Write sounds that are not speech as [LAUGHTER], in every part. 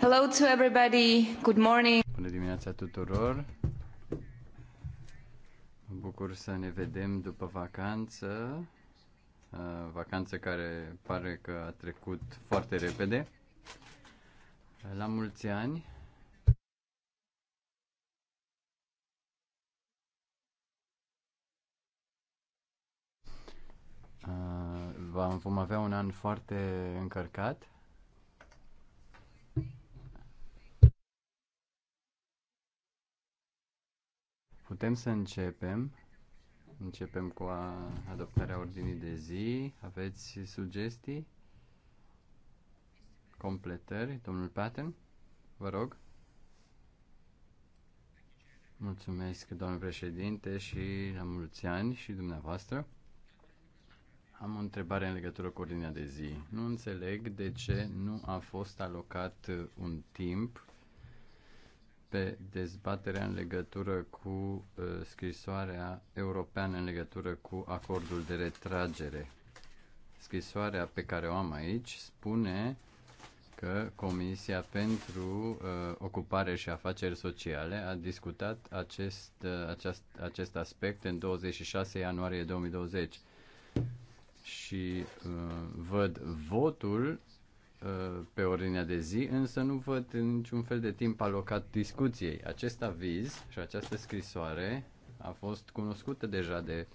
Hello to everybody. Good morning. Bună dimineața tuturor. Mă bucur să ne vedem după vacanță. Uh, vacanță care pare că a trecut foarte repede. La mulți ani. Uh, vom avea un an foarte încărcat Putem să începem. Începem cu adoptarea ordinii de zi. Aveți sugestii? Completări? Domnul Patten, vă rog. Mulțumesc, domnul președinte, și la mulți ani și dumneavoastră. Am o întrebare în legătură cu ordinea de zi. Nu înțeleg de ce nu a fost alocat un timp pe dezbaterea în legătură cu uh, scrisoarea europeană în legătură cu acordul de retragere. Scrisoarea pe care o am aici spune că Comisia pentru uh, Ocupare și Afaceri Sociale a discutat acest, uh, aceast, acest aspect în 26 ianuarie 2020 și uh, văd votul Uh, pe ordinea de zi, însă nu văd niciun fel de timp alocat discuției. Acest aviz și această scrisoare a fost cunoscută deja de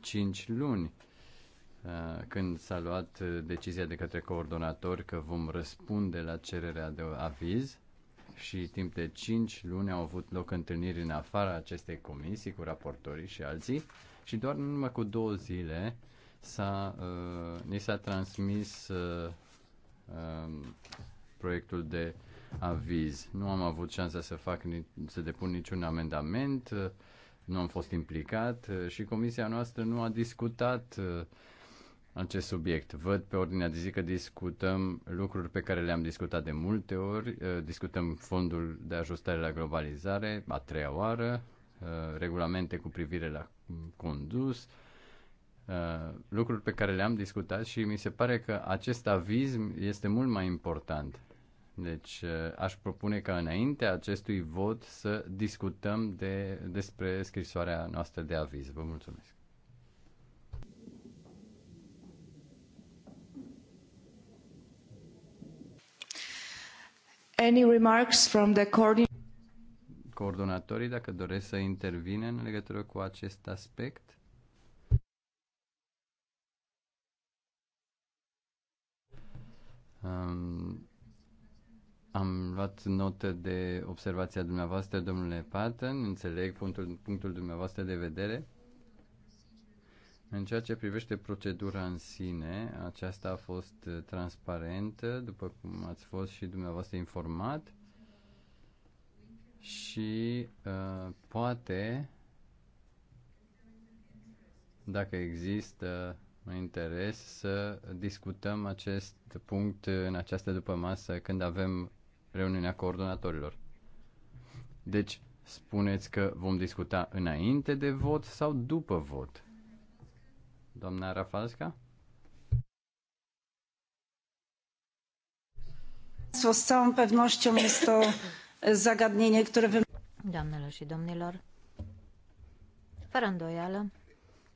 5 luni uh, când s-a luat uh, decizia de către coordonator că vom răspunde la cererea de aviz și timp de 5 luni au avut loc întâlniri în afara acestei comisii cu raportorii și alții și doar numai cu două zile s-a, uh, ni s-a transmis uh, Um, proiectul de aviz. Nu am avut șansa să fac să depun niciun amendament, uh, nu am fost implicat uh, și comisia noastră nu a discutat uh, acest subiect. Văd pe ordinea de zi că discutăm lucruri pe care le-am discutat de multe ori, discutăm fondul de ajustare la globalizare a treia oară, regulamente cu privire la condus, Uh, lucruri pe care le-am discutat și mi se pare că acest aviz este mult mai important. Deci uh, aș propune ca înaintea acestui vot să discutăm de, despre scrisoarea noastră de aviz. Vă mulțumesc. Any remarks from the coordinatorii dacă doresc să intervine în legătură cu acest aspect? Um, am luat notă de observația dumneavoastră, domnule Patton, înțeleg punctul, punctul dumneavoastră de vedere. În ceea ce privește procedura în sine, aceasta a fost transparentă, după cum ați fost și dumneavoastră informat, și uh, poate, dacă există interes să discutăm acest punct în această dupămasă când avem reuniunea coordonatorilor. Deci, spuneți că vom discuta înainte de vot sau după vot? Doamna Rafalska? Doamnelor și domnilor, fără îndoială,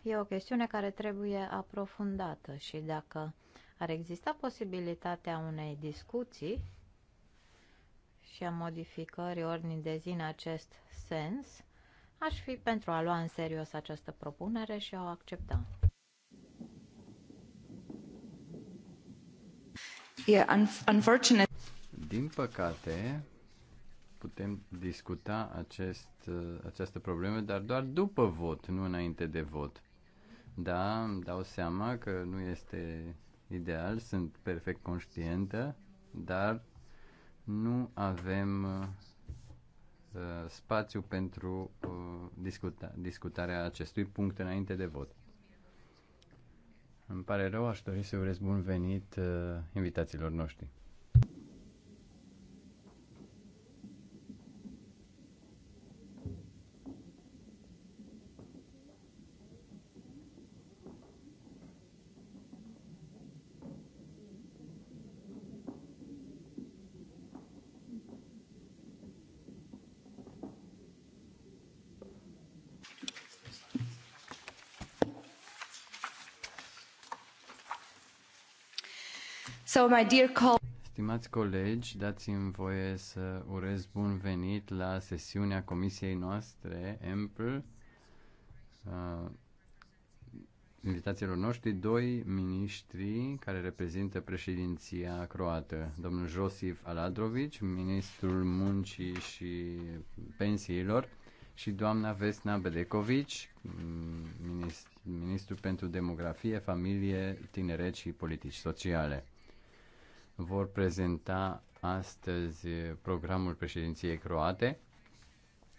E o chestiune care trebuie aprofundată și dacă ar exista posibilitatea unei discuții și a modificării ordinii de zi în acest sens, aș fi pentru a lua în serios această propunere și a o accepta. Din păcate, putem discuta acest, această problemă, dar doar după vot, nu înainte de vot. Da, îmi dau seama că nu este ideal, sunt perfect conștientă, dar nu avem uh, spațiu pentru uh, discuta, discutarea acestui punct înainte de vot. Îmi pare rău, aș dori să urez bun venit uh, invitațiilor noștri. So, my dear call... Stimați colegi, dați-mi voie să urez bun venit la sesiunea comisiei noastre, EMPL, uh, invitațiilor noștri, doi miniștri care reprezintă președinția croată, domnul Josif Aladrovici, ministrul muncii și pensiilor, și doamna Vesna Bedecovici, ministru pentru demografie, familie, tineret și politici sociale vor prezenta astăzi programul președinției croate.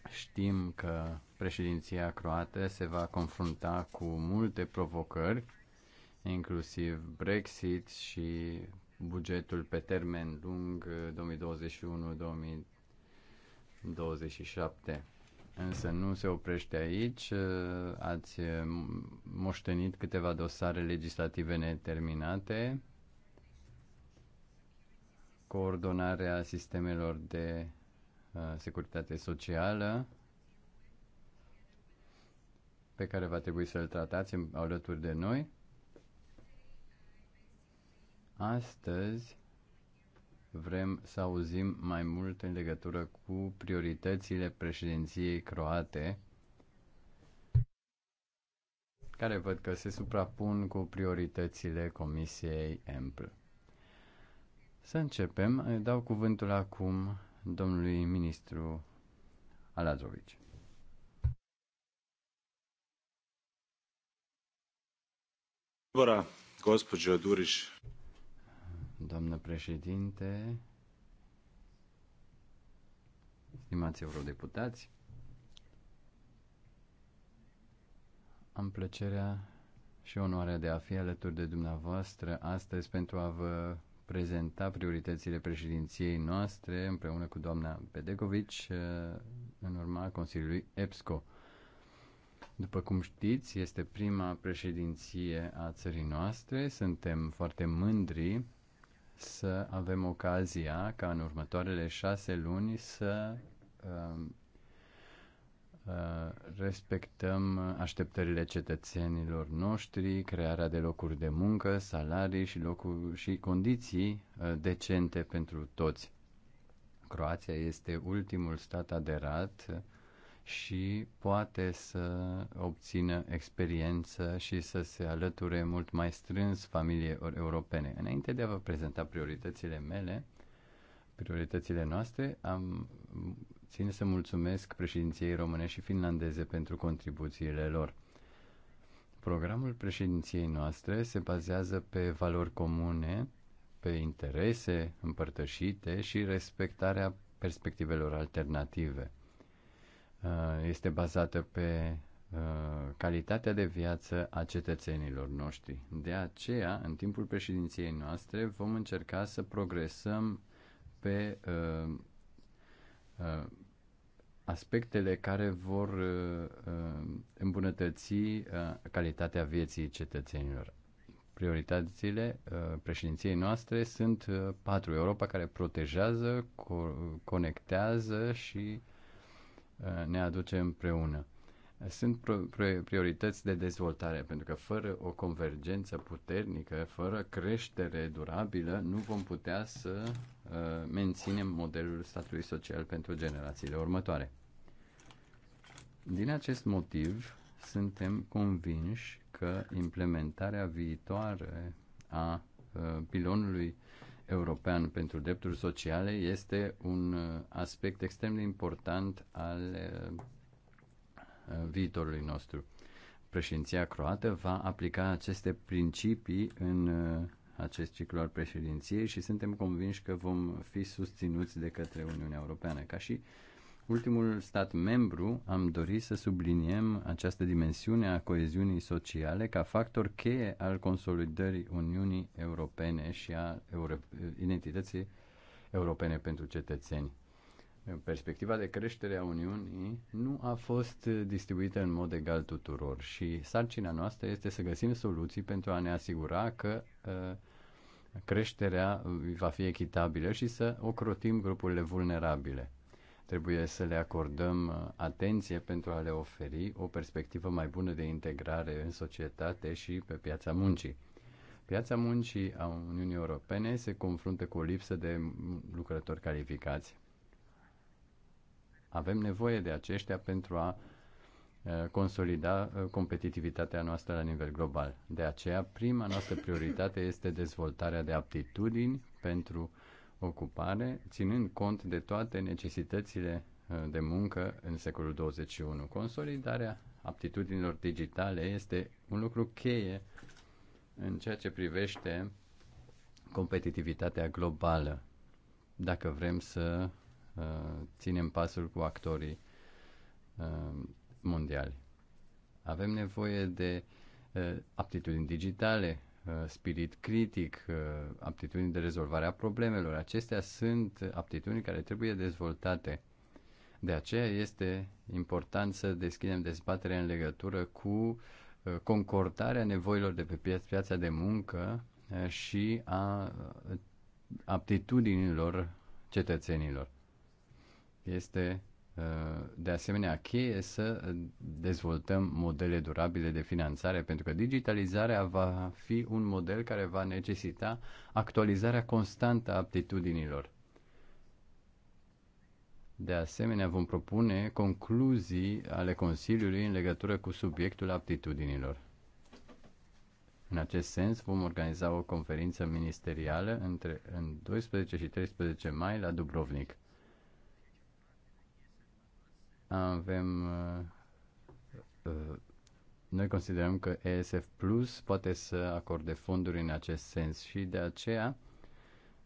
Știm că președinția croată se va confrunta cu multe provocări, inclusiv Brexit și bugetul pe termen lung 2021-2027. Însă nu se oprește aici, ați moștenit câteva dosare legislative neterminate, coordonarea sistemelor de uh, securitate socială pe care va trebui să-l tratați alături de noi. Astăzi vrem să auzim mai mult în legătură cu prioritățile președinției croate, care văd că se suprapun cu prioritățile Comisiei Ample. Să începem. dau cuvântul acum domnului ministru Alazovici. Bora, gospođo Duriș. Doamnă președinte, stimați eurodeputați, am plăcerea și onoarea de a fi alături de dumneavoastră astăzi pentru a vă prezenta prioritățile președinției noastre împreună cu doamna Pedegovici uh, în urma Consiliului EPSCO. După cum știți, este prima președinție a țării noastre. Suntem foarte mândri să avem ocazia ca în următoarele șase luni să uh, Uh, respectăm așteptările cetățenilor noștri, crearea de locuri de muncă, salarii și, locuri, și condiții uh, decente pentru toți. Croația este ultimul stat aderat și poate să obțină experiență și să se alăture mult mai strâns familiei europene. Înainte de a vă prezenta prioritățile mele, prioritățile noastre, am Țin să mulțumesc președinției române și finlandeze pentru contribuțiile lor. Programul președinției noastre se bazează pe valori comune, pe interese împărtășite și respectarea perspectivelor alternative. Uh, este bazată pe uh, calitatea de viață a cetățenilor noștri. De aceea, în timpul președinției noastre, vom încerca să progresăm pe uh, aspectele care vor uh, uh, îmbunătăți uh, calitatea vieții cetățenilor. Prioritățile președinției noastre sunt patru. Europa care protejează, conectează și ne aduce împreună. Sunt priorități de dezvoltare, pentru că fără o convergență puternică, fără creștere durabilă, nu vom putea să Uh, menținem modelul statului social pentru generațiile următoare. Din acest motiv, suntem convinși că implementarea viitoare a uh, pilonului european pentru drepturi sociale este un uh, aspect extrem de important al viitorului nostru. Președinția croată va aplica aceste principii în acest ciclu al președinției și suntem convinși că vom fi susținuți de către Uniunea Europeană. Ca și ultimul stat membru, am dorit să subliniem această dimensiune a coeziunii sociale ca factor cheie al consolidării Uniunii Europene și a Euro- identității europene pentru cetățeni. Perspectiva de creștere a Uniunii nu a fost distribuită în mod egal tuturor și sarcina noastră este să găsim soluții pentru a ne asigura că uh, creșterea va fi echitabilă și să ocrotim grupurile vulnerabile. Trebuie să le acordăm uh, atenție pentru a le oferi o perspectivă mai bună de integrare în societate și pe piața muncii. Piața muncii a Uniunii Europene se confruntă cu o lipsă de lucrători calificați. Avem nevoie de aceștia pentru a Eh, consolida eh, competitivitatea noastră la nivel global. De aceea, prima noastră prioritate este dezvoltarea de aptitudini pentru ocupare, ținând cont de toate necesitățile eh, de muncă în secolul 21. Consolidarea aptitudinilor digitale este un lucru cheie în ceea ce privește competitivitatea globală, dacă vrem să uh, ținem pasul cu actorii uh, mondiale. Avem nevoie de uh, aptitudini digitale, uh, spirit critic, uh, aptitudini de rezolvare a problemelor. Acestea sunt aptitudini care trebuie dezvoltate. De aceea este important să deschidem dezbaterea în legătură cu uh, concordarea nevoilor de pe piața de muncă uh, și a uh, aptitudinilor cetățenilor. Este de asemenea, cheie să dezvoltăm modele durabile de finanțare, pentru că digitalizarea va fi un model care va necesita actualizarea constantă a aptitudinilor. De asemenea, vom propune concluzii ale Consiliului în legătură cu subiectul aptitudinilor. În acest sens, vom organiza o conferință ministerială între, în 12 și 13 mai la Dubrovnik. Avem uh, uh, noi considerăm că ESF Plus poate să acorde fonduri în acest sens și de aceea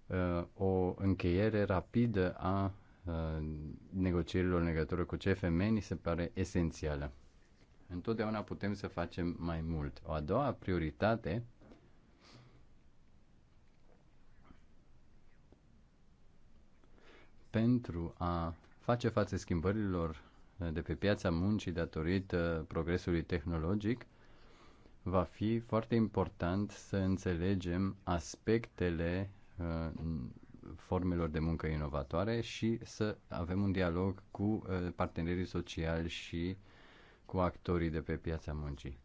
uh, o încheiere rapidă a negocierilor legătură cu CFM ni se pare esențială. Întotdeauna putem să facem mai mult. O a doua prioritate pentru a face față schimbărilor de pe piața muncii datorită progresului tehnologic, va fi foarte important să înțelegem aspectele uh, formelor de muncă inovatoare și să avem un dialog cu uh, partenerii sociali și cu actorii de pe piața muncii.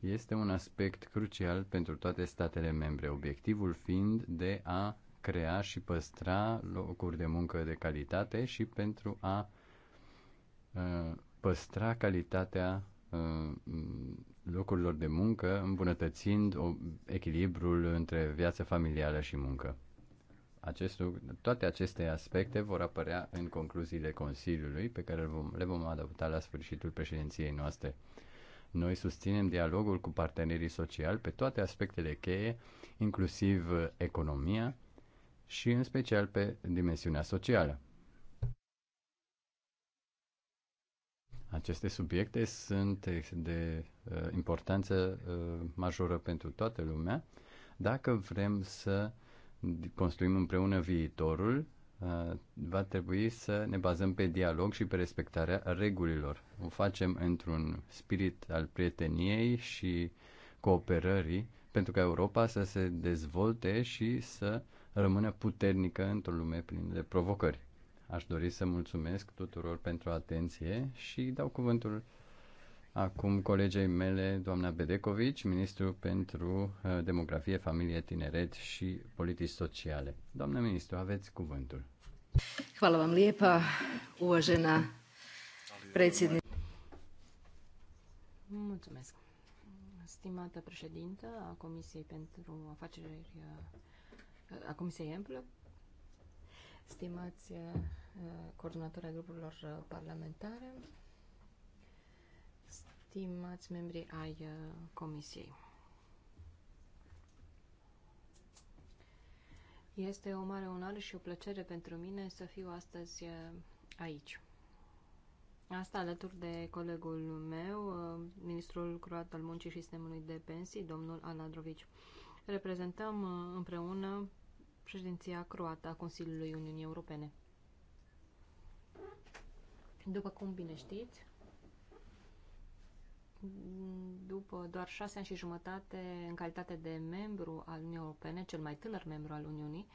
Este un aspect crucial pentru toate statele membre, obiectivul fiind de a crea și păstra locuri de muncă de calitate și pentru a Uh, păstra calitatea uh, locurilor de muncă, îmbunătățind echilibrul între viața familială și muncă. Acest, toate aceste aspecte vor apărea în concluziile Consiliului, pe care le vom, le vom adopta la sfârșitul președinției noastre. Noi susținem dialogul cu partenerii sociali pe toate aspectele cheie, inclusiv economia și în special pe dimensiunea socială. Aceste subiecte sunt de uh, importanță uh, majoră pentru toată lumea. Dacă vrem să construim împreună viitorul, uh, va trebui să ne bazăm pe dialog și pe respectarea regulilor. O facem într-un spirit al prieteniei și cooperării pentru ca Europa să se dezvolte și să rămână puternică într-o lume plină de provocări. Aș dori să mulțumesc tuturor pentru atenție și dau cuvântul acum colegei mele, doamna Bedecovici, ministru pentru uh, demografie, familie, tineret și politici sociale. Doamna ministru, aveți cuvântul. Hvala vam lijepa, uvažena predsjednica. Mulțumesc. Stimată președintă a Comisiei pentru Afaceri uh, a Comisiei Emplă, stimați uh, coordonatorii grupurilor uh, parlamentare, stimați membri ai uh, Comisiei. Este o mare onoare și o plăcere pentru mine să fiu astăzi aici. Asta alături de colegul meu, ministrul croat al muncii și sistemului de pensii, domnul Aladrovici. Reprezentăm împreună președinția croată a Consiliului Uniunii Europene. După cum bine știți, după doar șase ani și jumătate în calitate de membru al Uniunii Europene, cel mai tânăr membru al Uniunii,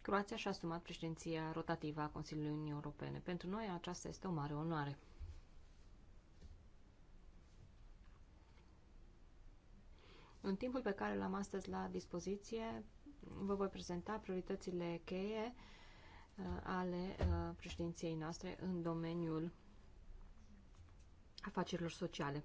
Croația și-a asumat președinția rotativă a Consiliului Uniunii Europene. Pentru noi aceasta este o mare onoare. În timpul pe care l-am astăzi la dispoziție, vă voi prezenta prioritățile cheie uh, ale uh, președinției noastre în domeniul afacerilor sociale.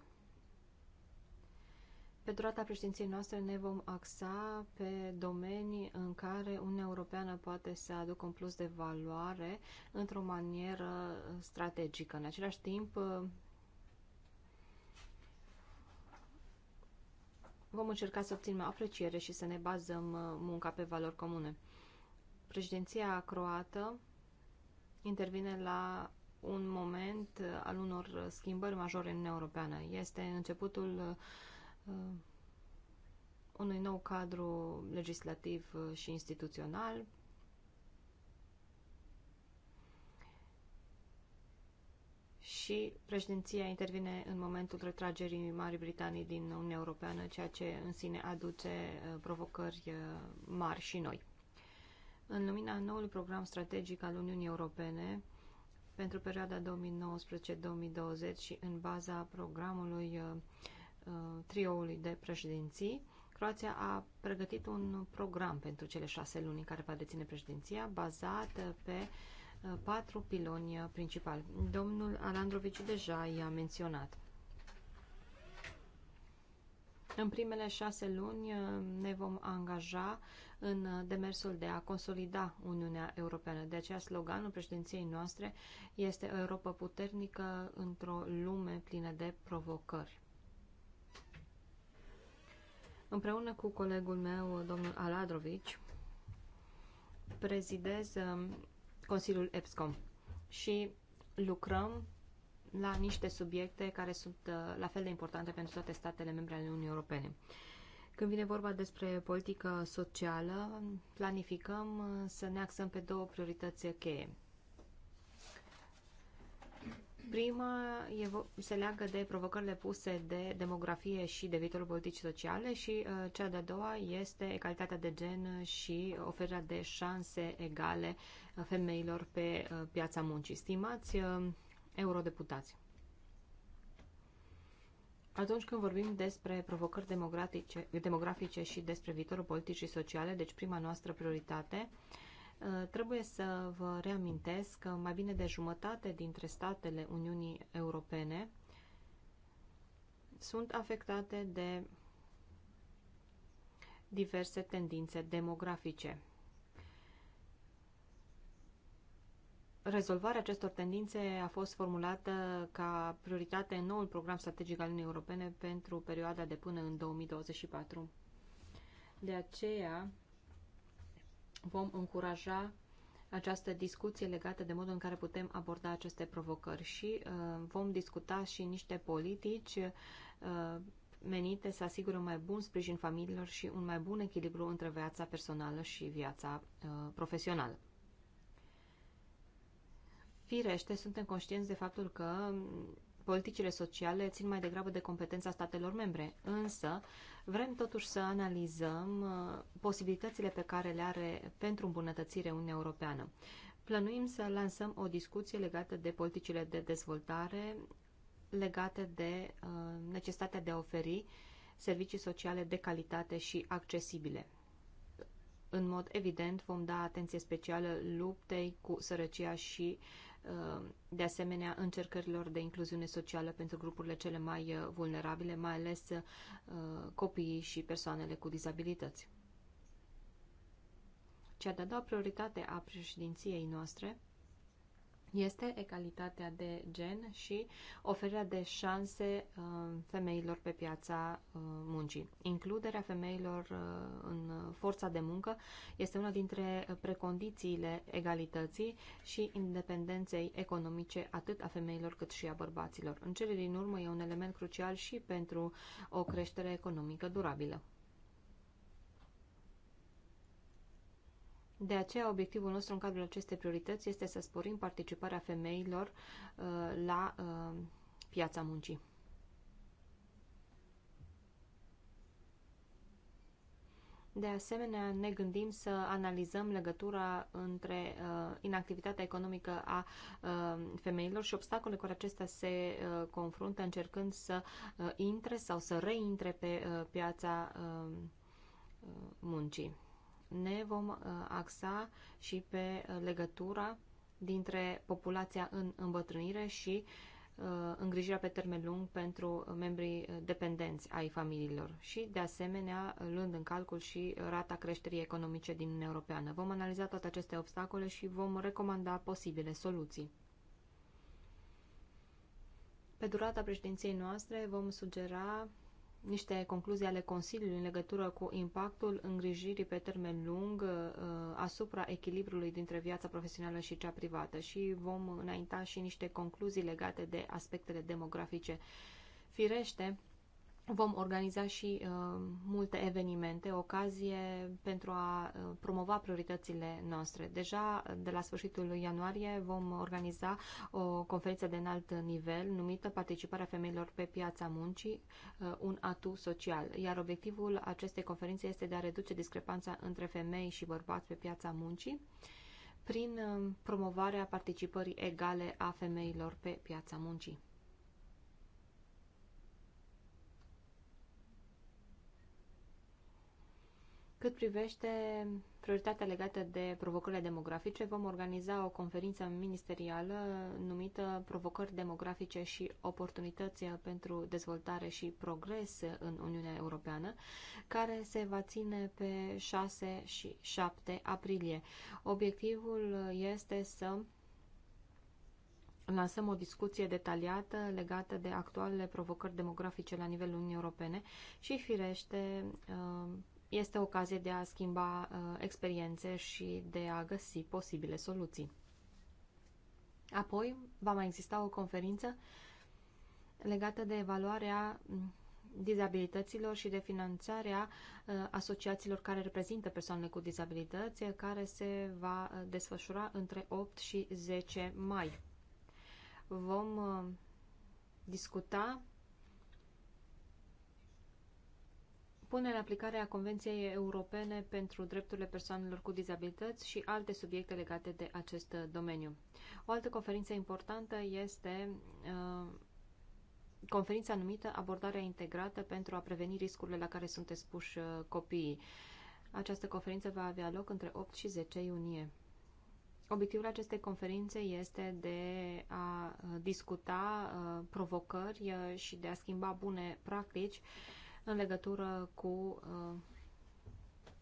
Pe durata președinției noastre ne vom axa pe domenii în care Uniunea Europeană poate să aducă un plus de valoare într-o manieră strategică. În același timp, uh, vom încerca să obținem apreciere și să ne bazăm uh, munca pe valori comune. Președinția croată intervine la un moment uh, al unor uh, schimbări majore în Europeană. Este începutul unui nou cadru legislativ și instituțional și președinția intervine în momentul retragerii Marii Britanii din Uniunea Europeană, ceea ce în sine aduce uh, provocări uh, mari și noi. În lumina noului program strategic al Uniunii Europene pentru perioada 2019-2020 și în baza programului uh, trioului de președinții, Croația a pregătit un program pentru cele șase luni în care va deține președinția, bazat pe uh, patru piloni principali. Domnul Alandrovici deja i-a menționat. În primele șase luni uh, ne vom angaja în uh, demersul de a consolida Uniunea Europeană. De aceea sloganul președinției noastre este Europa puternică într-o lume plină de provocări. Împreună cu colegul meu, domnul Aladrovici, prezidez um, Consiliul EPSCOM și lucrăm la niște subiecte care sunt uh, la fel de importante pentru toate statele membre ale Uniunii Europene. Când vine vorba despre politică socială, planificăm uh, să ne axăm pe două priorități cheie. Prima e, se leagă de provocările puse de demografie și de viitorul politicii sociale și uh, cea de-a doua este egalitatea de gen și oferirea de șanse egale femeilor pe uh, piața muncii. Stimați uh, eurodeputați, atunci când vorbim despre provocări demografice, demografice și despre viitorul politicii sociale, deci prima noastră prioritate, uh, trebuie să vă reamintesc că mai bine de jumătate dintre statele Uniunii Europene sunt afectate de diverse tendințe demografice. Rezolvarea acestor tendințe a fost formulată ca prioritate în noul program strategic al Uniunii Europene pentru perioada de până în 2024. De aceea vom încuraja această discuție legată de modul în care putem aborda aceste provocări și uh, vom discuta și niște politici uh, menite să asigure un mai bun sprijin familiilor și un mai bun echilibru între viața personală și viața uh, profesională. Firește, suntem conștienți de faptul că politicile sociale țin mai degrabă de competența statelor membre, însă vrem totuși să analizăm uh, posibilitățile pe care le are pentru îmbunătățire Uniunea Europeană. Plănuim să lansăm o discuție legată de politicile de dezvoltare, legate de uh, necesitatea de a oferi servicii sociale de calitate și accesibile. În mod evident, vom da atenție specială luptei cu sărăcia și uh, de asemenea încercărilor de incluziune socială pentru grupurile cele mai uh, vulnerabile, mai ales uh, copiii și persoanele cu dizabilități. Cea de-a doua prioritate a președinției noastre este egalitatea de gen și oferirea de șanse uh, femeilor pe piața uh, muncii. Includerea femeilor uh, în forța de muncă este una dintre precondițiile egalității și independenței economice atât a femeilor cât și a bărbaților. În cele din urmă e un element crucial și pentru o creștere economică durabilă. De aceea, obiectivul nostru în cadrul acestei priorități este să sporim participarea femeilor uh, la uh, piața muncii. De asemenea, ne gândim să analizăm legătura între uh, inactivitatea economică a uh, femeilor și obstacole cu care acestea se uh, confruntă încercând să uh, intre sau să reintre pe uh, piața uh, uh muncii ne vom uh, axa și pe uh, legătura dintre populația în îmbătrânire și uh, îngrijirea pe termen lung pentru membrii dependenți ai familiilor și, de asemenea, luând în calcul și rata creșterii economice din Uniunea Europeană. Vom analiza toate aceste obstacole și vom recomanda posibile soluții. Pe durata președinției noastre vom sugera niște concluzii ale Consiliului în legătură cu impactul îngrijirii pe termen lung uh, asupra echilibrului dintre viața profesională și cea privată și vom înainta și niște concluzii legate de aspectele demografice. Firește, Vom organiza și uh, multe evenimente, ocazie pentru a uh, promova prioritățile noastre. Deja uh, de la sfârșitul ianuarie vom organiza o conferință de înalt nivel numită Participarea femeilor pe piața muncii, uh, un atu social. Iar obiectivul acestei conferințe este de a reduce discrepanța între femei și bărbați pe piața muncii prin uh, promovarea participării egale a femeilor pe piața muncii. Cât privește prioritatea legată de provocările demografice, vom organiza o conferință ministerială numită Provocări demografice și oportunități pentru dezvoltare și progres în Uniunea Europeană, care se va ține pe 6 și 7 aprilie. Obiectivul este să lansăm o discuție detaliată legată de actualele provocări demografice la nivelul Uniunii Europene și, firește, uh, este ocazie de a schimba uh, experiențe și de a găsi posibile soluții. Apoi, va mai exista o conferință legată de evaluarea mm, dizabilităților și de finanțarea uh, asociațiilor care reprezintă persoanele cu dizabilități, uh, care se va desfășura între 8 și 10 mai. Vom discuta pune în aplicare a Convenției Europene pentru Drepturile Persoanelor cu Dizabilități și alte subiecte legate de acest uh, domeniu. O altă conferință importantă este uh, conferința numită Abordarea integrată pentru a preveni riscurile la care sunt expuși uh, copiii. Această conferință va avea loc între 8 și 10 iunie. Obiectivul acestei conferințe este de a discuta provocări și de a schimba bune practici în legătură cu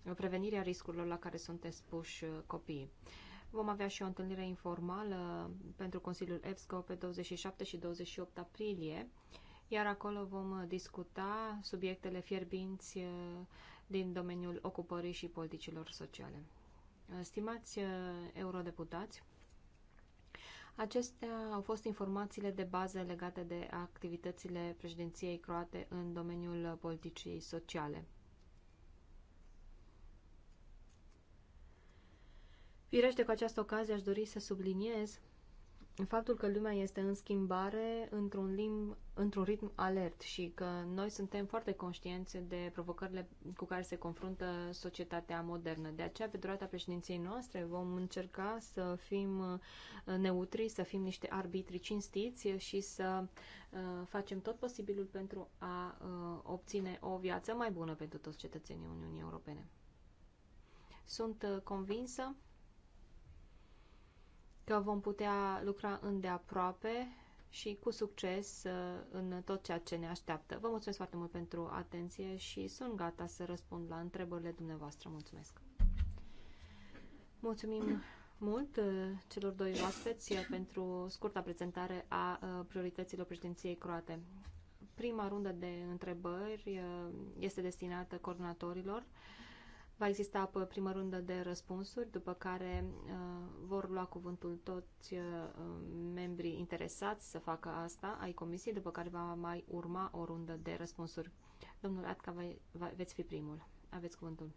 uh, prevenirea riscurilor la care sunt expuși uh, copiii. Vom avea și o întâlnire informală pentru Consiliul EFSCO pe 27 și 28 aprilie, iar acolo vom uh, discuta subiectele fierbinți din domeniul ocupării și politicilor sociale. Stimați eurodeputați, Acestea au fost informațiile de bază legate de activitățile președinției croate în domeniul politicii sociale. Firește, cu această ocazie aș dori să subliniez faptul că lumea este în schimbare într-un, lim, într-un ritm alert și că noi suntem foarte conștienți de provocările cu care se confruntă societatea modernă. De aceea, pe durata președinției noastre, vom încerca să fim uh, neutri, să fim niște arbitri cinstiți și să uh, facem tot posibilul pentru a uh, obține o viață mai bună pentru toți cetățenii Uniunii Europene. Sunt convinsă că vom putea lucra îndeaproape și cu succes uh, în tot ceea ce ne așteaptă. Vă mulțumesc foarte mult pentru atenție și sunt gata să răspund la întrebările dumneavoastră. Mulțumesc! Mulțumim mult uh, celor doi oaspeți uh, pentru scurta prezentare a priorităților președinției croate. Prima rundă de întrebări este destinată coordonatorilor. Va exista apoi primă rundă de răspunsuri, după care uh, vor lua cuvântul toți uh, membrii interesați să facă asta ai comisiei, după care va mai urma o rundă de răspunsuri. Domnul Atca, va, va, veți fi primul. Aveți cuvântul.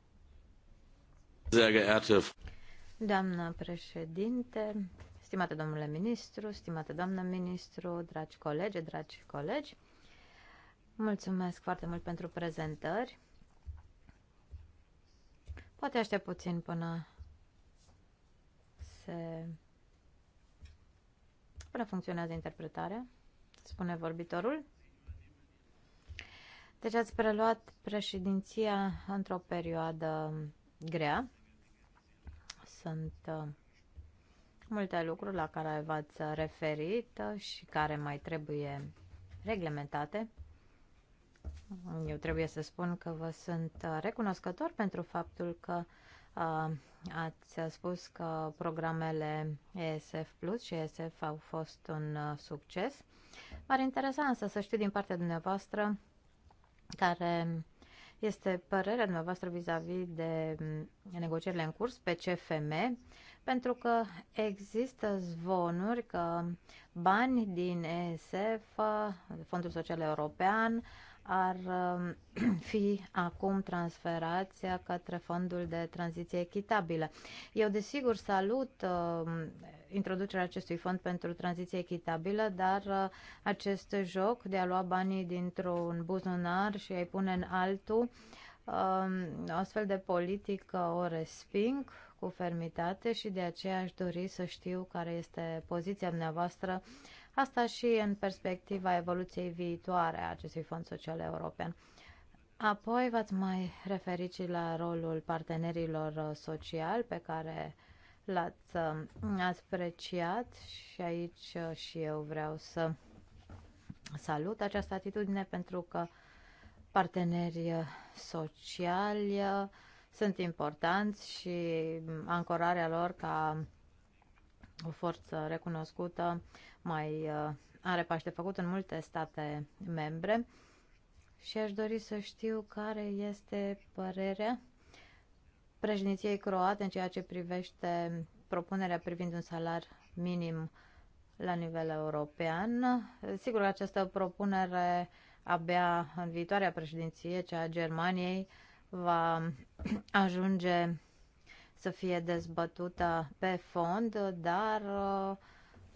Doamnă președinte, stimate domnule ministru, stimate doamnă ministru, dragi colegi, dragi colegi, mulțumesc foarte mult pentru prezentări. Poate aștept puțin până se... până funcționează interpretarea, spune vorbitorul. Deci ați preluat președinția într-o perioadă grea. Sunt uh, multe lucruri la care v-ați referit uh, și care mai trebuie reglementate. Eu trebuie să spun că vă sunt uh, recunoscător pentru faptul că uh, ați spus că programele ESF Plus și ESF au fost un uh, succes. M-ar interesa însă să știu din partea dumneavoastră care este părerea dumneavoastră vis-a-vis -vis de mm, negocierile în curs pe CFM, pentru că există zvonuri că bani din ESF, Fondul Social European, ar um, [CLEARS THROAT] fi acum transferați către fondul de tranziție echitabilă. Eu, desigur, salut um, introducerea acestui fond pentru tranziție echitabilă, dar uh, acest joc de a lua banii dintr-un buzunar și a-i pune în altul, um, o astfel de politică o resping cu fermitate și de aceea aș dori să știu care este poziția dumneavoastră Asta și în perspectiva evoluției viitoare a acestui Fond Social European. Apoi v-ați mai referit și la rolul partenerilor sociali pe care l-ați uh, apreciat și aici uh, și eu vreau să salut această atitudine pentru că partenerii uh, sociali sunt importanți și ancorarea lor ca o forță recunoscută mai uh, are paște făcut în multe state membre și aș dori să știu care este părerea președinției croate în ceea ce privește propunerea privind un salar minim la nivel european. Sigur că această propunere abia în viitoarea președinție, cea a Germaniei, va [CLEARS THROAT] ajunge să fie dezbătută pe fond, dar uh,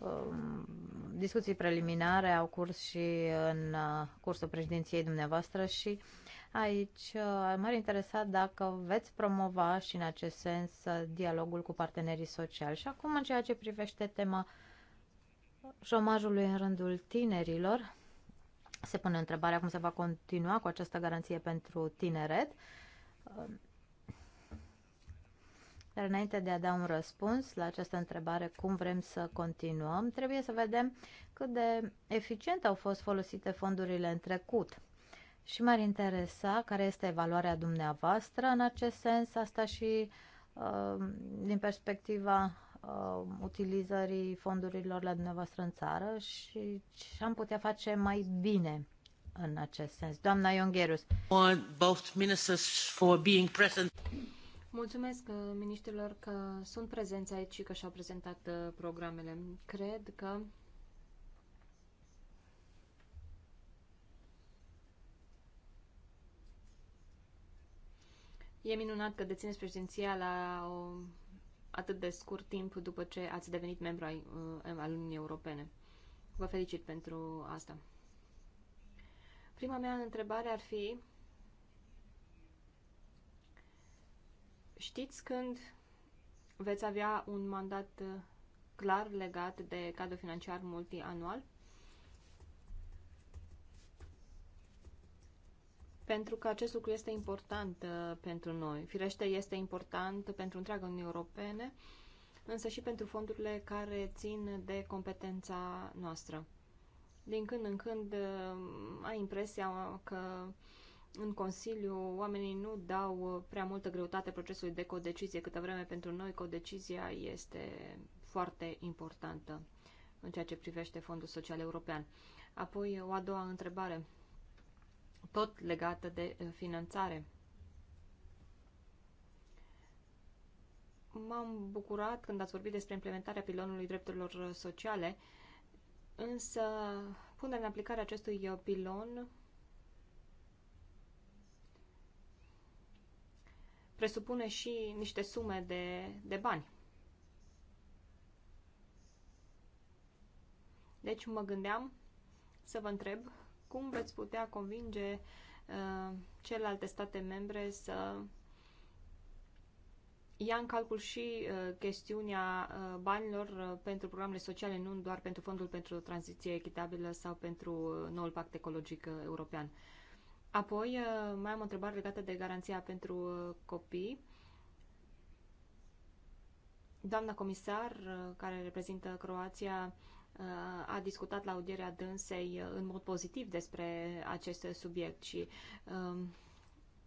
Um, discuții preliminare au curs și în uh, cursul președinției dumneavoastră și aici uh, m-ar interesa dacă veți promova și în acest sens uh, dialogul cu partenerii sociali. Și acum în ceea ce privește tema șomajului în rândul tinerilor, se pune întrebarea cum se va continua cu această garanție pentru tineret. Um, dar înainte de a da un răspuns la această întrebare, cum vrem să continuăm, trebuie să vedem cât de eficient au fost folosite fondurile în trecut. Și m-ar interesa care este evaluarea dumneavoastră în acest sens, asta și uh, din perspectiva uh, utilizării fondurilor la dumneavoastră în țară și ce am putea face mai bine în acest sens. Doamna Iongherus. both ministers for being present. Mulțumesc uh, ministrilor că sunt prezenți aici și că și-au prezentat uh, programele. Cred că E minunat că dețineți președinția la o, atât de scurt timp după ce ați devenit membru ai, uh, al Uniunii Europene. Vă felicit pentru asta. Prima mea întrebare ar fi știți când veți avea un mandat uh, clar legat de cadrul financiar multianual? Pentru că acest lucru este important uh, pentru noi. Firește, este important pentru întreaga Uniune Europene, însă și pentru fondurile care țin de competența noastră. Din când în când uh, ai impresia că uh, în Consiliu oamenii nu dau uh, prea multă greutate procesului de codecizie, câtă vreme pentru noi codecizia este foarte importantă în ceea ce privește Fondul Social European. Apoi, o a doua întrebare, tot legată de uh, finanțare. M-am bucurat când ați vorbit despre implementarea pilonului drepturilor uh, sociale, însă punerea în aplicare acestui pilon presupune și niște sume de, de bani. Deci mă gândeam să vă întreb cum veți putea convinge uh, celelalte state membre să ia în calcul și uh, chestiunea uh, banilor uh, pentru programele sociale, nu doar pentru Fondul pentru Tranziție Echitabilă sau pentru uh, noul Pact Ecologic uh, European. Uh, Apoi, uh, mai am o întrebare legată de garanția pentru uh, copii. Doamna comisar, uh, care reprezintă Croația, a discutat la audierea dânsei în mod pozitiv despre acest subiect și um,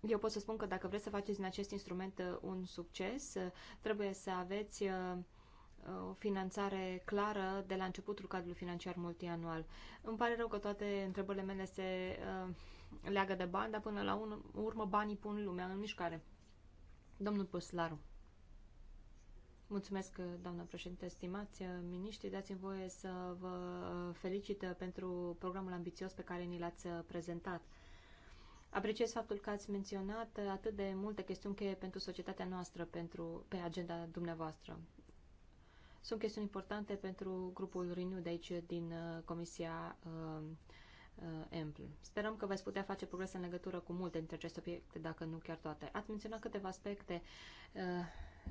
eu pot să spun că dacă vreți să faceți din acest instrument un succes, trebuie să aveți o finanțare clară de la începutul cadrului financiar multianual. Îmi pare rău că toate întrebările mele se leagă de bani, dar până la urmă banii pun lumea în mișcare. Domnul Păslaru. Mulțumesc, doamnă președinte, stimați miniștri. Dați-mi voie să vă felicit pentru programul ambițios pe care ni l-ați prezentat. Apreciez faptul că ați menționat atât de multe chestiuni cheie pentru societatea noastră, pentru, pe agenda dumneavoastră. Sunt chestiuni importante pentru grupul Renew de aici, din uh, Comisia uh, Uh, Ample. Sperăm că veți putea face progrese în legătură cu multe dintre aceste obiecte, dacă nu chiar toate. Ați menționat câteva aspecte uh,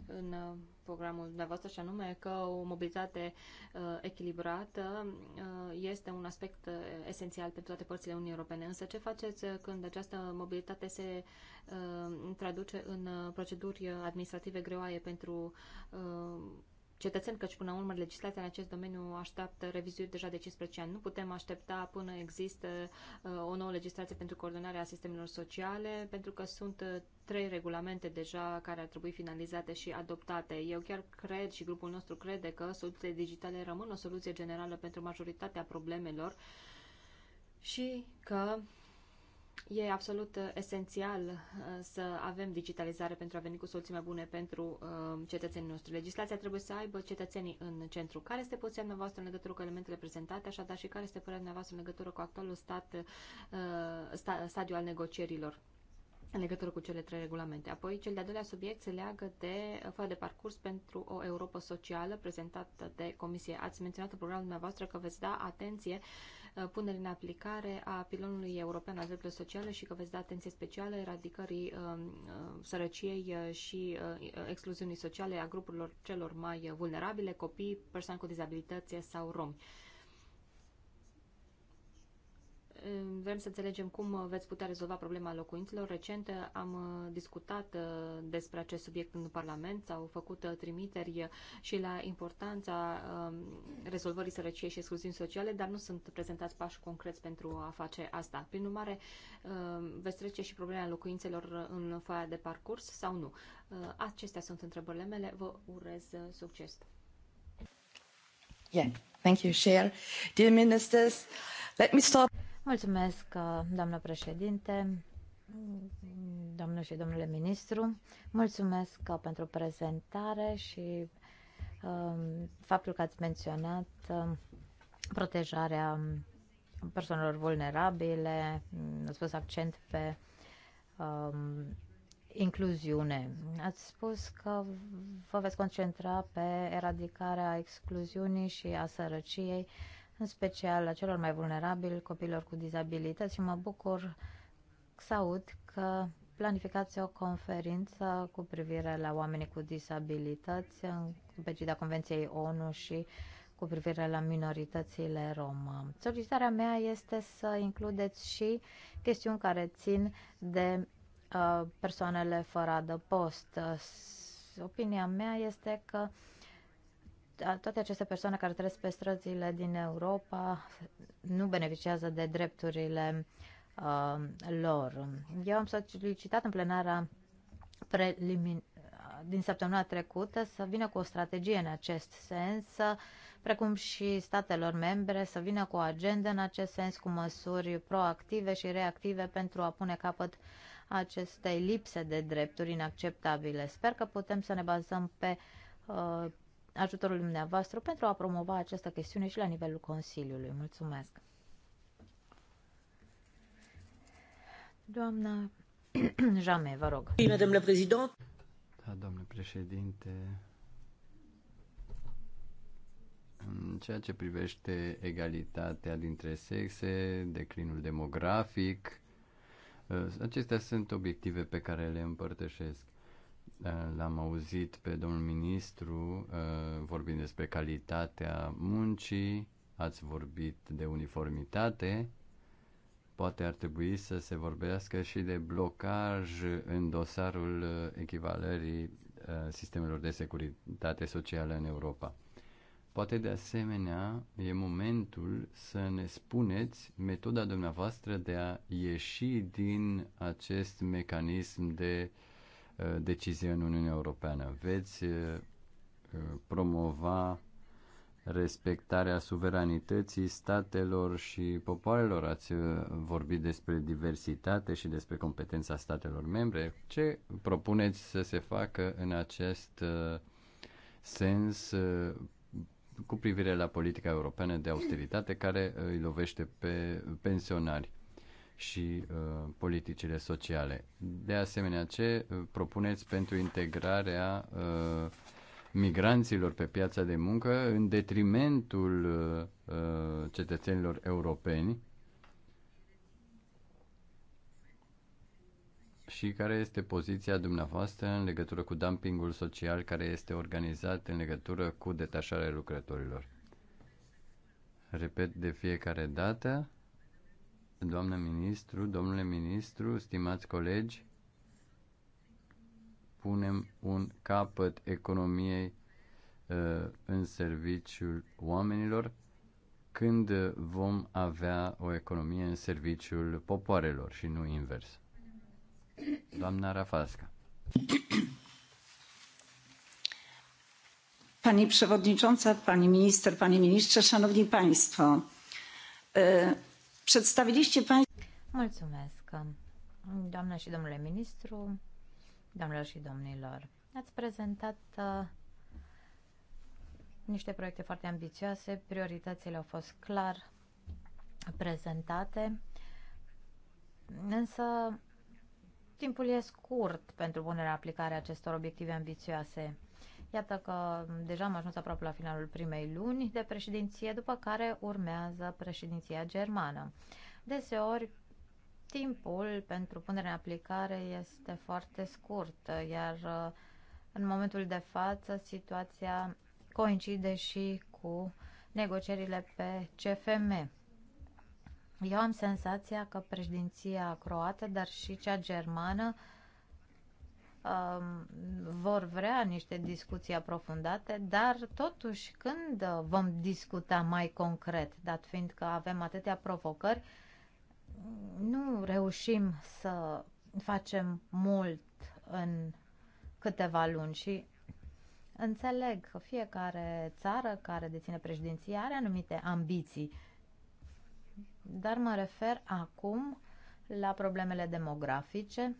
în uh, programul dumneavoastră și anume că o mobilitate uh, echilibrată uh, este un aspect uh, esențial pentru toate părțile Uniunii Europene. Însă ce faceți când această mobilitate se uh, traduce în proceduri administrative greoaie pentru uh, cetățeni, căci până la urmă legislația în acest domeniu așteaptă revizuiri deja de 15 ani. Nu putem aștepta până există uh, o nouă legislație pentru coordonarea sistemelor sociale, pentru că sunt uh, trei regulamente deja care ar trebui finalizate și adoptate. Eu chiar cred și grupul nostru crede că soluțiile digitale rămân o soluție generală pentru majoritatea problemelor și că E absolut uh, esențial uh, să avem digitalizare pentru a veni cu soluții mai bune pentru uh, cetățenii noștri. Legislația trebuie să aibă cetățenii în centru. Care este poziția noastră în legătură cu elementele prezentate, așadar și care este părerea noastră în legătură cu actualul stat, sta, stadiu al negocierilor? în legătură cu cele trei regulamente. Apoi, cel de-al doilea subiect se leagă de fără de parcurs pentru o Europa socială prezentată de Comisie. Ați menționat în programul dumneavoastră că veți da atenție uh, Uh, punerii în aplicare a pilonului european al drepturilor sociale și că veți da atenție specială eradicării um, uh, sărăciei uh, și excluziunii sociale a grupurilor celor mai vulnerabile, copii, persoane cu dizabilități sau romi vrem să înțelegem cum uh, veți putea rezolva problema locuințelor. Recent uh, am uh, discutat despre acest subiect în Parlament, s-au făcut trimiteri și la importanța um, rezolvării sărăciei și excluziunii sociale, dar nu sunt prezentați pași concreți pentru a face asta. Prin urmare, um, veți trece și problema locuințelor în foaia de parcurs sau nu? Acestea sunt întrebările mele. Vă urez succes! Yeah, thank you, Cher. Dear Ministers, let me stop. Mulțumesc, uh, doamnă președinte, domnul și domnule ministru. Mulțumesc uh, pentru prezentare și um, faptul că ați menționat uh, protejarea persoanelor vulnerabile, ați spus accent pe um, incluziune. Ați spus că vă veți concentra pe eradicarea excluziunii și a sărăciei în special a celor mai vulnerabili, copilor cu dizabilități și mă bucur să aud că planificați o conferință cu privire la oamenii cu disabilități în pecida Convenției ONU și cu privire la minoritățile romă. Solicitarea mea este să includeți și chestiuni care țin de uh, persoanele fără adăpost. Opinia mea este că uh, toate aceste persoane care trăiesc pe străzile din Europa nu beneficiază de drepturile uh, lor. Eu am solicitat în plenara prelimin din săptămâna trecută să vină cu o strategie în acest sens, precum și statelor membre să vină cu o agendă în acest sens, cu măsuri proactive și reactive pentru a pune capăt acestei lipse de drepturi inacceptabile. Sper că putem să ne bazăm pe uh, ajutorul dumneavoastră pentru a promova această chestiune și la nivelul Consiliului. Mulțumesc! Doamna [CLEARS THROAT] Jame, vă rog. Bine, domnule președinte. Da, domnule președinte. În ceea ce privește egalitatea dintre sexe, declinul demografic, ă, acestea sunt obiective pe care le împărtășesc. Da, l-am auzit pe domnul ministru uh, vorbind despre calitatea muncii, ați vorbit de uniformitate, poate ar trebui să se vorbească și de blocaj în dosarul uh, echivalării uh, sistemelor de securitate socială în Europa. Poate de asemenea e momentul să ne spuneți metoda dumneavoastră de a ieși din acest mecanism de uh, Uh, decizie în Uniunea Europeană? Veți uh, uh, promova respectarea suveranității statelor și popoarelor. Ați vorbit despre diversitate și despre competența statelor membre. Ce propuneți să se facă în acest sens cu privire la politica europeană de austeritate care îi lovește pe pensionari? și uh, politicile sociale. De asemenea, ce uh, propuneți pentru integrarea uh, migranților pe piața de muncă în detrimentul uh, uh, cetățenilor europeni și care este poziția dumneavoastră în legătură cu dumpingul social care este organizat în legătură cu detașarea lucrătorilor. Repet de fiecare dată, doamnă ministru, domnule ministru, stimați colegi, punem un capăt economiei uh, în serviciul oamenilor când vom avea o economie în serviciul popoarelor și nu invers. Doamna Rafasca. Pani przewodnicząca, pani minister, panie ministrze, szanowni państwo. Y Przedstawiliście Państwo. Mulțumesc, doamnă și domnule ministru, doamnelor și domnilor. Ați prezentat uh, niște proiecte foarte ambițioase, prioritățile au fost clar prezentate, însă timpul e scurt pentru punerea aplicare a acestor obiective ambițioase. Iată că deja am ajuns aproape la finalul primei luni de președinție, după care urmează președinția germană. Deseori, timpul pentru punerea în aplicare este foarte scurt, iar în momentul de față situația coincide și cu negocierile pe CFM. Eu am senzația că președinția croată, dar și cea germană, uh, Um, vor vrea niște discuții aprofundate, dar totuși când uh, vom discuta mai concret, dat fiind că avem atâtea provocări, nu reușim să facem mult în câteva luni și înțeleg că fiecare țară care deține președinția are anumite ambiții, dar mă refer acum la problemele demografice,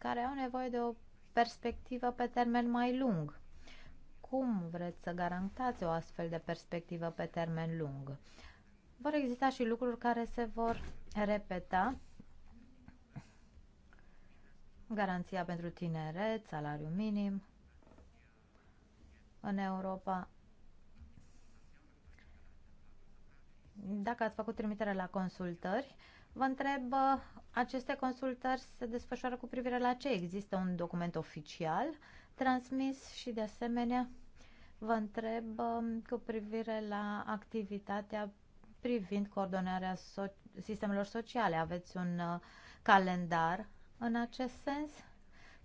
care au nevoie de o perspectivă pe termen mai lung. Cum vreți să garantați o astfel de perspectivă pe termen lung? Vor exista și lucruri care se vor repeta. Garanția pentru tineret, salariu minim. În Europa dacă ați făcut trimitere la consultări, Vă întreb, uh, aceste consultări se desfășoară cu privire la ce? Există un document oficial transmis și, de asemenea, vă întreb um, cu privire la activitatea privind coordonarea so- sistemelor sociale. Aveți un uh, calendar în acest sens?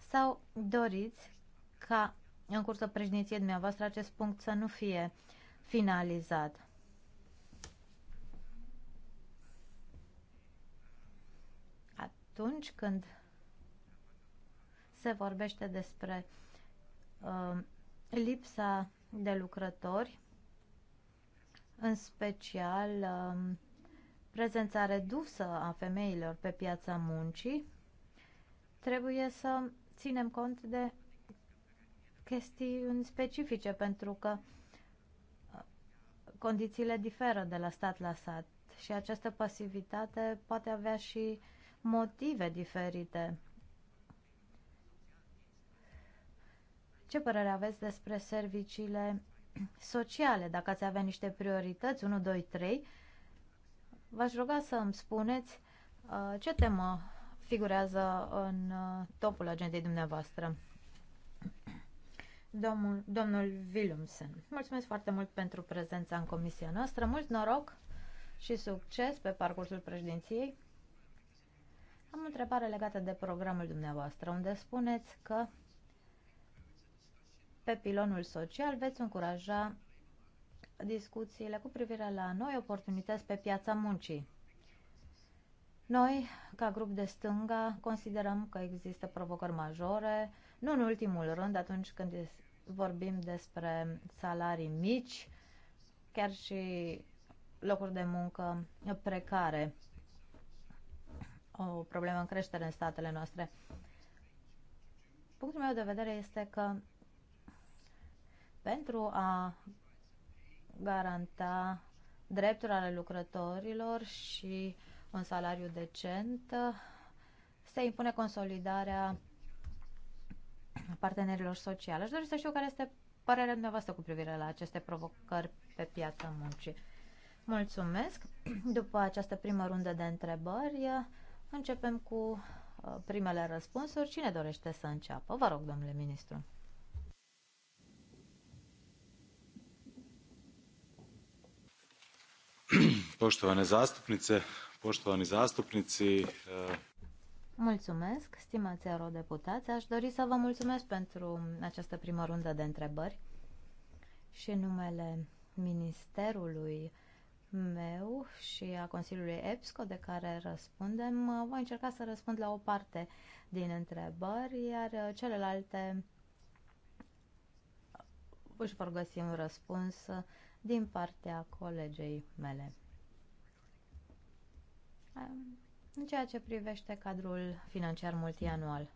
Sau doriți ca în cursul președinției dumneavoastră acest punct să nu fie finalizat? atunci când se vorbește despre uh, lipsa de lucrători, în special uh, prezența redusă a femeilor pe piața muncii, trebuie să ținem cont de chestiuni specifice, pentru că uh, condițiile diferă de la stat la stat și această pasivitate poate avea și uh, motive diferite. Ce părere aveți despre serviciile sociale? Dacă ați avea niște priorități, 1, 2, 3, v-aș ruga să îmi spuneți uh, ce temă figurează în uh, topul agendei dumneavoastră. Domnul, domnul Willumsen, mulțumesc foarte mult pentru prezența în comisia noastră, mult noroc și succes pe parcursul președinției. Am o întrebare legată de programul dumneavoastră, unde spuneți că pe pilonul social veți încuraja discuțiile cu privire la noi oportunități pe piața muncii. Noi, ca grup de stânga, considerăm că există provocări majore, nu în ultimul rând atunci când vorbim despre salarii mici, chiar și locuri de muncă precare o problemă în creștere în statele noastre. Punctul meu de vedere este că pentru a garanta drepturi ale lucrătorilor și un salariu decent, se impune consolidarea partenerilor sociale. Aș dori să știu care este părerea dumneavoastră cu privire la aceste provocări pe piața muncii. Mulțumesc! După această primă rundă de întrebări, Începem cu uh, primele răspunsuri. Cine dorește să înceapă? Vă rog, domnule ministru. [CLEARS THROAT] Poștovane zastupnice, poștovani zastupnici. Uh, mulțumesc, stimați eurodeputați. Aș dori să vă mulțumesc pentru această primă rundă de întrebări și numele Ministerului meu și a Consiliului EPSCO de care răspundem, uh, voi încerca să răspund la o parte din întrebări, iar uh, celelalte își vor găsi un răspuns uh, din partea colegei mele. Um, în ceea ce privește cadrul financiar multianual,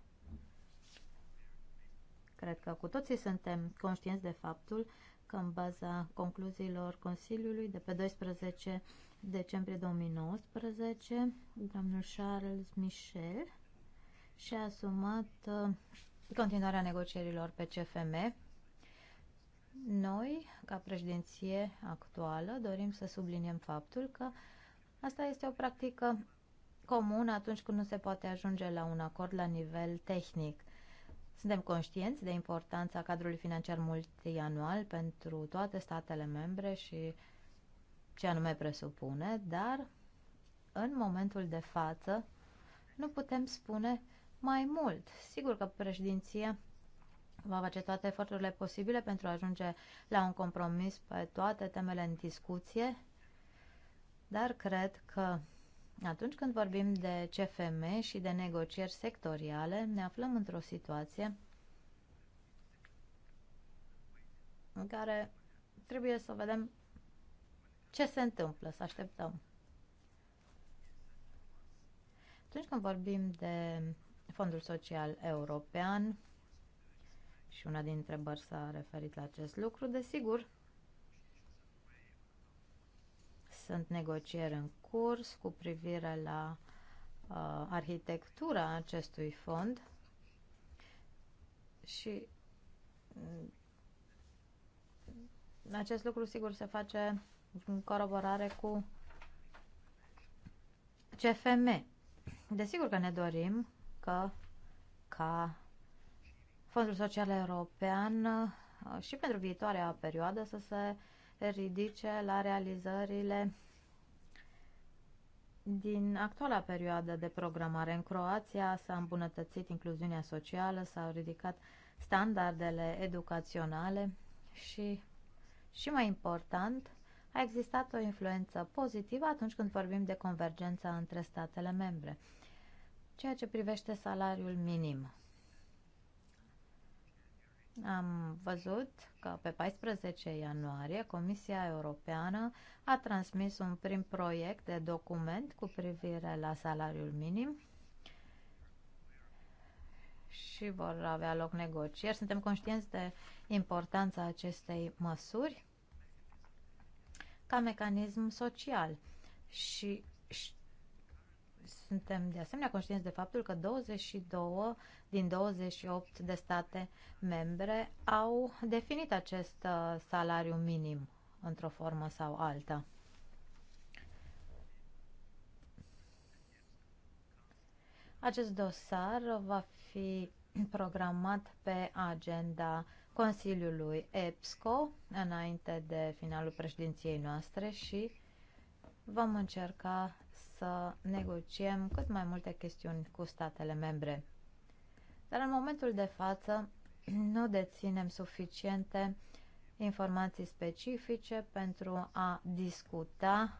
cred că cu toții suntem conștienți de faptul că în baza concluziilor Consiliului de pe 12 decembrie 2019, domnul Charles Michel și-a asumat uh, continuarea negocierilor pe CFM. Noi, ca președinție actuală, dorim să subliniem faptul că asta este o practică comună atunci când nu se poate ajunge la un acord la nivel tehnic. Suntem conștienți de importanța cadrului financiar multianual pentru toate statele membre și ce anume presupune, dar în momentul de față nu putem spune mai mult. Sigur că președinția va face toate eforturile posibile pentru a ajunge la un compromis pe toate temele în discuție, dar cred că atunci când vorbim de CFM și de negocieri sectoriale, ne aflăm într-o situație în care trebuie să vedem ce se întâmplă, să așteptăm. Atunci când vorbim de Fondul Social European, și una din întrebări s-a referit la acest lucru, desigur, sunt negocieri în curs cu privire la uh, arhitectura acestui fond și mm, acest lucru sigur se face în coroborare cu CFM. Desigur că ne dorim că ca Fondul Social European uh, și pentru viitoarea perioadă să se ridice la realizările din actuala perioadă de programare în Croația s-a îmbunătățit incluziunea socială, s-au ridicat standardele educaționale și, și mai important, a existat o influență pozitivă atunci când vorbim de convergența între statele membre. Ceea ce privește salariul minim am văzut că pe 14 ianuarie Comisia Europeană a transmis un prim proiect de document cu privire la salariul minim și vor avea loc negocieri. Suntem conștienți de importanța acestei măsuri ca mecanism social și suntem de asemenea conștienți de faptul că 22 din 28 de state membre au definit acest uh, salariu minim într-o formă sau alta. Acest dosar va fi [CLEARS THROAT] programat pe agenda Consiliului EPSCO înainte de finalul președinției noastre și vom încerca să negociem cât mai multe chestiuni cu statele membre. Dar în momentul de față [CLEARS THROAT] nu deținem suficiente informații specifice pentru a discuta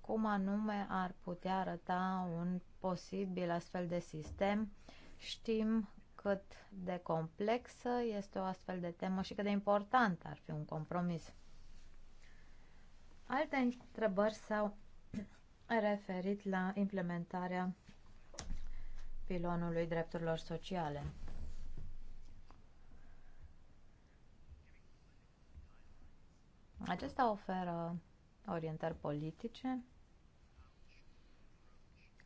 cum anume ar putea arăta un posibil astfel de sistem. Știm cât de complexă este o astfel de temă și cât de important ar fi un compromis. Alte întrebări s-au [CLEARS THROAT] referit la implementarea pilonului drepturilor sociale. Acesta oferă orientări politice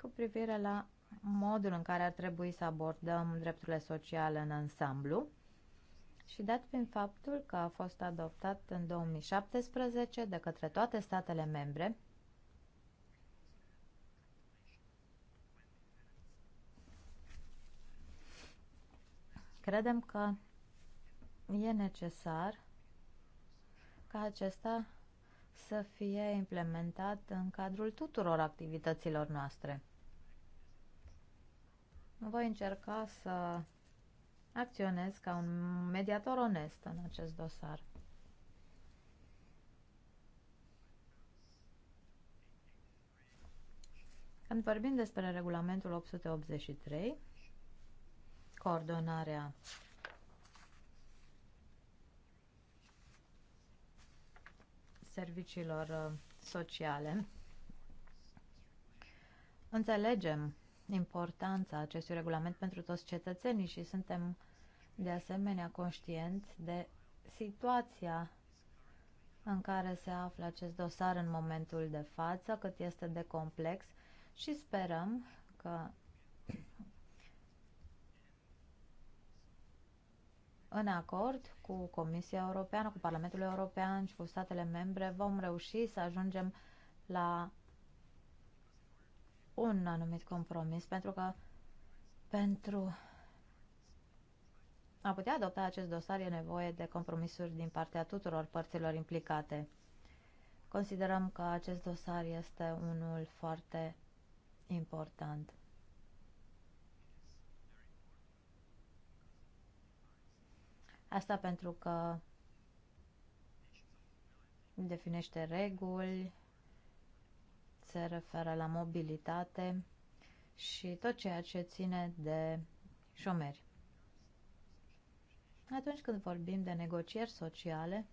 cu privire la modul în care ar trebui să abordăm drepturile sociale în ansamblu și dat fiind faptul că a fost adoptat în 2017 de către toate statele membre, credem că e necesar ca acesta să fie implementat în cadrul tuturor activităților noastre. Voi încerca să acționez ca un mediator onest în acest dosar. Când vorbim despre regulamentul 883, coordonarea serviciilor uh, sociale, înțelegem importanța acestui regulament pentru toți cetățenii și suntem de asemenea conștienți de situația în care se află acest dosar în momentul de față, cât este de complex și sperăm că în acord cu Comisia Europeană, cu Parlamentul European și cu statele membre vom reuși să ajungem la un anumit compromis, pentru că pentru a putea adopta acest dosar e nevoie de compromisuri din partea tuturor părților implicate. Considerăm că acest dosar este unul foarte important. Asta pentru că definește reguli se referă la mobilitate și tot ceea ce ține de șomeri. Atunci când vorbim de negocieri sociale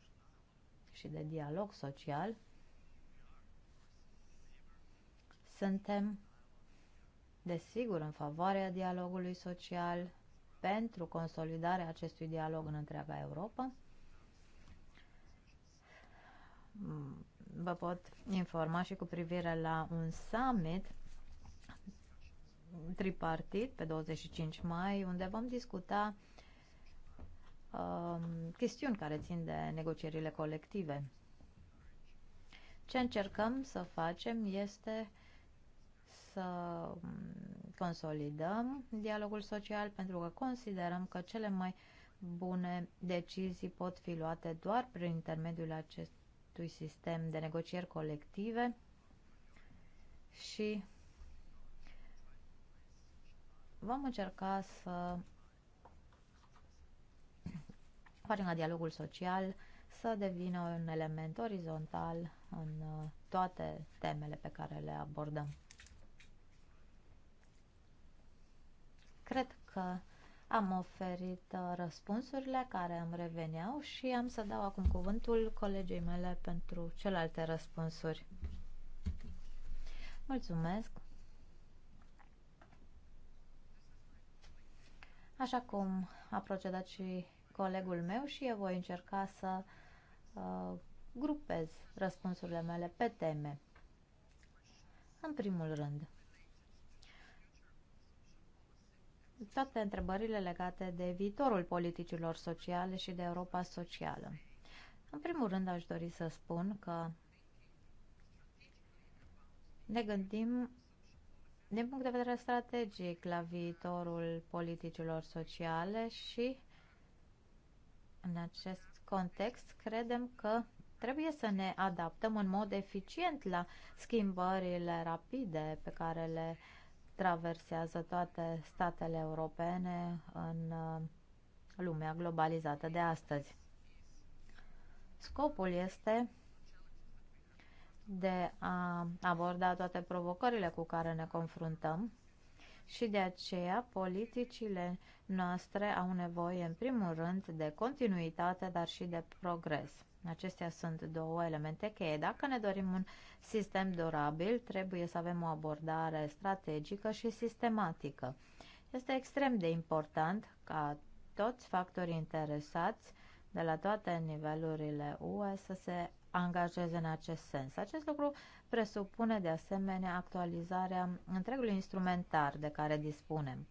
și de dialog social, suntem desigur în favoarea dialogului social pentru consolidarea acestui dialog în întreaga Europa vă pot informa și cu privire la un summit tripartit pe 25 mai, unde vom discuta um, chestiuni care țin de negocierile colective. Ce încercăm să facem este să um, consolidăm dialogul social pentru că considerăm că cele mai bune decizii pot fi luate doar prin intermediul acest acestui sistem de negocieri colective și vom încerca să facem la dialogul social să devină un element orizontal în uh, toate temele pe care le abordăm. Cred că am oferit uh, răspunsurile care îmi reveneau și am să dau acum cuvântul colegii mele pentru celelalte răspunsuri. Mulțumesc! Așa cum a procedat și colegul meu și eu voi încerca să uh, grupez răspunsurile mele pe teme. În primul rând, toate întrebările legate de viitorul politicilor sociale și de Europa socială. În primul rând aș dori să spun că ne gândim din punct de vedere strategic la viitorul politicilor sociale și în acest context credem că trebuie să ne adaptăm în mod eficient la schimbările rapide pe care le uh, traversează toate statele europene în uh, lumea globalizată de astăzi. Scopul este de a aborda toate provocările cu care ne confruntăm și de aceea politicile noastre au nevoie în primul rând de continuitate, dar și de progres. Acestea sunt două elemente cheie. Dacă ne dorim un sistem durabil, trebuie să avem o abordare strategică și sistematică. Este extrem de important ca toți factorii interesați de la toate nivelurile UE să se angajeze în acest sens. Acest lucru presupune de asemenea actualizarea întregului instrumentar de care dispunem.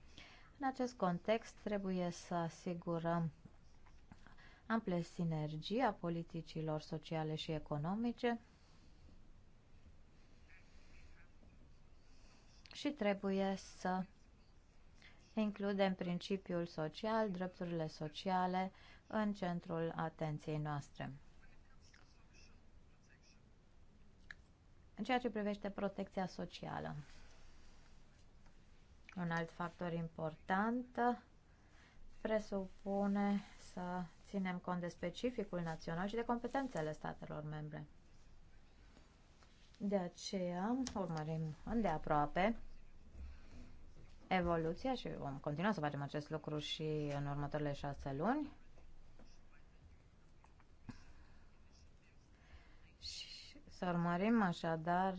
În acest context trebuie să asigurăm ample sinergii a politicilor sociale și economice și trebuie să includem principiul social, drepturile sociale în centrul atenției noastre. În ceea ce privește protecția socială, un alt factor important presupune să ținem cont de specificul național și de competențele statelor membre. De aceea urmărim îndeaproape evoluția și vom continua să facem acest lucru și în următoarele șase luni. Și să urmărim așadar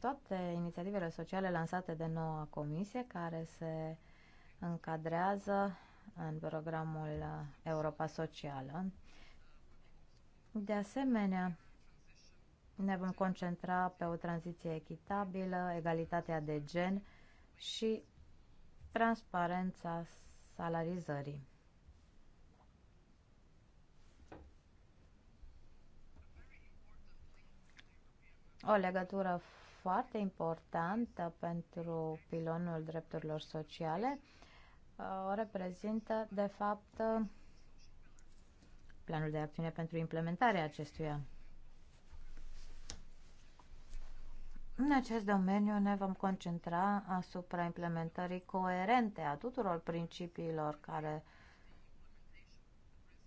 toate inițiativele sociale lansate de noua comisie care se încadrează în programul uh, Europa Socială. De asemenea, ne vom concentra pe o tranziție echitabilă, egalitatea de gen și transparența salarizării. O legătură foarte importantă pentru pilonul drepturilor sociale Uh, o reprezintă, de fapt, uh, planul de acțiune pentru implementarea acestuia. În acest domeniu ne vom concentra asupra implementării coerente a tuturor principiilor care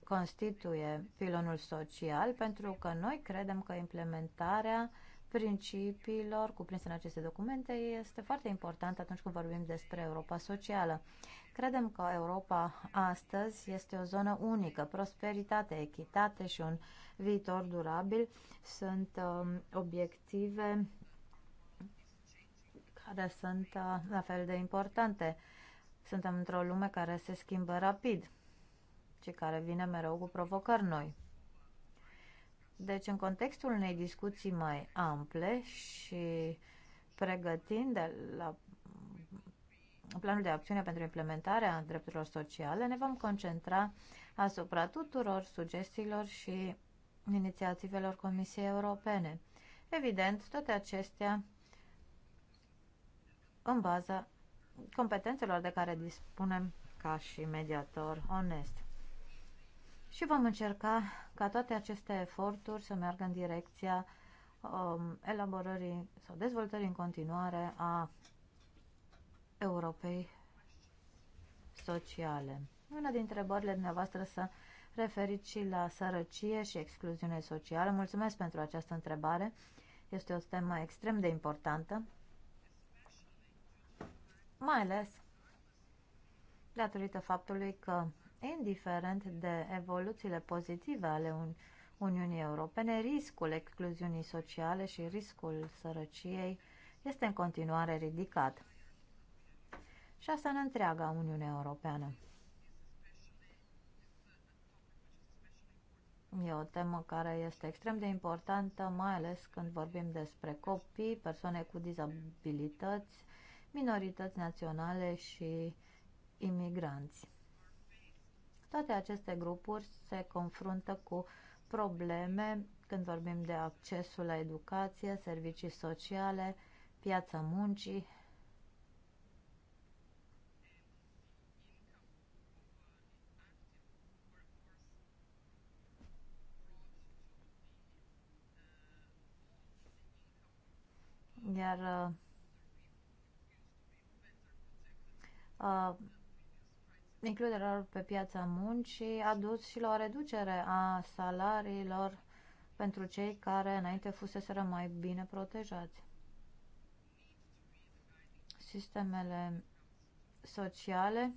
constituie pilonul social, pentru că noi credem că implementarea principiilor cuprinse în aceste documente este foarte importantă atunci când vorbim despre Europa socială. Credem că Europa astăzi este o zonă unică. Prosperitate, echitate și un viitor durabil sunt um, obiective care sunt uh, la fel de importante. Suntem într-o lume care se schimbă rapid și care vine mereu cu provocări noi. Deci, în contextul unei discuții mai ample și pregătind de la planul de acțiune pentru implementarea drepturilor sociale, ne vom concentra asupra tuturor sugestiilor și inițiativelor Comisiei Europene. Evident, toate acestea în baza competențelor de care dispunem ca și mediator onest. Și vom încerca ca toate aceste eforturi să meargă în direcția um, elaborării sau dezvoltării în continuare a Europei Sociale. Una dintre întrebările dumneavoastră să referiți și la sărăcie și excluziune socială. Mulțumesc pentru această întrebare. Este o temă extrem de importantă, mai ales datorită faptului că, indiferent de evoluțiile pozitive ale un Uniunii Europene, riscul excluziunii sociale și riscul sărăciei este în continuare ridicat și asta în întreaga Uniune Europeană. E o temă care este extrem de importantă, mai ales când vorbim despre copii, persoane cu dizabilități, minorități naționale și imigranți. Toate aceste grupuri se confruntă cu probleme când vorbim de accesul la educație, servicii sociale, piața muncii iar uh, uh, includerea lor pe piața muncii a dus și la o reducere a salariilor pentru cei care înainte fuseseră mai bine protejați. Sistemele sociale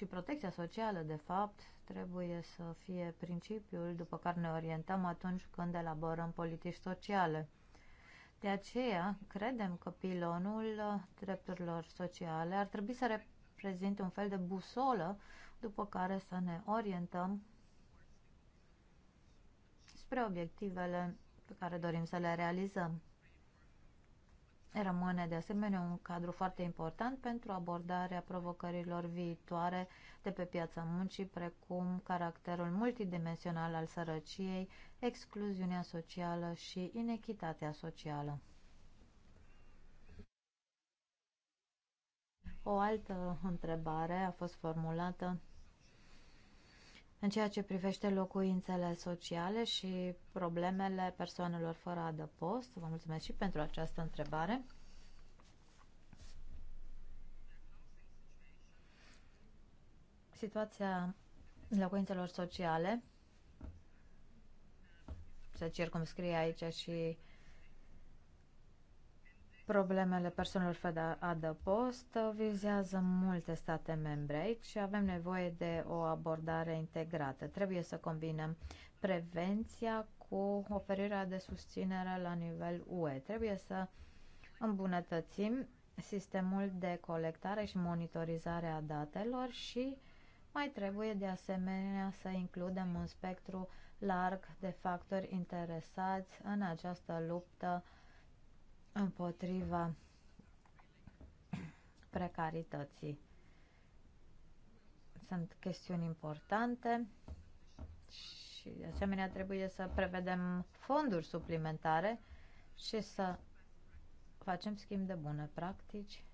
și protecția socială, de fapt, trebuie să fie principiul după care ne orientăm atunci când elaborăm politici sociale. De aceea, credem că pilonul drepturilor sociale ar trebui să reprezinte un fel de busolă după care să ne orientăm spre obiectivele pe care dorim să le realizăm. Rămâne de asemenea un cadru foarte important pentru abordarea provocărilor viitoare de pe piața muncii, precum caracterul multidimensional al sărăciei, excluziunea socială și inechitatea socială. O altă întrebare a fost formulată în ceea ce privește locuințele sociale și problemele persoanelor fără adăpost, vă mulțumesc și pentru această întrebare. Situația locuințelor sociale se circumscrie aici și Problemele persoanelor fără adăpost uh, vizează multe state membre aici și avem nevoie de o abordare integrată. Trebuie să combinăm prevenția cu oferirea de susținere la nivel UE. Trebuie să îmbunătățim sistemul de colectare și monitorizare a datelor și mai trebuie de asemenea să includem un spectru larg de factori interesați în această luptă împotriva precarității. Sunt chestiuni importante și de asemenea trebuie să prevedem fonduri suplimentare și să facem schimb de bune practici.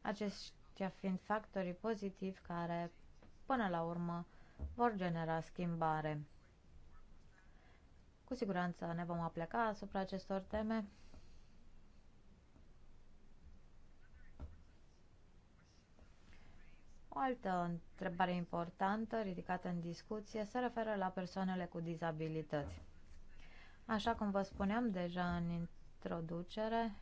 Aceștia fiind factorii pozitivi care, până la urmă, vor genera schimbare. Cu siguranță ne vom apleca asupra acestor teme. O altă întrebare importantă ridicată în discuție se referă la persoanele cu dizabilități. Așa cum vă spuneam deja în introducere,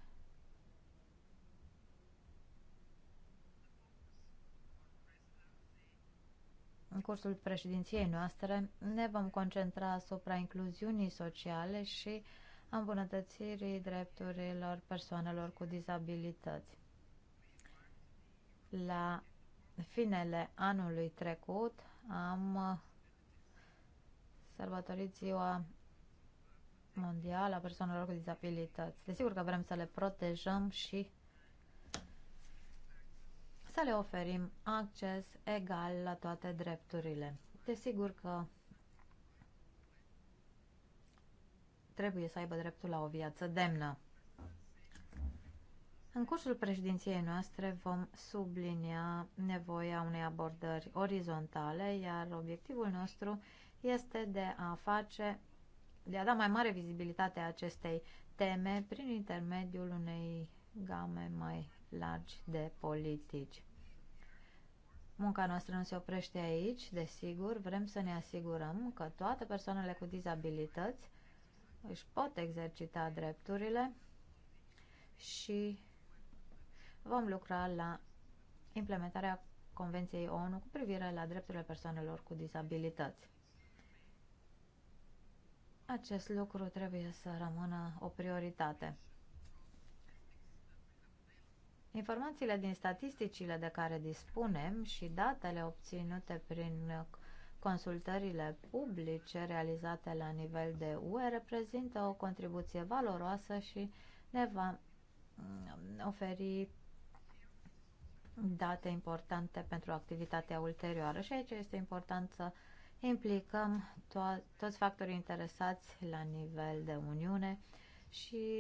în cursul președinției noastre ne vom concentra asupra incluziunii sociale și a îmbunătățirii drepturilor persoanelor cu dizabilități. La finele anului trecut am sărbătorit ziua mondială a persoanelor cu dizabilități. Desigur că vrem să le protejăm și să le oferim acces egal la toate drepturile. Desigur că trebuie să aibă dreptul la o viață demnă. În cursul președinției noastre vom sublinia nevoia unei abordări orizontale, iar obiectivul nostru este de a face, de a da mai mare vizibilitate a acestei teme prin intermediul unei game mai largi de politici. Munca noastră nu se oprește aici, desigur, vrem să ne asigurăm că toate persoanele cu dizabilități își pot exercita drepturile și vom lucra la implementarea Convenției ONU cu privire la drepturile persoanelor cu dizabilități. Acest lucru trebuie să rămână o prioritate. Informațiile din statisticile de care dispunem și datele obținute prin consultările publice realizate la nivel de UE reprezintă o contribuție valoroasă și ne va mm, oferi date importante pentru activitatea ulterioară și aici este important să implicăm to- toți factorii interesați la nivel de Uniune, și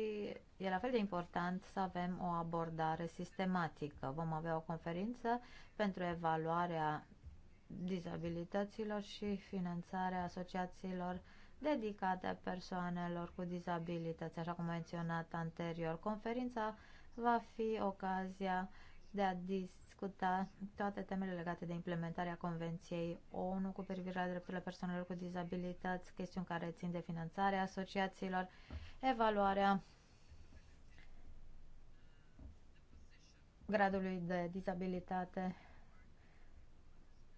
e la fel de important să avem o abordare sistematică. Vom avea o conferință pentru evaluarea dizabilităților și finanțarea asociațiilor dedicate persoanelor cu dizabilități. Așa cum menționat anterior, conferința va fi ocazia de a dis discuta toate temele legate de implementarea Convenției ONU cu privire la drepturile persoanelor cu dizabilități, chestiuni care țin de finanțarea asociațiilor, evaluarea gradului de dizabilitate,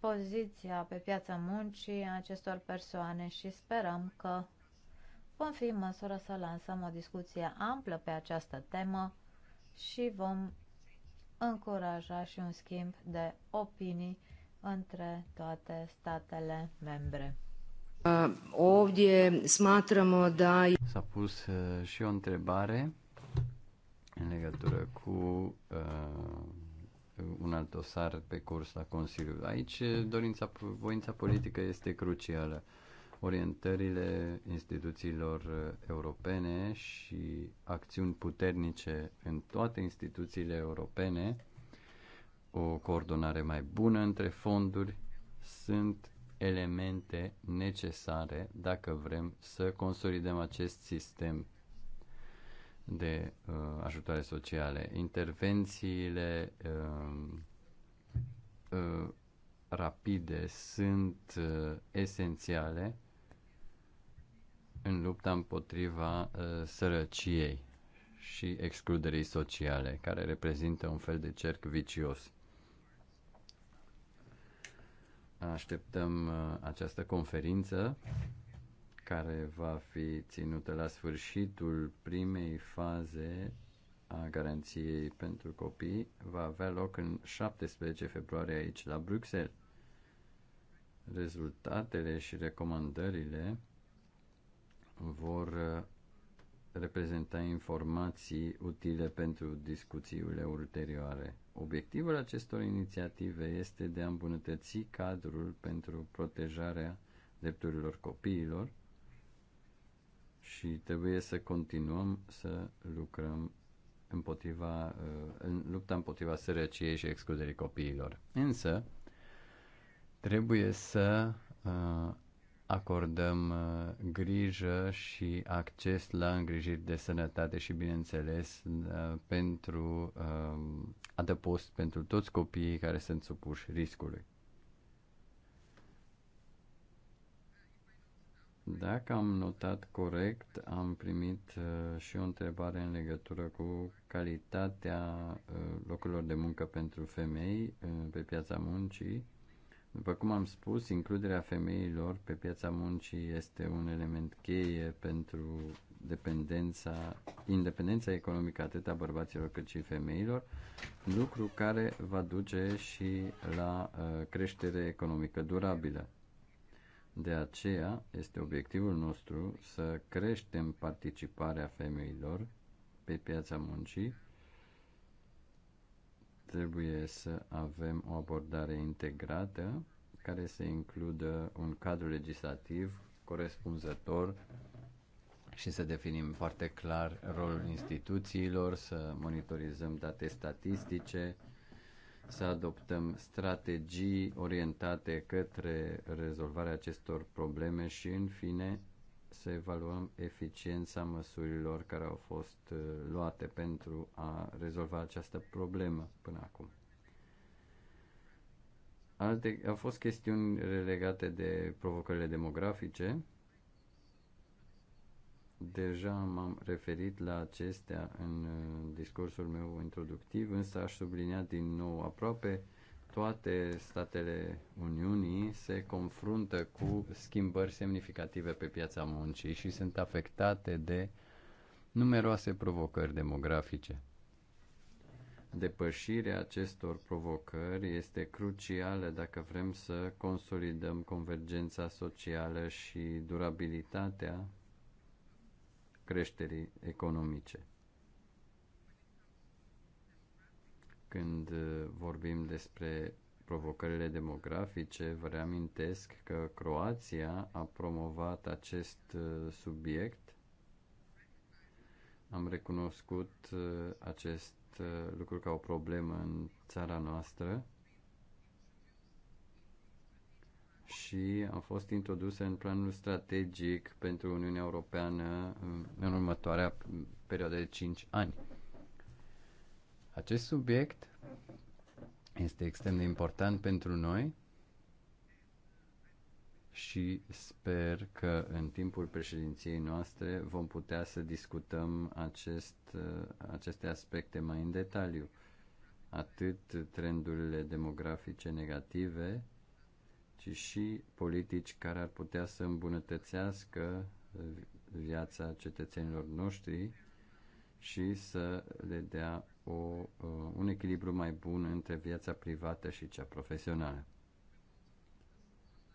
poziția pe piața muncii a acestor persoane și sperăm că vom fi în măsură să lansăm o discuție amplă pe această temă și vom încuraja și un schimb de opinii între toate statele membre. Uh, ovdje smatramo da... S-a pus uh, și o întrebare în legătură cu uh, un alt dosar pe curs la Consiliu. Aici uh, dorința, voința politică este crucială. Uh, orientările instituțiilor europene și acțiuni puternice în toate instituțiile europene, o coordonare mai bună între fonduri sunt elemente necesare dacă vrem să consolidăm acest sistem de uh, ajutoare sociale. Intervențiile uh, uh, rapide sunt uh, esențiale în lupta împotriva uh, sărăciei și excluderii sociale, care reprezintă un fel de cerc vicios. Așteptăm uh, această conferință care va fi ținută la sfârșitul primei faze a garanției pentru copii va avea loc în 17 februarie aici la Bruxelles. Rezultatele și recomandările vor uh, reprezenta informații utile pentru discuțiile ulterioare. Obiectivul acestor inițiative este de a îmbunătăți cadrul pentru protejarea drepturilor copiilor și trebuie să continuăm să lucrăm împotriva, uh, în lupta împotriva sărăciei și excluderii copiilor. Însă, trebuie să uh, acordăm uh, grijă și acces la îngrijiri de sănătate și, bineînțeles, uh, pentru uh, adăpost pentru toți copiii care sunt supuși riscului. Dacă am notat corect, am primit uh, și o întrebare în legătură cu calitatea uh, locurilor de muncă pentru femei uh, pe piața muncii după cum am spus, includerea femeilor pe piața muncii este un element cheie pentru dependența, independența economică atât a bărbaților cât și femeilor, lucru care va duce și la uh, creștere economică durabilă. De aceea este obiectivul nostru să creștem participarea femeilor pe piața muncii Trebuie să avem o abordare integrată care să includă un cadru legislativ corespunzător și să definim foarte clar rolul instituțiilor, să monitorizăm date statistice, să adoptăm strategii orientate către rezolvarea acestor probleme și, în fine, să evaluăm eficiența măsurilor care au fost uh, luate pentru a rezolva această problemă până acum. Alte, au fost chestiuni legate de provocările demografice. Deja m-am referit la acestea în uh, discursul meu introductiv, însă aș sublinia din nou aproape toate statele Uniunii se confruntă cu schimbări semnificative pe piața muncii și sunt afectate de numeroase provocări demografice. Depășirea acestor provocări este crucială dacă vrem să consolidăm convergența socială și durabilitatea creșterii economice. Când uh, vorbim despre provocările demografice, vă reamintesc că Croația a promovat acest uh, subiect. Am recunoscut uh, acest lucru ca o problemă în țara noastră și a fost introdusă în planul strategic pentru Uniunea Europeană în următoarea perioadă de 5 ani. Acest subiect este extrem de important pentru noi și sper că în timpul președinției noastre vom putea să discutăm acest, aceste aspecte mai în detaliu. Atât trendurile demografice negative, ci și politici care ar putea să îmbunătățească viața cetățenilor noștri și să le dea o, uh, un echilibru mai bun între viața privată și cea profesională.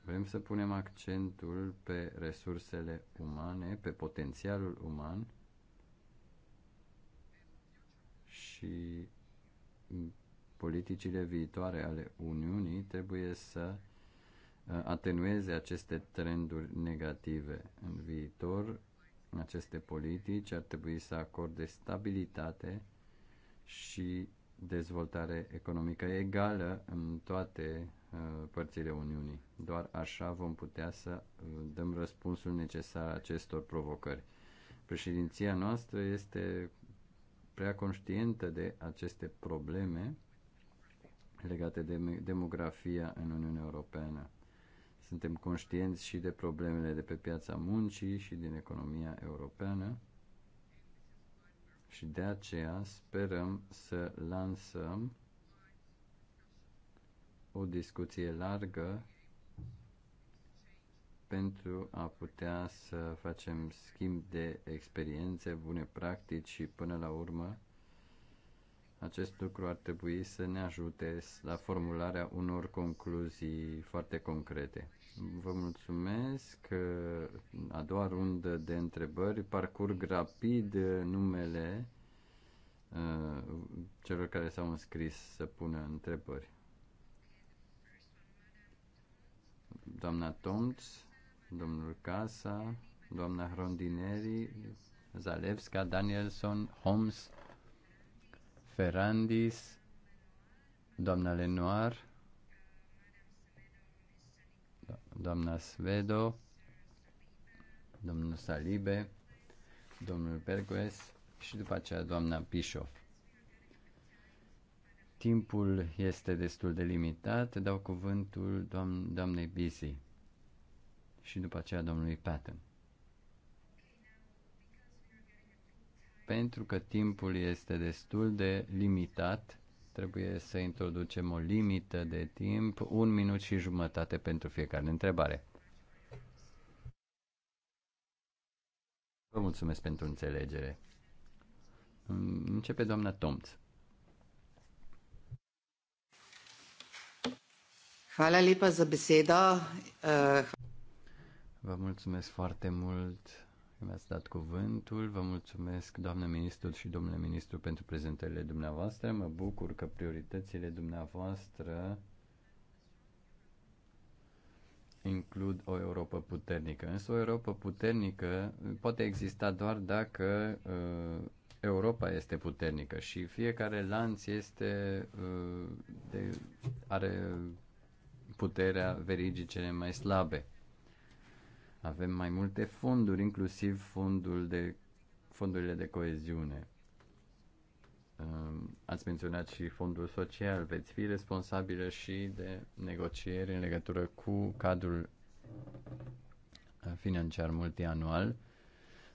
Vrem să punem accentul pe resursele umane, pe potențialul uman și politicile viitoare ale Uniunii trebuie să uh, atenueze aceste trenduri negative. În viitor, aceste politici ar trebui să acorde stabilitate și dezvoltare economică egală în toate uh, părțile Uniunii. Doar așa vom putea să uh, dăm răspunsul necesar acestor provocări. Președinția noastră este prea conștientă de aceste probleme legate de demografia în Uniunea Europeană. Suntem conștienți și de problemele de pe piața muncii și din economia europeană și de aceea sperăm să lansăm o discuție largă pentru a putea să facem schimb de experiențe, bune practici și până la urmă acest lucru ar trebui să ne ajute la formularea unor concluzii foarte concrete. Vă mulțumesc. A doua rundă de întrebări. Parcurg rapid uh, numele uh, celor care s-au înscris să pună întrebări. Doamna Tomț, domnul Casa, doamna Hrondineri, Zalewska, Danielson, Holmes, Ferrandis, doamna Lenoir, doamna Svedo, domnul Salibe, domnul Pergues și după aceea doamna Bischoff. Timpul este destul de limitat, dau cuvântul doam- doamnei Bisi și după aceea domnului Patton. Pentru că timpul este destul de limitat, trebuie să introducem o limită de timp, un minut și jumătate pentru fiecare întrebare. Vă mulțumesc pentru înțelegere. Începe doamna Tomț. Hvala lepa za besedo. Eh, Vă mulțumesc foarte mult că mi-ați dat cuvântul. Vă mulțumesc, doamnă ministru și domnule ministru, pentru prezentările dumneavoastră. Mă bucur că prioritățile dumneavoastră includ o Europa puternică. Însă o Europa puternică poate exista doar dacă uh, Europa este puternică și fiecare lanț este uh, de, are puterea verigii cele mai slabe. Avem mai multe fonduri, inclusiv fondul de, fondurile de coeziune. Um, ați menționat și fondul social. Veți fi responsabilă și de negocieri în legătură cu cadrul uh, financiar multianual.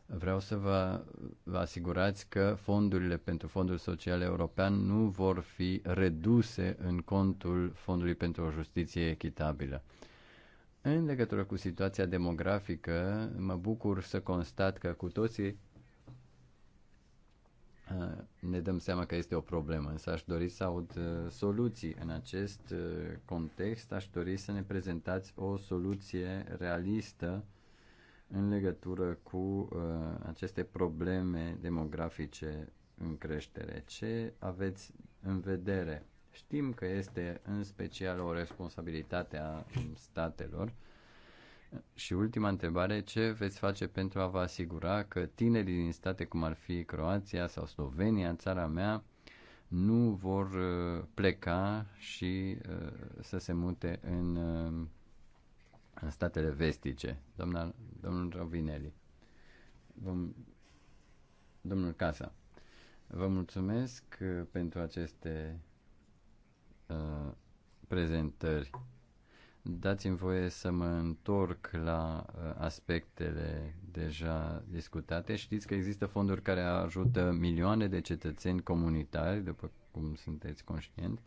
Vreau să vă, vă asigurați că fondurile pentru Fondul Social European nu vor fi reduse în contul Fondului pentru o Justiție Echitabilă. În legătură cu situația demografică, mă bucur să constat că cu toții ne dăm seama că este o problemă, însă aș dori să aud soluții. În acest context, aș dori să ne prezentați o soluție realistă în legătură cu aceste probleme demografice în creștere. Ce aveți în vedere? Știm că este în special o responsabilitate a statelor. Și ultima întrebare, ce veți face pentru a vă asigura că tinerii din state cum ar fi Croația sau Slovenia, țara mea, nu vor uh, pleca și uh, să se mute în, uh, în statele vestice? Doamna, domnul Rovinelli. Vom, domnul Casa. Vă mulțumesc pentru aceste uh, prezentări. Dați-mi voie să mă întorc la uh, aspectele deja discutate. Știți că există fonduri care ajută milioane de cetățeni comunitari, după cum sunteți conștient.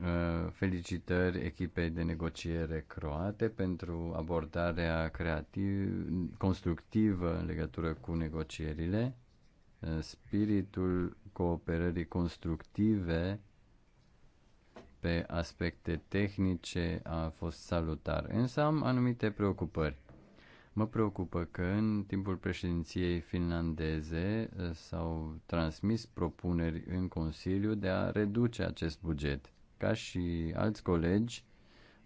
Uh, felicitări echipei de negociere croate pentru abordarea creativ, constructivă în legătură cu negocierile. Uh, spiritul cooperării constructive pe aspecte tehnice a fost salutar, însă am anumite preocupări. Mă preocupă că în timpul președinției finlandeze uh, s-au transmis propuneri în Consiliu de a reduce acest buget. Ca și alți colegi,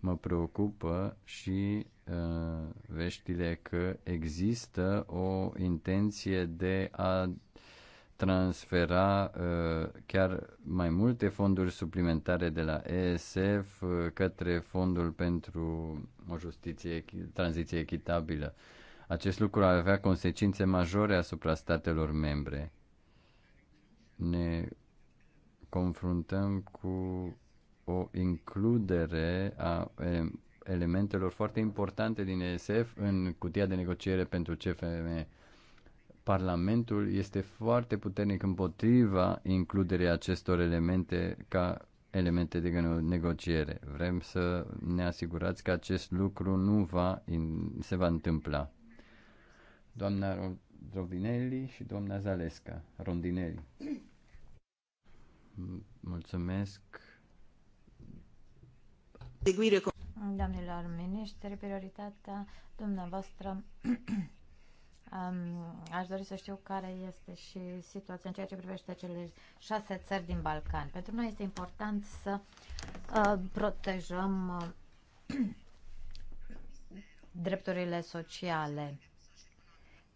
mă preocupă și uh, veștile că există o intenție de a transfera uh, chiar mai multe fonduri suplimentare de la ESF uh, către Fondul pentru o justiție, tranziție echitabilă. Acest lucru ar avea consecințe majore asupra statelor membre. Ne confruntăm cu o includere a elementelor foarte importante din ESF în cutia de negociere pentru CFM Parlamentul este foarte puternic împotriva includerii acestor elemente ca elemente de negociere. Vrem să ne asigurați că acest lucru nu va, se va întâmpla. Doamna Rovinelli și doamna Zalesca. Rondinelli. Mulțumesc. Doamnelor miniștri, prioritatea dumneavoastră Um, aș dori să știu care este și situația în ceea ce privește cele șase țări din Balcan. Pentru noi este important să uh, protejăm uh, [CLEARS THROAT] drepturile sociale.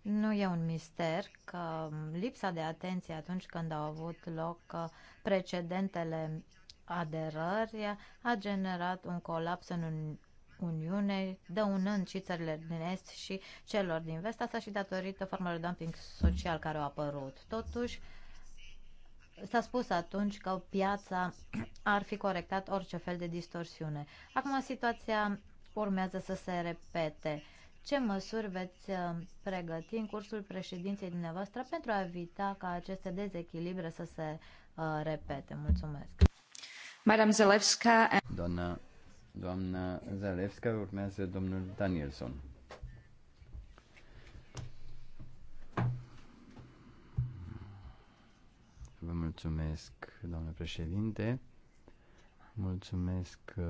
Nu e un mister că lipsa de atenție atunci când au avut loc uh, precedentele aderări a generat un colaps în Uniune, dăunând și țările din Est și celor din Vest, asta și datorită formelor de dumping social care au apărut. Totuși, S-a spus atunci că piața [CLEARS THROAT] ar fi corectat orice fel de distorsiune. Acum situația urmează să se repete. Ce măsuri veți uh, pregăti în cursul președinției dumneavoastră pentru a evita ca aceste dezechilibre să se uh, repete? Mulțumesc! Doamna doamna Zalewska, urmează domnul Danielson. Vă mulțumesc, domnule președinte. Mulțumesc uh,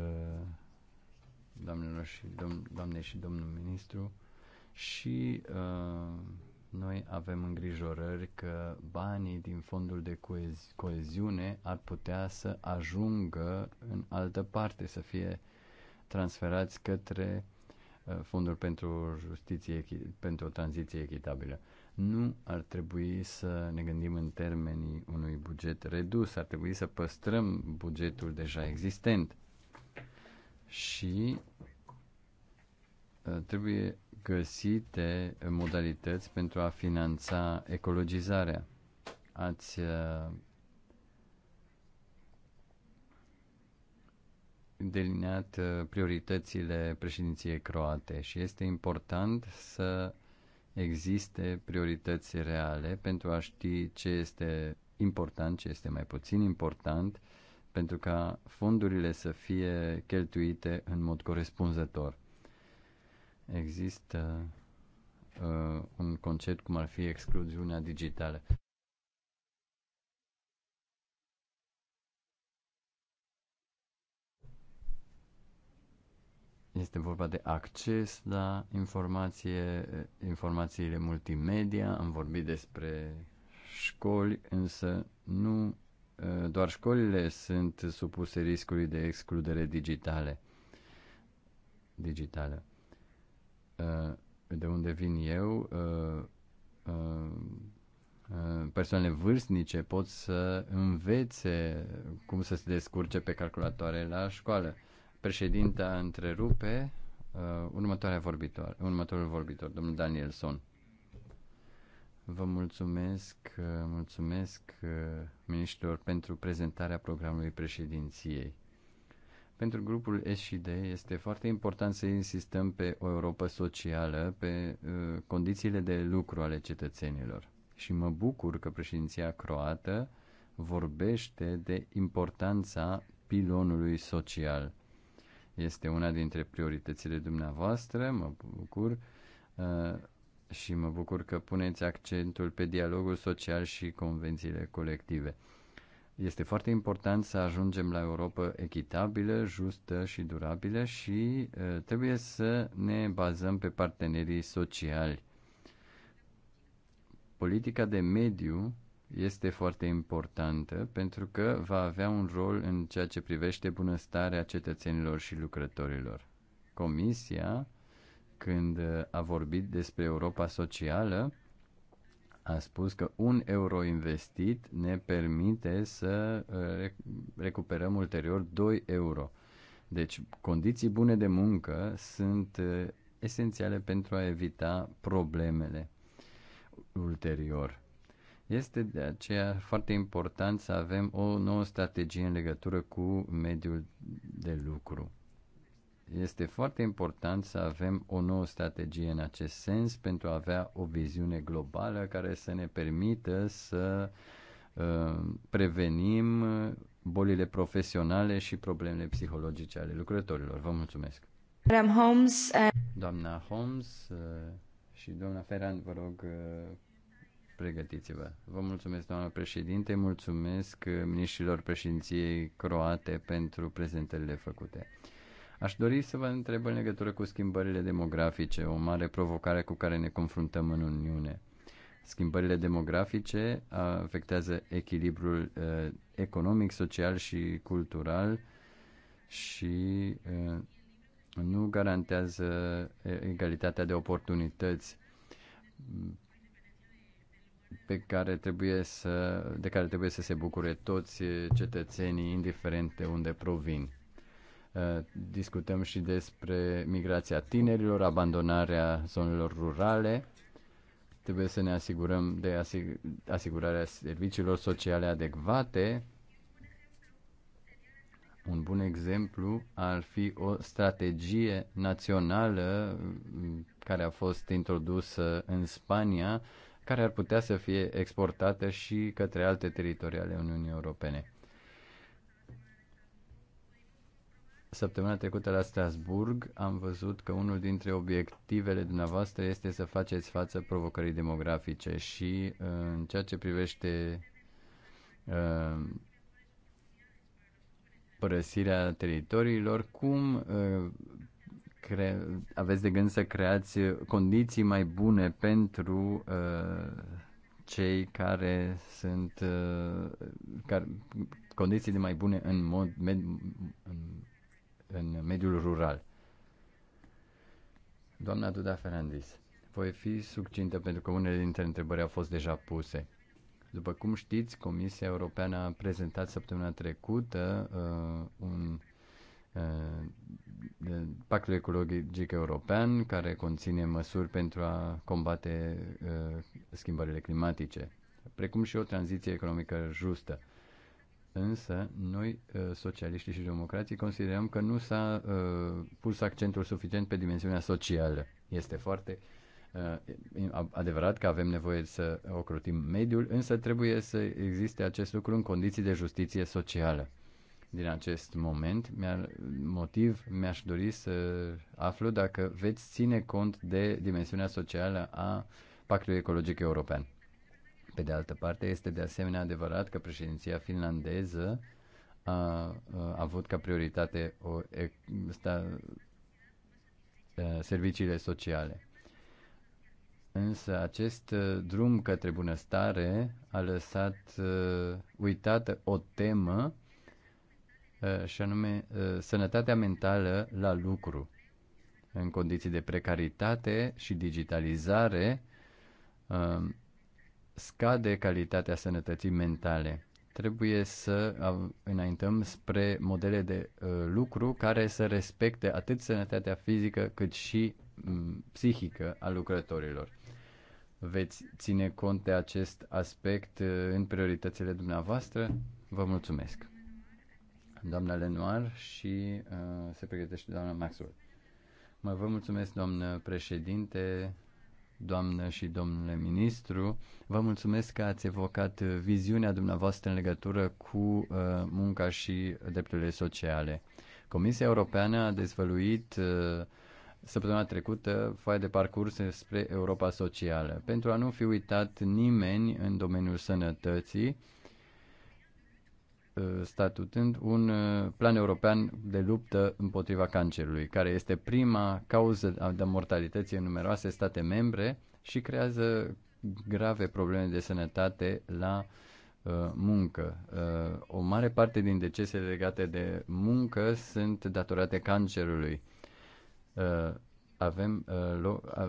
doamnelor și dom- doamne și domnul ministru și uh, noi avem îngrijorări că banii din fondul de coezi- coeziune ar putea să ajungă în altă parte, să fie transferați către uh, fondul pentru justiție, pentru o tranziție echitabilă. Nu ar trebui să ne gândim în termenii unui buget redus, ar trebui să păstrăm bugetul deja existent. Și uh, trebuie găsite modalități pentru a finanța ecologizarea. Ați uh, delineat uh, prioritățile președinției croate și este important să existe priorități reale pentru a ști ce este important, ce este mai puțin important, pentru ca fondurile să fie cheltuite în mod corespunzător există uh, un concept cum ar fi excluziunea digitală. Este vorba de acces la informație, informațiile multimedia, am vorbit despre școli, însă nu uh, doar școlile sunt supuse riscului de excludere digitale. digitală. Uh, de unde vin eu, uh, uh, persoanele vârstnice pot să învețe cum să se descurce pe calculatoare la școală. Președinta întrerupe următoarea vorbitor, următorul vorbitor, domnul Danielson. Vă mulțumesc, mulțumesc ministrilor pentru prezentarea programului președinției. Pentru grupul S&D este foarte important să insistăm pe o Europa socială, pe uh, condițiile de lucru ale cetățenilor. Și mă bucur că președinția croată vorbește de importanța pilonului social. Este una dintre prioritățile dumneavoastră, mă bucur uh, și mă bucur că puneți accentul pe dialogul social și convențiile colective. Este foarte important să ajungem la Europa echitabilă, justă și durabilă și trebuie să ne bazăm pe partenerii sociali. Politica de mediu este foarte importantă pentru că va avea un rol în ceea ce privește bunăstarea cetățenilor și lucrătorilor. Comisia, când a vorbit despre Europa socială, a spus că un euro investit ne permite să uh, recuperăm ulterior 2 euro. Deci, condiții bune de muncă sunt uh, esențiale pentru a evita problemele ulterior. Este de aceea foarte important să avem o nouă strategie în legătură cu mediul de lucru. Este foarte important să avem o nouă strategie în acest sens pentru a avea o viziune globală care să ne permită să uh, prevenim bolile profesionale și problemele psihologice ale lucrătorilor. Vă mulțumesc. Holmes. And... Uh, doamna Holmes uh, și doamna Ferran, vă rog, pregătiți-vă. Vă mulțumesc, doamna președinte, mulțumesc ministrilor președinției croate pentru prezentările făcute. Aș dori să vă întreb în legătură cu schimbările demografice, o mare provocare cu care ne confruntăm în Uniune. Schimbările demografice afectează echilibrul economic, social și cultural și nu garantează egalitatea de oportunități pe care trebuie să, de care trebuie să se bucure toți cetățenii, indiferent de unde provin. Eh, discutăm și despre migrația tinerilor, abandonarea zonelor rurale. Trebuie să ne asigurăm de asigurarea serviciilor sociale adecvate. Un bun exemplu ar fi o strategie națională mm, care a fost introdusă în Spania, care ar putea să fie exportată și către alte teritorii ale Uniunii Europene. Săptămâna trecută la Strasburg am văzut că unul dintre obiectivele dumneavoastră este să faceți față provocării demografice și uh, în ceea ce privește uh, părăsirea teritoriilor, cum uh, cre- aveți de gând să creați condiții mai bune pentru uh, cei care sunt uh, care, condiții de mai bune în mod med, în în mediul rural. Doamna Duda Fernandez, voi fi succintă pentru că unele dintre întrebări au fost deja puse. După cum știți, Comisia Europeană a prezentat săptămâna trecută uh, un uh, pactul ecologic european care conține măsuri pentru a combate uh, schimbările climatice, precum și o tranziție economică justă. Uh, Însă, noi, uh, socialiștii și democrații, considerăm că nu s-a uh, pus accentul suficient pe dimensiunea socială. Este foarte uh, adevărat că avem nevoie să ocrutim mediul, însă trebuie să existe acest lucru în condiții de justiție socială. Din acest moment, mi-ar, motiv mi-aș dori să aflu dacă veți ține cont de dimensiunea socială a Pactului Ecologic European. Pe de altă parte, este de asemenea adevărat că președinția finlandeză a, a avut ca prioritate o, sta, serviciile sociale. Însă acest drum către bunăstare a lăsat a, uitată o temă a, și anume a, sănătatea mentală la lucru. În condiții de precaritate și digitalizare, scade calitatea sănătății mentale. Trebuie să înaintăm spre modele de uh, lucru care să respecte atât sănătatea fizică cât și mm, psihică a lucrătorilor. Veți ține cont de acest aspect uh, în prioritățile dumneavoastră? Vă mulțumesc! Doamna Lenoir și uh, se pregătește doamna Maxwell. Mă vă mulțumesc, doamnă președinte, doamnă și domnule ministru. Vă mulțumesc că ați evocat viziunea dumneavoastră în legătură cu uh, munca și drepturile sociale. Comisia Europeană a dezvăluit uh, săptămâna trecută foaia de parcurs spre Europa Socială. Pentru a nu fi uitat nimeni în domeniul sănătății, Uh, statutând un uh, plan european de luptă împotriva cancerului, care este prima cauză de mortalități în numeroase state membre și creează grave probleme de sănătate la uh, muncă. o mare parte din decesele legate de muncă sunt datorate cancerului. avem,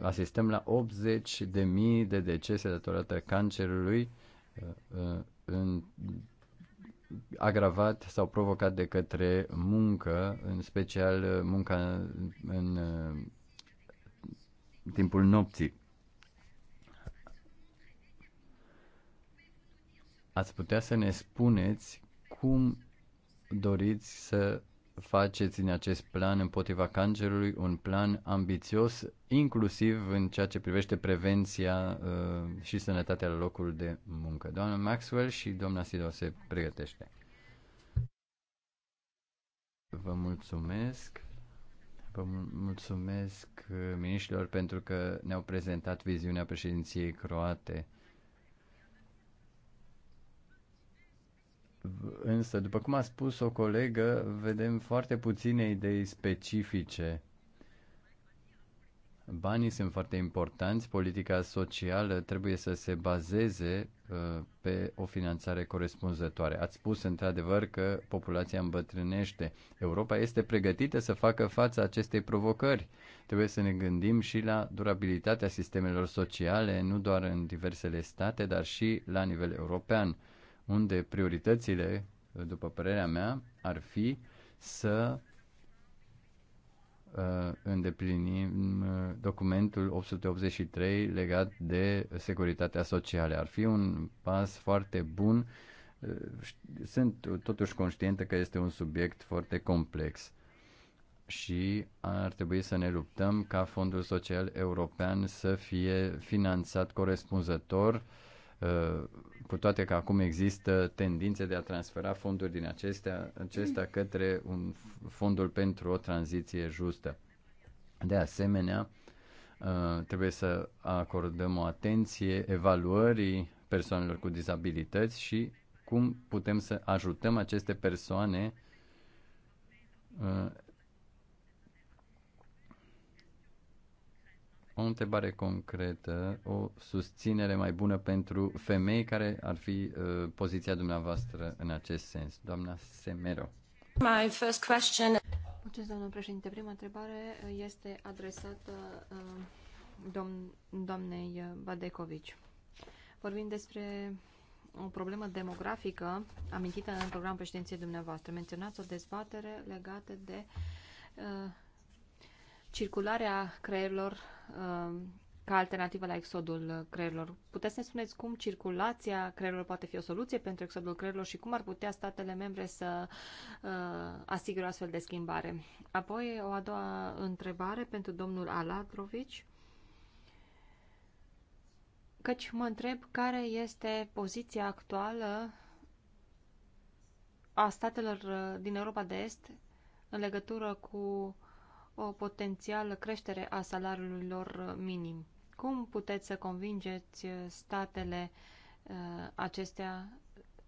asistăm la 80 de mii de decese datorate cancerului în agravat sau provocat de către muncă, în special uh, munca în uh, timpul nopții. Ați putea să ne spuneți cum doriți să faceți în acest plan împotriva cancerului un plan ambițios, inclusiv în ceea ce privește prevenția uh, și sănătatea la locul de muncă. Doamna Maxwell și doamna Sido se pregătește. Vă mulțumesc. Vă mulțumesc uh, miniștilor pentru că ne-au prezentat viziunea președinției croate Însă, după cum a spus o colegă, vedem foarte puține idei specifice. Banii sunt foarte importanți, politica socială trebuie să se bazeze uh, pe o finanțare corespunzătoare. Ați spus într-adevăr că populația îmbătrânește. Europa este pregătită să facă față acestei provocări. Trebuie să ne gândim și la durabilitatea sistemelor sociale, nu doar în diversele state, dar și la nivel european unde prioritățile, după părerea mea, ar fi să uh, îndeplinim uh, documentul 883 legat de securitatea socială. Ar fi un pas foarte bun. Uh, sunt totuși conștientă că este un subiect foarte complex și ar trebui să ne luptăm ca Fondul Social European să fie finanțat corespunzător uh, Uh, cu toate că acum există tendințe de a transfera fonduri din acestea, acestea către un fondul pentru o tranziție justă. De asemenea, uh, trebuie să acordăm o atenție evaluării persoanelor cu dizabilități și cum putem să ajutăm aceste persoane uh, o întrebare concretă, o susținere mai bună pentru femei care ar fi uh, poziția dumneavoastră în acest sens. Doamna Semero. My first question. Mulțumesc, doamnă președinte. Prima întrebare uh, este adresată uh, domn, doamnei uh, Badecovici. Vorbim despre o problemă demografică amintită în program președinției dumneavoastră. Menționați o dezbatere legată de uh, circularea creierilor Um, ca alternativă la exodul creierilor. Puteți să ne spuneți cum circulația creierilor poate fi o soluție pentru exodul creierilor și cum ar putea statele membre să uh, asigure o astfel de schimbare? Apoi, o a doua întrebare pentru domnul Aladrovici. Căci mă întreb care este poziția actuală a statelor uh, din Europa de Est în legătură cu uh, o potențială creștere a salariilor minim. Cum puteți să convingeți uh, statele uh, acestea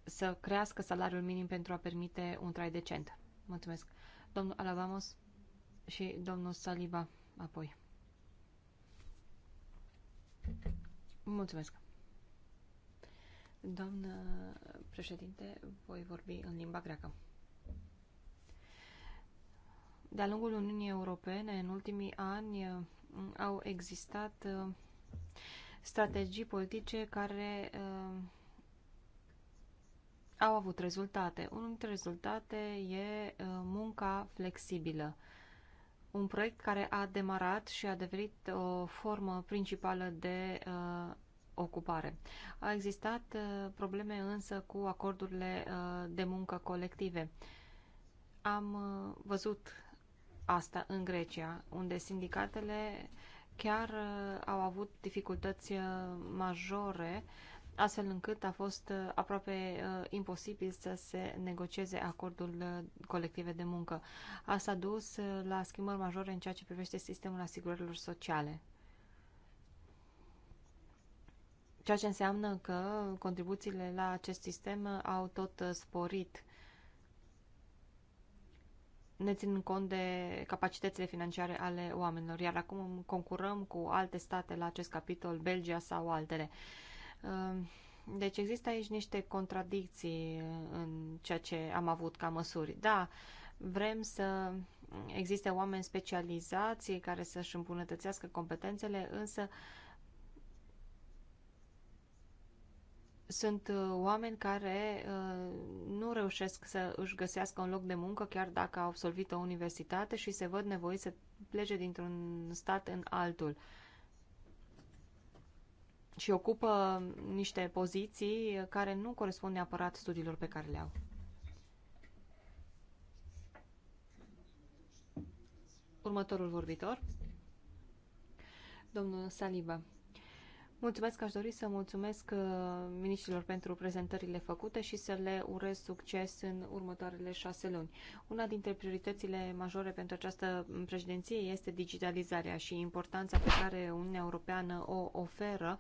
să crească salariul minim pentru a permite un trai decent? Mulțumesc. Domnul Alavamos și domnul Saliba apoi. Mulțumesc. Doamnă președinte, voi vorbi în limba greacă de-a lungul Uniunii Europene, în ultimii ani, uh, au existat uh, strategii politice care uh, au avut rezultate. Unul dintre rezultate e munca flexibilă. Un proiect care a demarat și a devenit o formă principală de ocupare. A existat probleme însă cu acordurile de muncă colective. Am văzut asta în Grecia, unde sindicatele chiar uh, au avut dificultăți uh, majore, astfel încât a fost uh, aproape imposibil să se negocieze acordul colective de muncă. Asta a dus la schimbări majore în ceea ce privește sistemul asigurărilor sociale. Ceea ce înseamnă că contribuțiile la acest sistem au tot sporit ne ținând cont de capacitățile financiare ale oamenilor, iar acum concurăm cu alte state la acest capitol, Belgia sau altele. Ehm, deci există aici niște contradicții în ceea ce am avut ca măsuri. Da, vrem să existe oameni specializați care să-și îmbunătățească competențele, însă uh, sunt uh, oameni care uh, nu reușesc să își găsească un loc de muncă chiar dacă au absolvit o universitate și se văd nevoi să plece dintr-un stat în altul și ocupă niște poziții care nu corespund neapărat studiilor pe care le au. Următorul vorbitor, domnul Saliba. Mulțumesc, aș dori să mulțumesc uh, miniștrilor pentru prezentările făcute și să le urez succes în următoarele șase luni. Una dintre prioritățile majore pentru această președinție este digitalizarea și importanța pe care Uniunea Europeană o oferă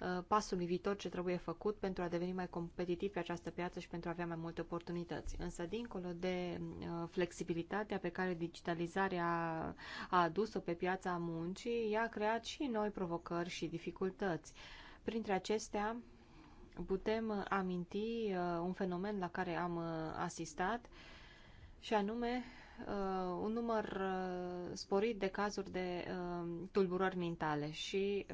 uh, Pasul viitor ce trebuie făcut pentru a deveni mai competitiv pe această piață și pentru a avea mai multe oportunități. Însă, dincolo de uh, flexibilitatea pe care digitalizarea a adus-o pe piața muncii, ea a creat și noi provocări și dificultăți părți. Printre acestea, putem aminti uh, un fenomen la care am uh, asistat și anume uh, un număr sporit de cazuri de tulburări mentale și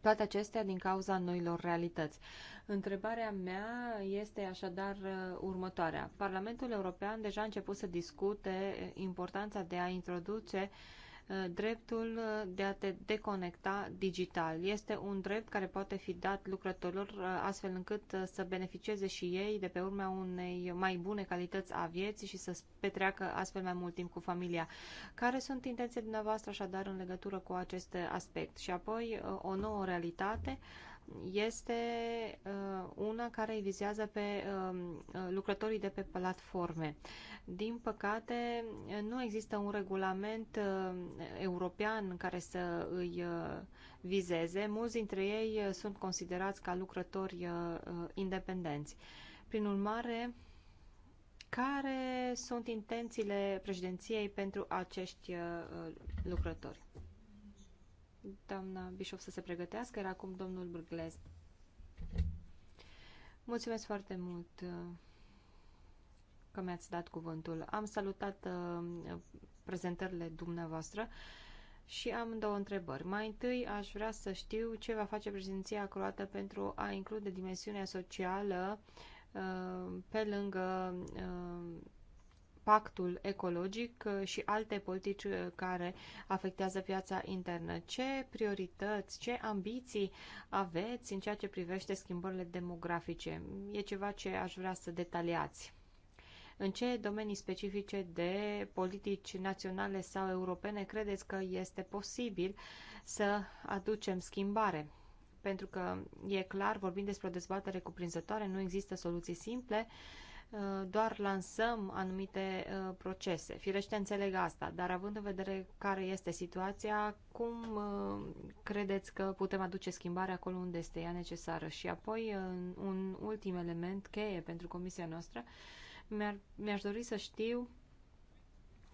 toate acestea din cauza noilor realități. Întrebarea mea este așadar următoarea. Parlamentul European deja a început să discute importanța de a introduce uh, Uh, dreptul uh, de a te deconecta digital. Este un drept care poate fi dat lucrătorilor uh, astfel încât să beneficieze și ei de pe urma unei mai bune calități a vieții și să petreacă astfel mai mult timp cu familia. Care sunt intențiile dumneavoastră așadar în legătură cu acest aspect? Și apoi o nouă realitate este uh, una care îi vizează pe um, lucrătorii de pe platforme. Din păcate, nu există un regulament uh, european care să îi uh, vizeze. Mulți dintre ei sunt considerați ca lucrători independenți. Prin urmare, care sunt intențiile președinției pentru acești lucrători? doamna Bishop să se pregătească, era acum domnul Burglez. Mulțumesc foarte mult uh, că mi-ați dat cuvântul. Am salutat uh, prezentările dumneavoastră și am două întrebări. Mai întâi aș vrea să știu ce va face președinția croată pentru a include dimensiunea socială uh, pe lângă pactul ecologic uh, și alte politici uh, care afectează piața internă. Ce priorități, ce ambiții aveți în ceea ce privește schimbările demografice? E ceva ce aș vrea să detaliați. În ce domenii specifice de politici naționale sau europene credeți că este posibil să aducem schimbare? Pentru că e clar, vorbim despre o dezbatere cuprinzătoare, nu există soluții simple, uh, Uh, doar lansăm anumite uh, procese. Firește, înțeleg asta, dar având în vedere care este situația, cum uh, credeți că putem aduce schimbarea acolo unde este ea necesară? Și apoi, un ultim element cheie pentru comisia noastră, mi-ar, mi-aș dori să știu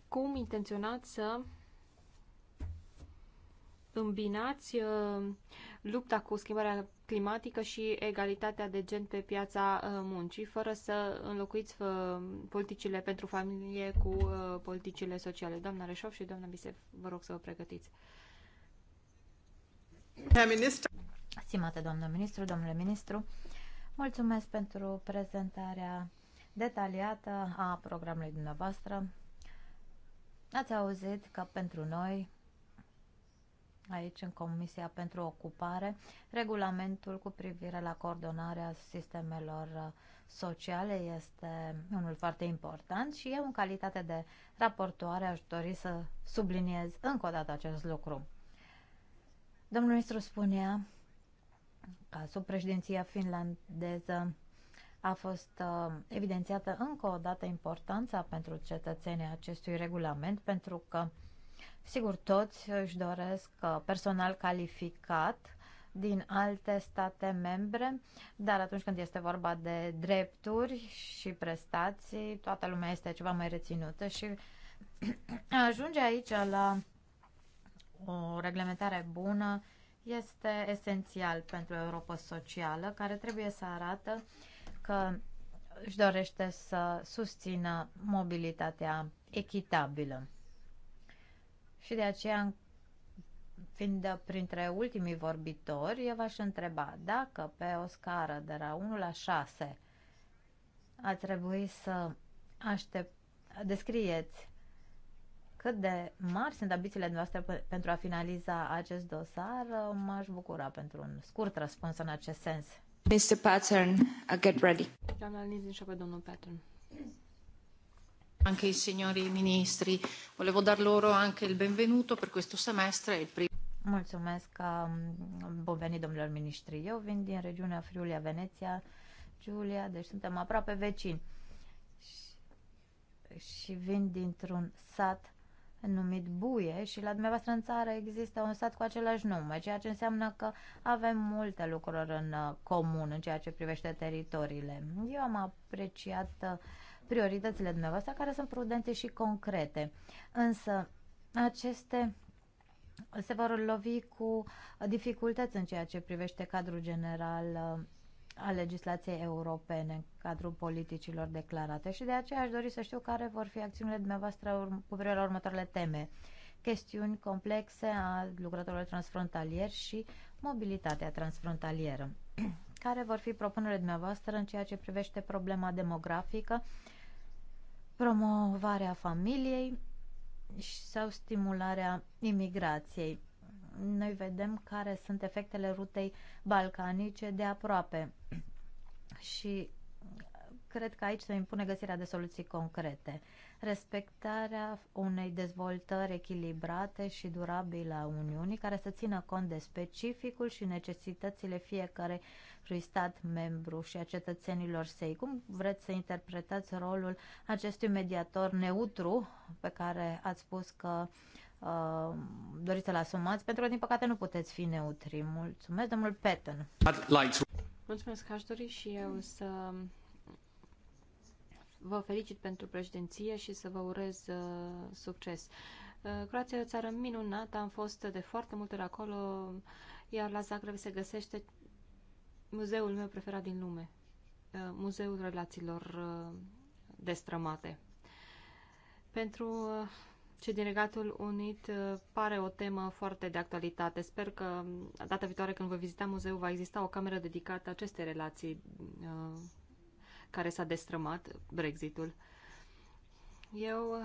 cum intenționați să îmbinați lupta cu schimbarea climatică și egalitatea de gen pe piața uh, muncii, fără să înlocuiți uh, politicile pentru familie cu uh, politicile sociale. Doamna Reșov și doamna Bisef, vă rog să vă pregătiți. Stimate doamnă ministru, domnule ministru, mulțumesc pentru prezentarea detaliată a programului dumneavoastră. Ați auzit că pentru noi aici în Comisia pentru Ocupare regulamentul cu privire la coordonarea sistemelor uh, sociale este unul foarte important și eu în calitate de raportoare aș dori să subliniez încă o dată acest lucru. Domnul ministru spunea că sub președinția finlandeză a fost uh, evidențiată încă o dată importanța pentru cetățenii acestui regulament pentru că uh, Sigur, toți își doresc uh, personal calificat din alte state membre, dar atunci când este vorba de drepturi și prestații, toată lumea este ceva mai reținută și [CLEARS THROAT] ajunge aici la o reglementare bună este esențial pentru Europa socială, care trebuie să arată că își dorește să susțină mobilitatea echitabilă. Și de aceea, fiind printre ultimii vorbitori, eu v-aș întreba dacă pe o scară de la 1 la 6 a trebui să aștept, descrieți cât de mari sunt ambițiile noastre pentru a finaliza acest dosar, m-aș bucura pentru un scurt răspuns în acest sens. Mr. Pattern, uh, get ready. Doamna Lizin și domnul Pattern. Anche i signori ministri, volevo dar loro anche il benvenuto per questo semestre. Il prim- Mulțumesc că um, bun venit, domnilor ministri. Eu vin din regiunea Friulia-Veneția, Giulia, deci suntem aproape vecini. Și, și vin dintr-un sat numit Buie și la dumneavoastră în țară există un sat cu același nume, ceea ce înseamnă că avem multe lucruri în uh, comun în ceea ce privește teritoriile. Eu am apreciat uh, prioritățile dumneavoastră, care sunt prudente și concrete. Însă, aceste se vor lovi cu dificultăți în ceea ce privește cadrul general uh, a legislației europene cadrul politicilor declarate și de aceea aș dori să știu care vor fi acțiunile dumneavoastră cu privire la următoarele teme. Chestiuni complexe a lucrătorilor transfrontalieri și mobilitatea transfrontalieră. [CLEARS THROAT] care vor fi propunerile dumneavoastră în ceea ce privește problema demografică promovarea familiei sau stimularea imigrației. Noi vedem care sunt efectele rutei balcanice de aproape [CLEARS THROAT] și cred că aici se impune găsirea de soluții concrete. Respectarea unei dezvoltări echilibrate și durabile a Uniunii, care să țină cont de specificul și necesitățile fiecare acestui stat membru și a cetățenilor săi. Cum vreți să interpretați rolul acestui mediator neutru pe care ați spus că uh, doriți să-l asumați, pentru că, din păcate, nu puteți fi neutri. Mulțumesc, domnul Patton. Mulțumesc, aș dori și eu să vă felicit pentru președinție și să vă urez uh, succes. Uh, Croația e o țară minunată, am fost de foarte multe ori acolo, iar la Zagreb se găsește muzeul meu preferat din lume, uh, Muzeul Relațiilor uh, Destrămate. Pentru uh, ce din Regatul Unit pare o temă foarte de actualitate. Sper că data viitoare când voi vizita muzeul va exista o cameră dedicată acestei relații care s-a destrămat, Brexitul. Eu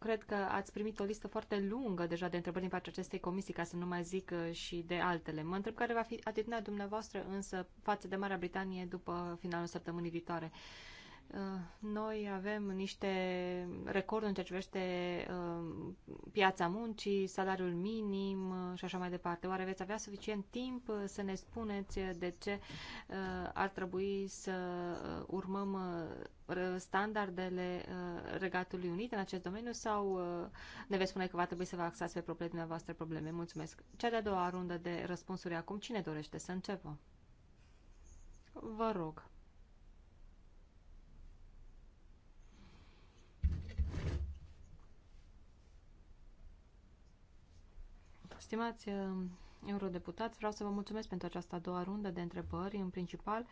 cred că ați primit o listă foarte lungă deja de întrebări din partea acestei comisii, ca să nu mai zic uh, și de altele. Mă întreb care va fi atitudinea dumneavoastră însă față de Marea Britanie după finalul săptămânii viitoare. Uh, noi avem niște recorduri în ceea ce privește uh, piața muncii, salariul minim uh, și așa mai departe. Oare veți avea suficient timp să ne spuneți de ce ar trebui să urmăm standardele Regatului Unit în acest domeniu sau ne veți spune că va trebui să vă axați pe propriile dumneavoastră probleme? Mulțumesc. Cea de-a doua rundă de răspunsuri acum. Cine dorește să începă? Vă rog. Stimați uh, eurodeputați, vreau să vă mulțumesc pentru această a doua rundă de întrebări. În principal,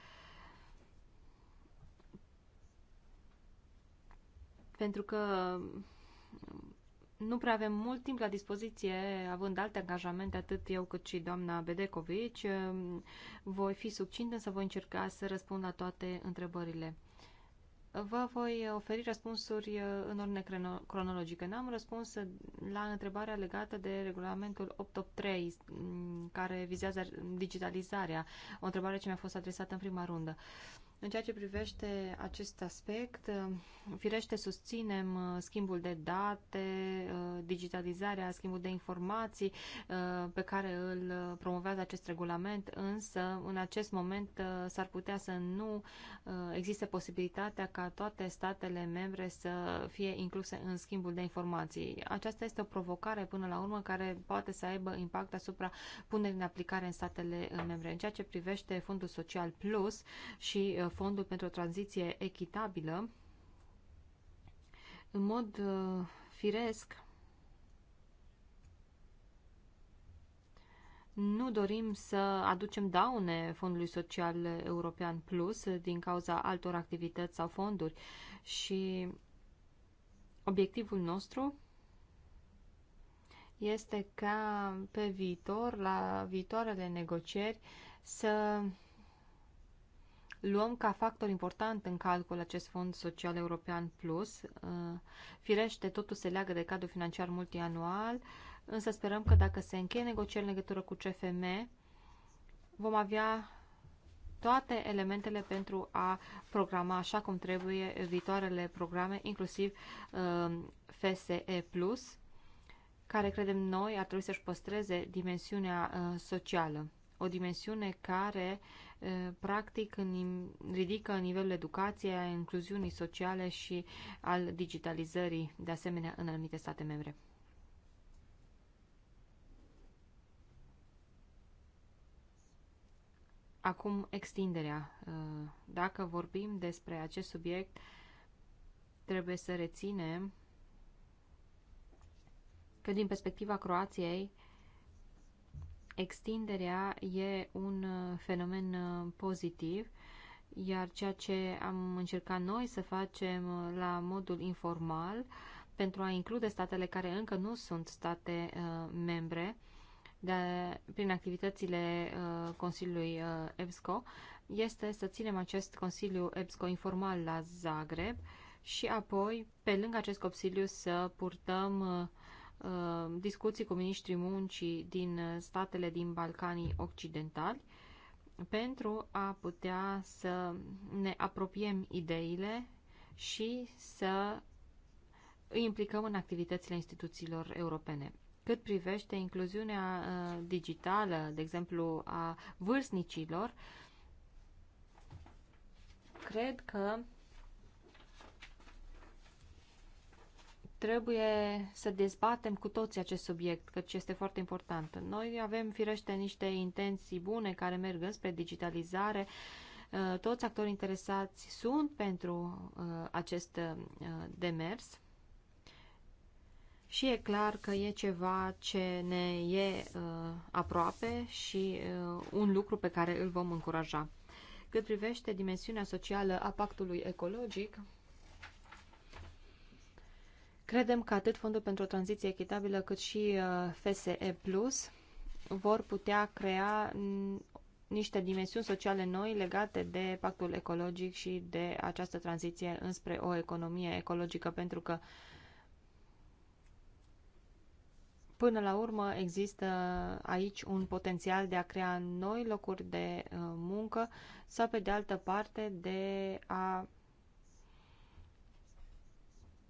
pentru că nu prea avem mult timp la dispoziție, având alte angajamente, atât eu cât și doamna Bedecovici. Uh, voi fi succint, însă voi încerca să răspund la toate întrebările. Vă voi oferi răspunsuri uh, în ordine cronologică. N-am răspuns la întrebarea legată de regulamentul 883, mm, care vizează digitalizarea, o întrebare ce mi-a fost adresată în prima rundă. Uh, în ceea ce privește acest aspect, firește susținem uh, schimbul de date, uh, digitalizarea, schimbul de informații uh, pe care îl promovează acest regulament, însă în acest moment s-ar putea să nu existe posibilitatea ca toate statele membre să fie incluse în schimbul de informații. Aceasta este o provocare până la urmă care poate să aibă impact asupra punerii în aplicare în statele membre. În ceea ce privește Fondul Social Plus și Fondul pentru o tranziție echitabilă, în mod uh, firesc, Nu dorim să aducem daune Fondului Social European Plus din cauza altor activități sau fonduri și obiectivul nostru este ca pe viitor, la viitoarele negocieri, să luăm ca factor important în calcul acest fond social european plus. Uh, firește, totul se leagă de cadrul financiar multianual, însă sperăm că dacă se încheie negocieri în legătură cu CFM, vom avea toate elementele pentru a programa așa cum trebuie viitoarele programe, inclusiv uh, FSE+, care credem noi ar trebui să-și păstreze dimensiunea uh, socială. O dimensiune care uh, practic ridică nivelul educației, a incluziunii sociale și al digitalizării, de asemenea, în anumite state membre. Acum, extinderea. Dacă vorbim despre acest subiect, trebuie să reținem că din perspectiva Croației, extinderea e un uh, fenomen uh, pozitiv, iar ceea ce am încercat noi să facem uh, la modul informal pentru a include statele care încă nu sunt state membre, de, prin activitățile uh, Consiliului uh, EBSCO este să ținem acest Consiliu EBSCO informal la Zagreb și apoi, pe lângă acest Consiliu, să purtăm Uh, discuții cu ministrii muncii din statele din Balcanii Occidentali pentru a putea să ne apropiem ideile și să îi implicăm în activitățile instituțiilor europene. Cât privește incluziunea uh, digitală, de exemplu, a vârstnicilor, cred că trebuie să dezbatem cu toții acest subiect, căci este foarte important. Noi avem, firește, niște intenții bune care merg spre digitalizare. Uh, toți actorii interesați sunt pentru uh, acest uh, demers. Și e clar că e ceva ce ne e aproape și un lucru pe care îl vom încuraja. Cât privește dimensiunea socială a pactului ecologic, Credem că atât Fondul pentru o tranziție echitabilă cât și uh, FSE Plus vor putea crea niște dimensiuni sociale noi legate de pactul ecologic și de această tranziție înspre o economie ecologică, pentru că până la urmă există aici un potențial de a crea noi locuri de uh, muncă sau, pe de altă parte, de a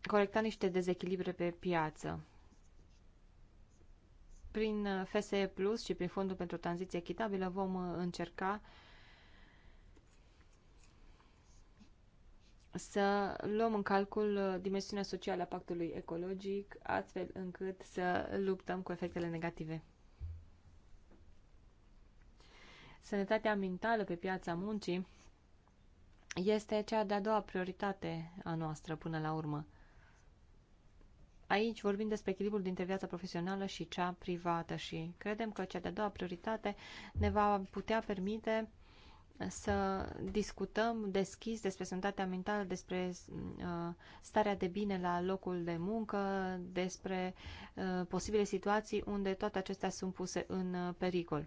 corecta niște dezechilibre pe piață. Prin FSE Plus și prin Fondul pentru Tranziție Echitabilă vom încerca să luăm în calcul dimensiunea socială a pactului ecologic, astfel încât să luptăm cu efectele negative. Sănătatea mentală pe piața muncii este cea de-a doua prioritate a noastră până la urmă. Aici vorbim despre echilibrul dintre viața profesională și cea privată și credem că cea de-a doua prioritate ne va putea permite să discutăm deschis despre sănătatea mentală, despre uh, starea de bine la locul de muncă, despre uh, posibile situații unde toate acestea sunt puse în uh, pericol.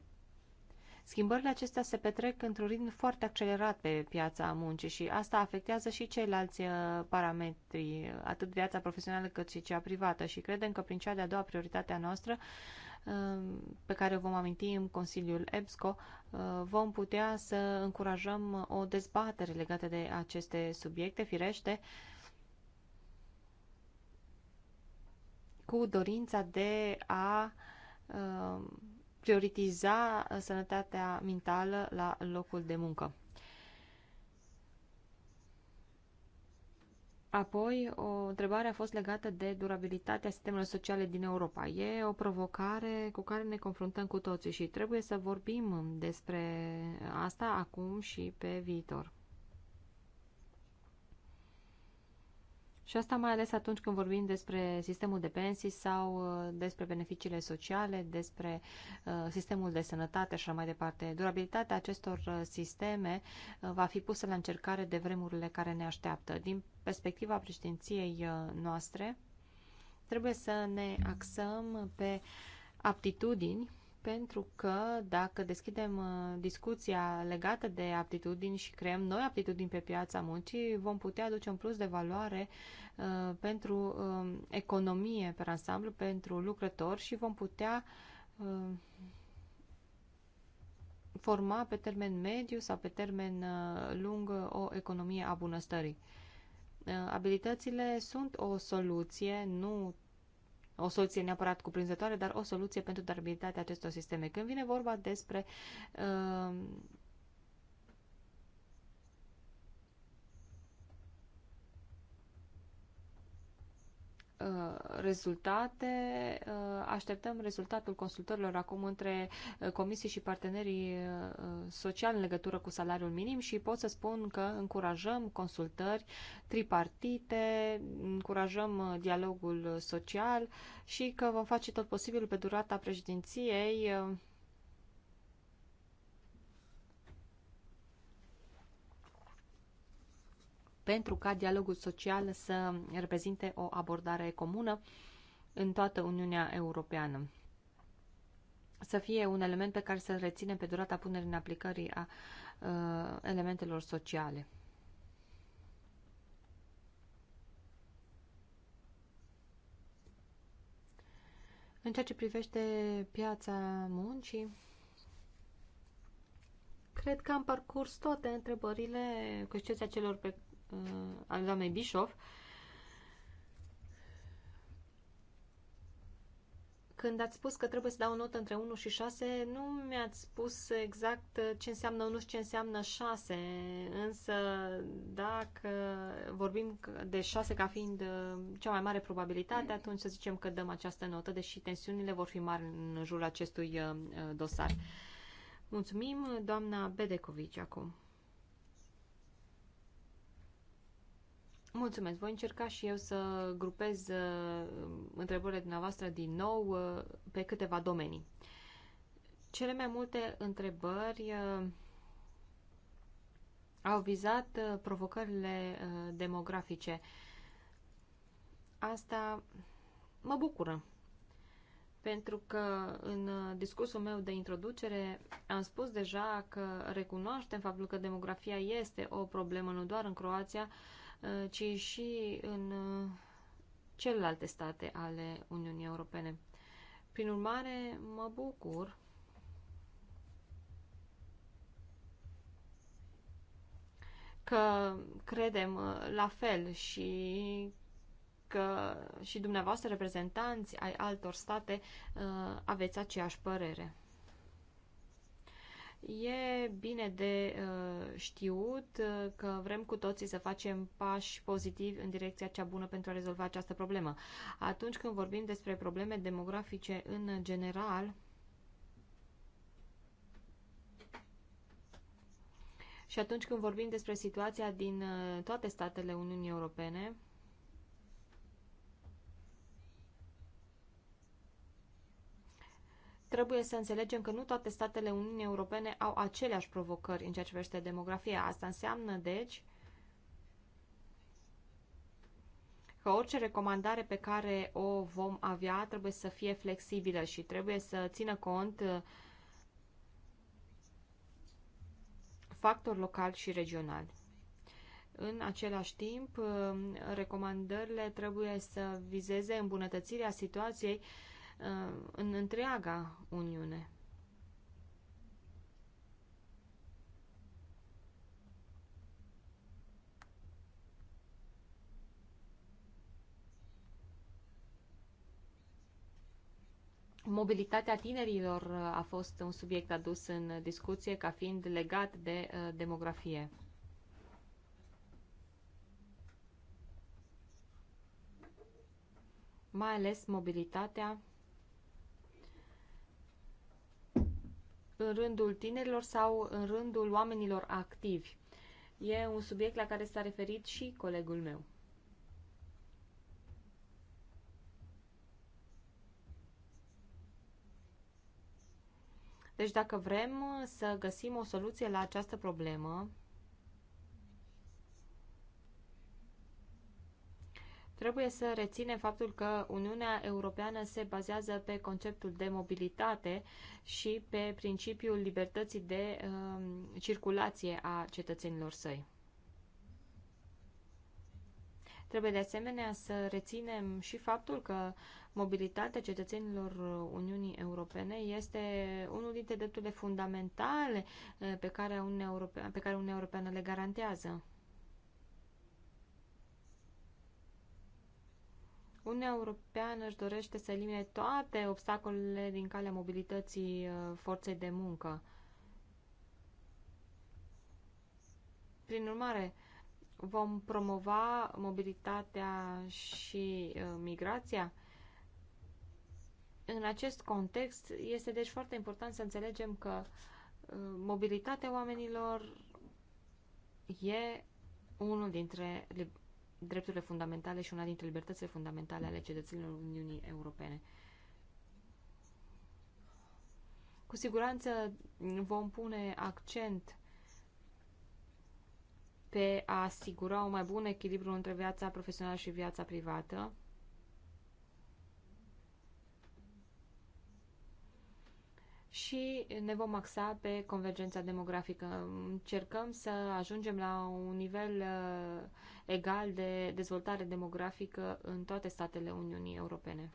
Schimbările acestea se petrec într-un ritm foarte accelerat pe piața muncii și asta afectează și ceilalți uh, parametri, atât viața profesională cât și cea privată și credem că prin cea de-a doua prioritate a noastră uh, pe care vom aminti în Consiliul EBSCO, uh, vom putea să încurajăm o dezbatere legată de aceste subiecte, firește, cu dorința de a prioritiza uh, sănătatea mentală la locul de muncă. Apoi, o întrebare a fost legată de durabilitatea sistemelor sociale din Europa. E o provocare cu care ne confruntăm cu toții și trebuie să vorbim despre asta acum și pe viitor. Și asta mai ales atunci când vorbim despre sistemul de pensii sau uh, despre beneficiile sociale, despre uh, sistemul de sănătate și așa mai departe. Durabilitatea acestor uh, sisteme va fi pusă la încercare de vremurile care ne așteaptă. Din perspectiva președinției noastre, trebuie să ne axăm pe aptitudini pentru că dacă deschidem uh, discuția legată de aptitudini și creăm noi aptitudini pe piața muncii, vom putea aduce un plus de valoare uh, pentru uh, economie pe ansamblu, pentru lucrători și vom putea uh, forma pe termen mediu sau pe termen uh, lung uh, o economie a bunăstării. Abilitățile sunt o soluție, nu o soluție neapărat cuprinzătoare, dar o soluție pentru durabilitatea acestor sisteme. Când vine vorba despre uh, Uh, rezultate. Uh, așteptăm rezultatul consultărilor acum între uh, comisii și partenerii sociali în legătură cu salariul minim și pot să spun că încurajăm consultări tripartite, încurajăm dialogul social și că vom face tot posibilul pe durata președinției pentru ca dialogul social să reprezinte o abordare comună în toată Uniunea Europeană. Să fie un element pe care să-l reținem pe durata punerii în aplicării a uh, elementelor sociale. În ceea ce privește piața muncii, cred că am parcurs toate întrebările, cu excepția celor pe Uh, al doamnei Bischoff, când ați spus că trebuie să dau o notă între 1 și 6, nu mi-ați spus exact ce înseamnă 1 și ce înseamnă 6, însă dacă vorbim de 6 ca fiind uh, cea mai mare probabilitate, atunci să zicem că dăm această notă, deși tensiunile vor fi mari în jurul acestui uh, dosar. Mulțumim, doamna Bedecovici, acum. Mulțumesc. Voi încerca și eu să grupez uh, întrebările dumneavoastră din nou uh, pe câteva domenii. Cele mai multe întrebări uh, au vizat provocările demografice. Asta mă bucură, pentru că în discursul meu de introducere am spus deja că recunoaștem faptul că demografia este o problemă nu doar în Croația, Uh, ci și în uh, celelalte state ale Uniunii Europene. Prin urmare, mă bucur că credem uh, la fel și că și dumneavoastră reprezentanți ai altor state aveți aceeași părere. E bine de uh, știut uh, că vrem cu toții să facem pași pozitivi în direcția cea bună pentru a rezolva această problemă. Atunci când vorbim despre probleme demografice în general, și atunci când vorbim despre situația din uh, toate statele Uniunii Europene, trebuie să înțelegem că nu toate statele Uniunii Europene au aceleași provocări în ceea ce privește demografia. Asta înseamnă, deci, că orice recomandare pe care o vom avea trebuie să fie flexibilă și trebuie să țină cont uh, factor local și regional. În același timp, uh, recomandările trebuie să vizeze îmbunătățirea situației uh, Uh, în întreaga Uniune. Mobilitatea tinerilor uh, a fost un subiect adus în discuție ca fiind legat de uh, demografie. Mai ales mobilitatea în rândul tinerilor sau în rândul oamenilor activi. E un subiect la care s-a referit și colegul meu. Deci dacă vrem să găsim o soluție la această problemă, Trebuie să reținem faptul că Uniunea Europeană se bazează pe conceptul de mobilitate și pe principiul libertății de uh, circulație a cetățenilor săi. Trebuie de asemenea să reținem și faptul că mobilitatea cetățenilor Uniunii Europene este unul dintre drepturile fundamentale uh, pe care Uniunea Europeană, pe care Uniunea Europeană le garantează. Uniunea Europeană își dorește să elimine toate obstacolele din calea mobilității uh, forței de muncă. Prin urmare, vom promova mobilitatea și uh, migrația? În acest context, este deci foarte important să înțelegem că uh, mobilitatea oamenilor e unul dintre drepturile fundamentale și una dintre libertățile fundamentale ale cetățenilor Uniunii Europene. Cu siguranță vom pune accent pe a asigura un mai bun echilibru între viața profesională și viața privată, și ne vom axa pe convergența demografică. Încercăm să ajungem la un nivel uh, egal de dezvoltare demografică în toate statele Uniunii Europene.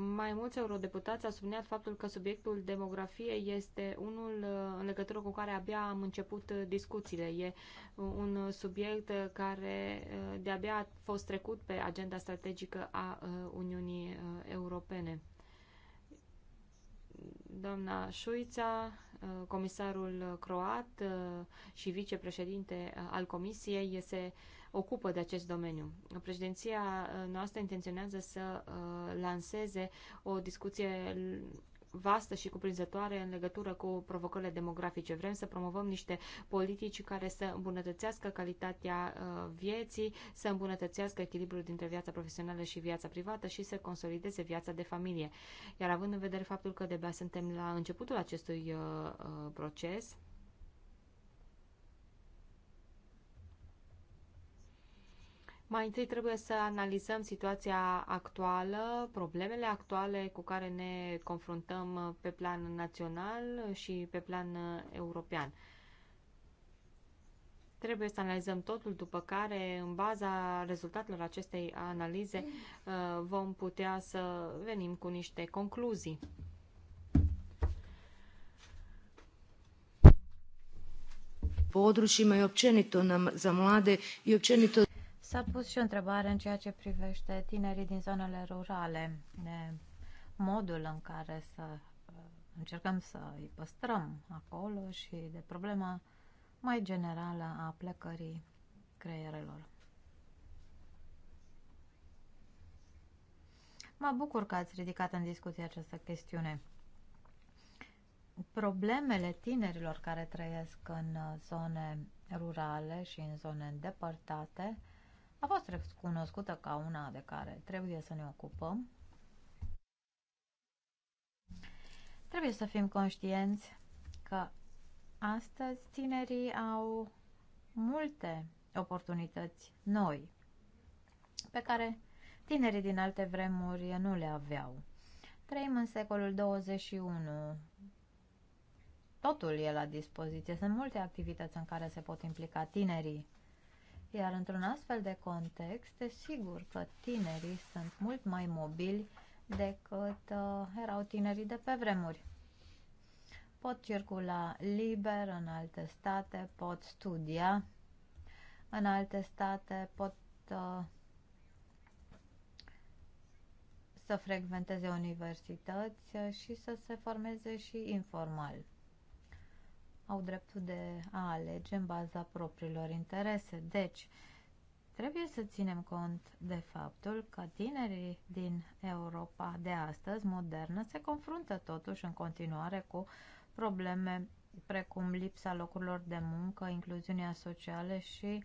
Mai mulți eurodeputați au subliniat faptul că subiectul demografiei este unul în legătură cu care abia am început discuțiile. E un subiect care eh, de-abia a fost trecut pe agenda strategică a eh, Uniunii eh, Europene. Doamna Șuița, comisarul croat și vicepreședinte al Comisiei, este ocupă de acest domeniu. Președinția uh, noastră intenționează să uh, lanseze o discuție vastă și cuprinzătoare în legătură cu provocările demografice. Vrem să promovăm niște politici care să îmbunătățească calitatea uh, vieții, să îmbunătățească echilibrul dintre viața profesională și viața privată și să consolideze viața de familie. Iar având în vedere faptul că de suntem la începutul acestui proces, Mai întâi trebuie să analizăm situația actuală, problemele actuale cu care ne confruntăm pe plan național și pe plan european. Trebuie să analizăm totul, după care, în baza rezultatelor acestei analize, vom putea să venim cu niște concluzii. područjima i općenito za mlade i općenito S-a pus și o întrebare în ceea ce privește tinerii din zonele rurale, de modul în care să uh, încercăm să îi păstrăm acolo și de problema mai generală a plecării creierelor. Mă bucur că ați ridicat în discuție această chestiune. Problemele tinerilor care trăiesc în uh, zone rurale și în zone îndepărtate a fost recunoscută ca una de care trebuie să ne ocupăm. Trebuie să fim conștienți că astăzi tinerii au multe oportunități noi pe care tinerii din alte vremuri nu le aveau. Trăim în secolul 21. Totul e la dispoziție. Sunt multe activități în care se pot implica tinerii. Iar într-un astfel de context, sigur că tinerii sunt mult mai mobili decât uh, erau tinerii de pe vremuri. Pot circula liber în alte state, pot studia în alte state, pot uh, să frecventeze universități și să se formeze și informal au dreptul de a alege în baza propriilor interese. Deci, trebuie să ținem cont de faptul că tinerii din Europa de astăzi, modernă, se confruntă totuși în continuare cu probleme precum lipsa locurilor de muncă, incluziunea socială și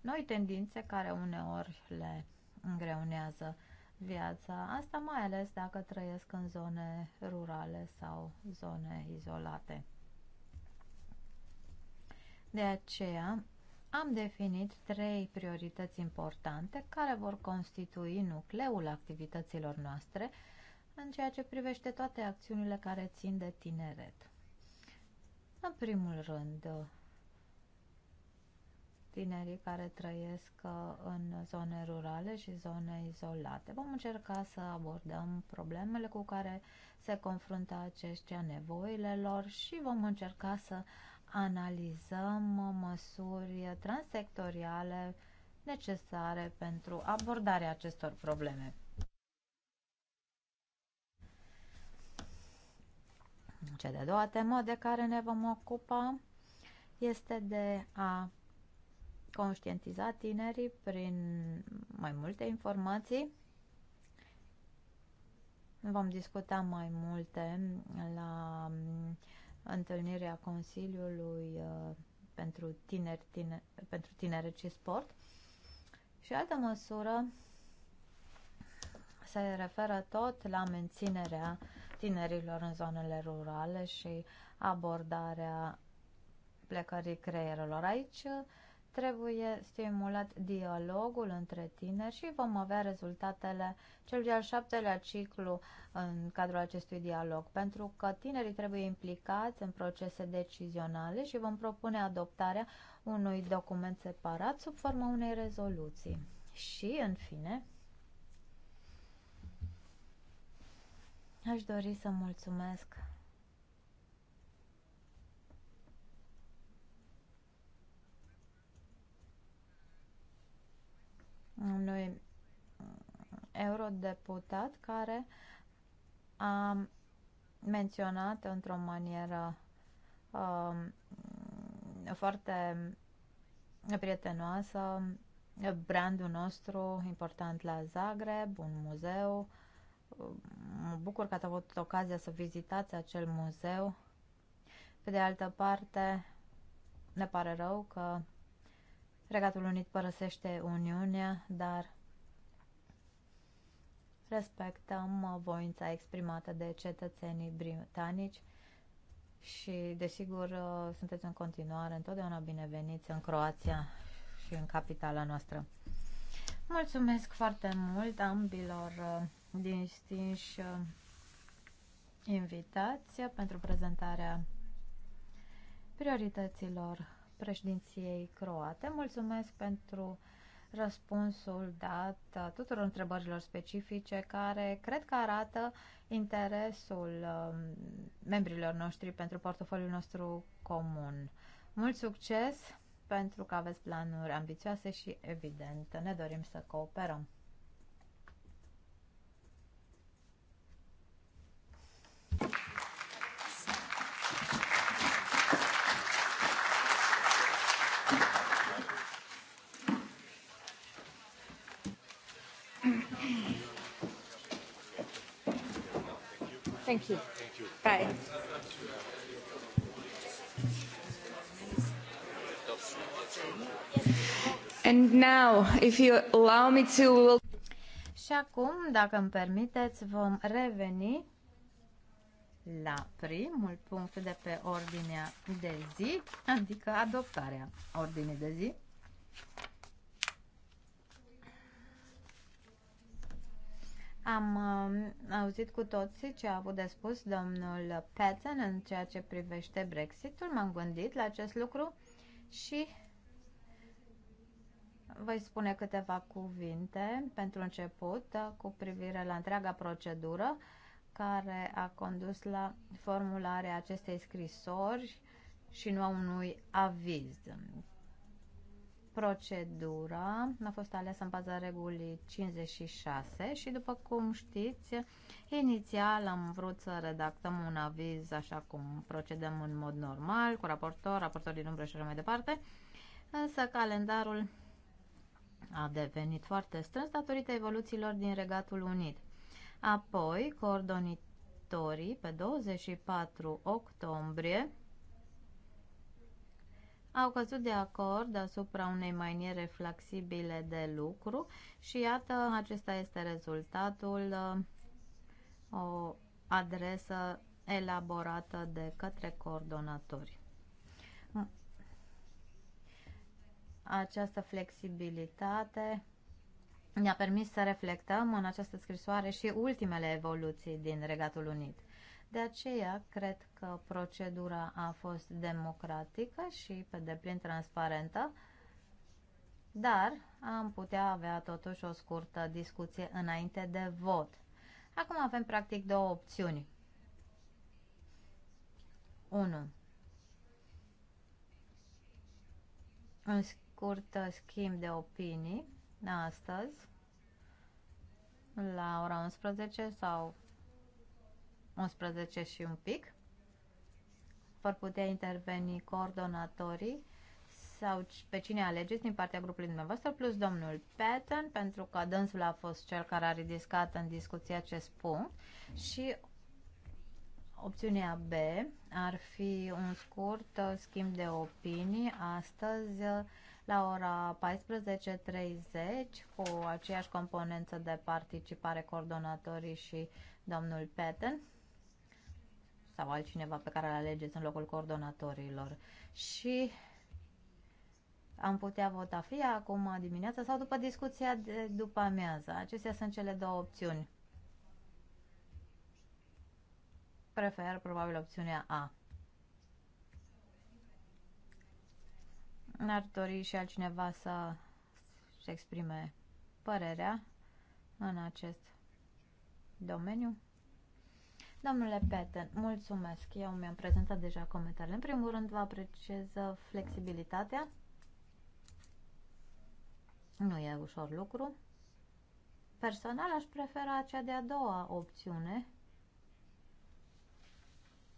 noi tendințe care uneori le îngreunează viața, asta mai ales dacă trăiesc în zone rurale sau zone izolate. De aceea am definit trei priorități importante care vor constitui nucleul activităților noastre în ceea ce privește toate acțiunile care țin de tineret. În primul rând, tinerii care trăiesc uh, în zone rurale și zone izolate. Vom încerca să abordăm problemele cu care se confruntă aceștia, nevoile lor și vom încerca să analizăm măsuri transsectoriale necesare pentru abordarea acestor probleme. Cea de-a doua temă de care ne vom ocupa este de a conștientiza tinerii prin mai multe informații. Vom discuta mai multe la întâlnirea Consiliului uh, pentru, tineri, tine, pentru tineri și sport. Și altă măsură se referă tot la menținerea tinerilor în zonele rurale și abordarea plecării creierelor. Aici Trebuie stimulat dialogul între tineri și vom avea rezultatele cel de-al șaptelea ciclu în cadrul acestui dialog, pentru că tinerii trebuie implicați în procese decizionale și vom propune adoptarea unui document separat sub forma unei rezoluții. Și, în fine, aș dori să mulțumesc unui uh, eurodeputat care a menționat într-o manieră um, foarte prietenoasă brandul nostru important la Zagreb, un muzeu. Mă bucur că ați avut ocazia să vizitați acel muzeu. Pe de altă parte, ne pare rău că Regatul Unit părăsește Uniunea, dar respectăm voința exprimată de cetățenii britanici și, desigur, sunteți în continuare întotdeauna bineveniți în Croația și în capitala noastră. Mulțumesc foarte mult ambilor uh, distinși uh, invitați pentru prezentarea priorităților președinției croate. Mulțumesc pentru răspunsul dat tuturor întrebărilor specifice care cred că arată interesul um, membrilor noștri pentru portofoliul nostru comun. Mult succes pentru că aveți planuri ambițioase și evident ne dorim să cooperăm. Thank you. Thank you. Bye. And now, if you allow me to... Și acum, dacă îmi permiteți, vom reveni la primul punct de pe ordinea de zi, adică adoptarea ordinii de zi. Am um, auzit cu toții ce a avut de spus domnul Patton în ceea ce privește Brexitul. M-am gândit la acest lucru și voi spune câteva cuvinte pentru început uh, cu privire la întreaga procedură care a condus la formularea acestei scrisori și nu a unui aviz procedura a fost aleasă în baza regulii 56 și, după cum știți, inițial am vrut să redactăm un aviz așa cum procedăm în mod normal, cu raportor, raportor din umbră și așa mai departe, însă calendarul a devenit foarte strâns datorită evoluțiilor din Regatul Unit. Apoi, coordonitorii, pe 24 octombrie, au căzut de acord asupra unei maniere flexibile de lucru și iată, acesta este rezultatul uh, o adresă elaborată de către coordonatori. Această flexibilitate ne-a permis să reflectăm în această scrisoare și ultimele evoluții din Regatul Unit. De aceea, cred că procedura a fost democratică și pe deplin transparentă, dar am putea avea totuși o scurtă discuție înainte de vot. Acum avem practic două opțiuni. 1. Un scurt schimb de opinii astăzi la ora 11 sau 11 și un pic, vor putea interveni coordonatorii sau pe cine alegeți din partea grupului dumneavoastră, plus domnul Patton, pentru că dânsul a fost cel care a ridicat în discuție acest punct și opțiunea B ar fi un scurt uh, schimb de opinii astăzi uh, la ora 14.30 cu aceeași componență de participare coordonatorii și domnul Patton sau altcineva pe care îl alegeți în locul coordonatorilor. Și am putea vota fie acum dimineața sau după discuția de după amiază. Acestea sunt cele două opțiuni. Prefer probabil opțiunea A. N-ar dori și altcineva să se exprime părerea în acest domeniu. Domnule Peten, mulțumesc. Eu mi-am prezentat deja comentariile. În primul rând, vă apreciez flexibilitatea. Nu e ușor lucru. Personal aș prefera cea de-a doua opțiune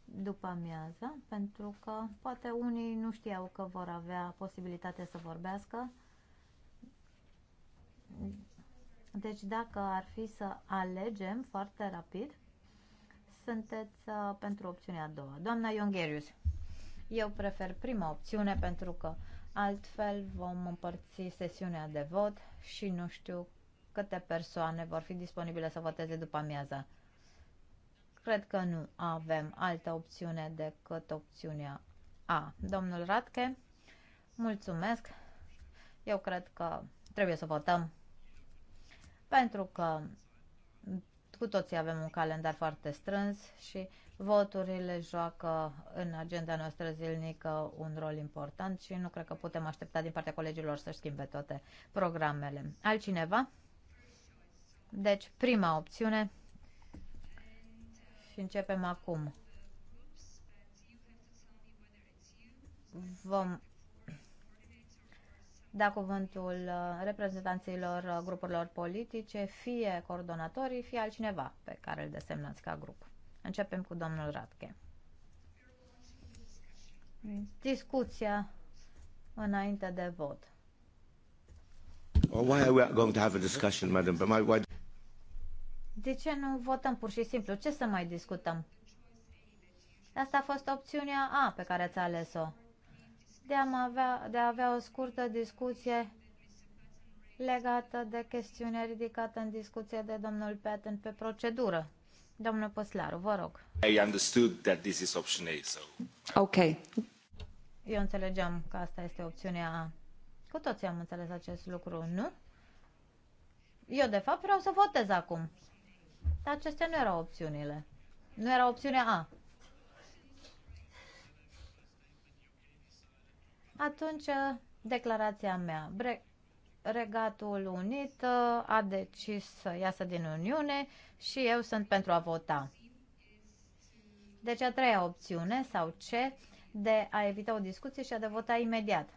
după amiază, pentru că poate unii nu știau că vor avea posibilitatea să vorbească. Deci dacă ar fi să alegem foarte rapid, sunteți uh, pentru opțiunea a doua? Doamna Iongherius, eu prefer prima opțiune pentru că altfel vom împărți sesiunea de vot și nu știu câte persoane vor fi disponibile să voteze după amiaza. Cred că nu avem altă opțiune decât opțiunea A. Domnul Radke, mulțumesc. Eu cred că trebuie să votăm pentru că cu toții avem un calendar foarte strâns și voturile joacă în agenda noastră zilnică un rol important și nu cred că putem aștepta din partea colegilor să schimbe toate programele. Altcineva? Deci, prima opțiune și începem acum. Vom da cuvântul uh, reprezentanților uh, grupurilor politice, fie coordonatorii, fie altcineva pe care îl desemnați ca grup. Începem cu domnul Radke. Discuția înainte de vot. De ce nu votăm pur și simplu? Ce să mai discutăm? Asta a fost opțiunea A pe care ați ales-o de a, avea, de a avea o scurtă discuție legată de chestiunea ridicată în discuție de domnul Patton pe procedură. Domnul Păslaru, vă rog. I understood that this is option A, so... Ok. Eu înțelegeam că asta este opțiunea A. Cu toții am înțeles acest lucru, nu? Eu, de fapt, vreau să votez acum. Dar acestea nu erau opțiunile. Nu era opțiunea A. atunci declarația mea, Bre- Regatul Unit uh, a decis să iasă din Uniune și eu sunt pentru a vota. Deci a treia opțiune sau ce de a evita o discuție și a de vota imediat.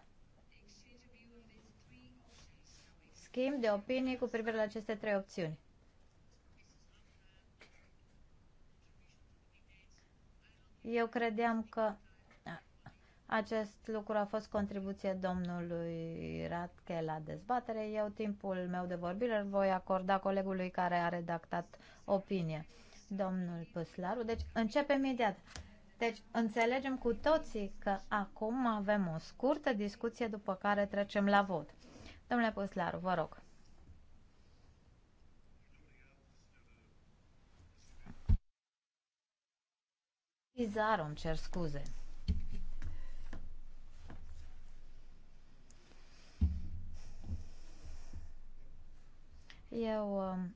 Schimb de opinii cu privire la aceste trei opțiuni. Eu credeam că acest lucru a fost contribuție domnului Ratke la dezbatere. Eu timpul meu de vorbire îl voi acorda colegului care a redactat opinie, domnul Păslaru. Deci începem imediat. Deci înțelegem cu toții că acum avem o scurtă discuție după care trecem la vot. Domnule Păslaru, vă rog. Pizarro, îmi cer scuze. Eu um,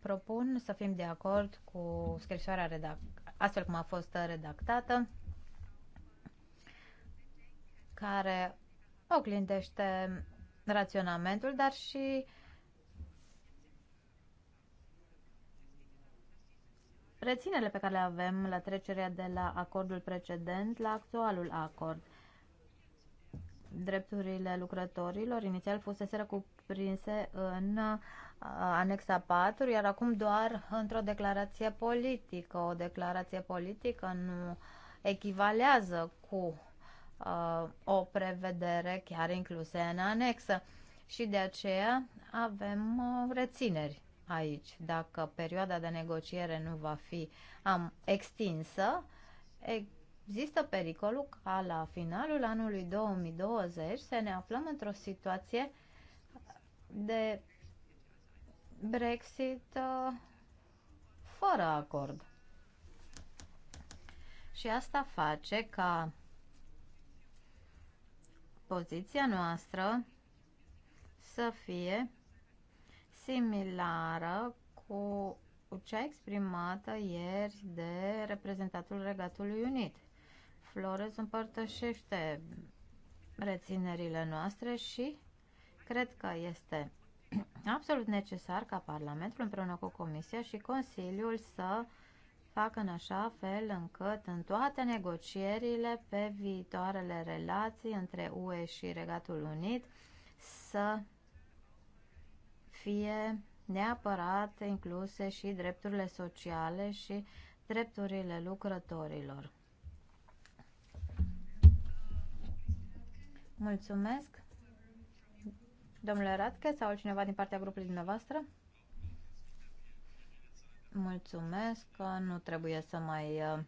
propun să fim de acord cu scrisoarea redact- astfel cum a fost redactată, care oglindește raționamentul, dar și reținele pe care le avem la trecerea de la acordul precedent la actualul acord. Drepturile lucrătorilor inițial fuseseră cuprinse în anexa 4, iar acum doar într-o declarație politică. O declarație politică nu echivalează cu uh, o prevedere chiar inclusă în anexă și de aceea avem uh, rețineri aici. Dacă perioada de negociere nu va fi am, extinsă, există pericolul ca la finalul anului 2020 să ne aflăm într-o situație de Brexit uh, fără acord. Și asta face ca poziția noastră să fie similară cu cea exprimată ieri de reprezentantul Regatului Unit. Flores împărtășește reținerile noastre și cred că este absolut necesar ca Parlamentul împreună cu Comisia și Consiliul să facă în așa fel încât în toate negocierile pe viitoarele relații între UE și Regatul Unit să fie neapărat incluse și drepturile sociale și drepturile lucrătorilor. Mulțumesc! Domnule Radke sau altcineva din partea grupului dumneavoastră? Mulțumesc că nu trebuie să mai uh,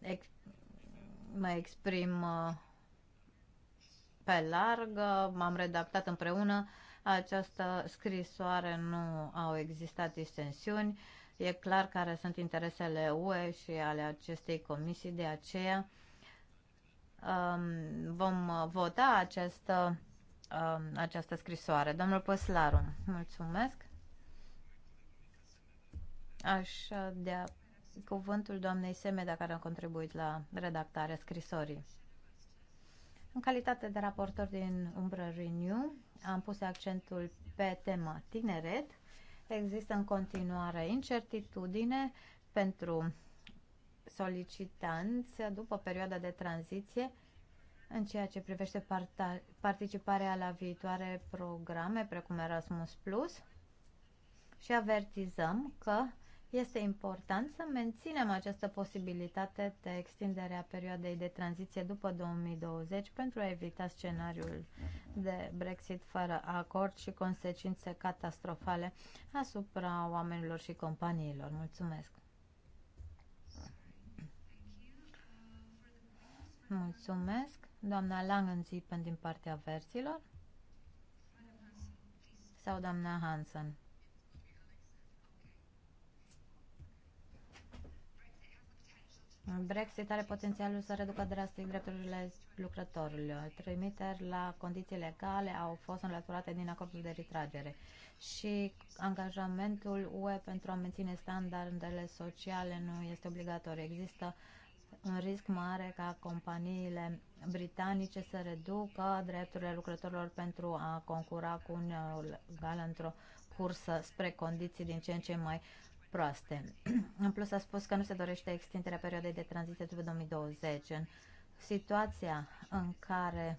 ex, mai exprim uh, pe larg. M-am redactat împreună această scrisoare, nu au existat distensiuni. E clar care sunt interesele UE și ale acestei comisii, de aceea Um, vom uh, vota această, uh, um, această scrisoare. Domnul Păslaru, mulțumesc. Aș uh, dea cuvântul doamnei Seme care a contribuit la redactarea scrisorii. În calitate de raportor din Umbră Renew, am pus accentul pe tema tineret. Există în continuare incertitudine pentru solicitanți după perioada de tranziție în ceea ce privește participarea la viitoare programe precum Erasmus Plus și avertizăm că este important să menținem această posibilitate de extindere a perioadei de tranziție după 2020 pentru a evita scenariul de Brexit fără acord și consecințe catastrofale asupra oamenilor și companiilor. Mulțumesc! Mulțumesc, doamna zipen din partea versilor? sau doamna Hansen? Brexit are potențialul să reducă drastic drepturile lucrătorilor. Trimiteri la condiții legale au fost înlăturate din acordul de retragere și angajamentul UE pentru a menține standardele sociale nu este obligatoriu. Există un risc mare ca companiile britanice să reducă drepturile lucrătorilor pentru a concura cu un legal într-o cursă spre condiții din ce în ce mai proaste. [CLEARS THROAT] în plus a spus că nu se dorește extinderea perioadei de tranziție după 2020. În situația în care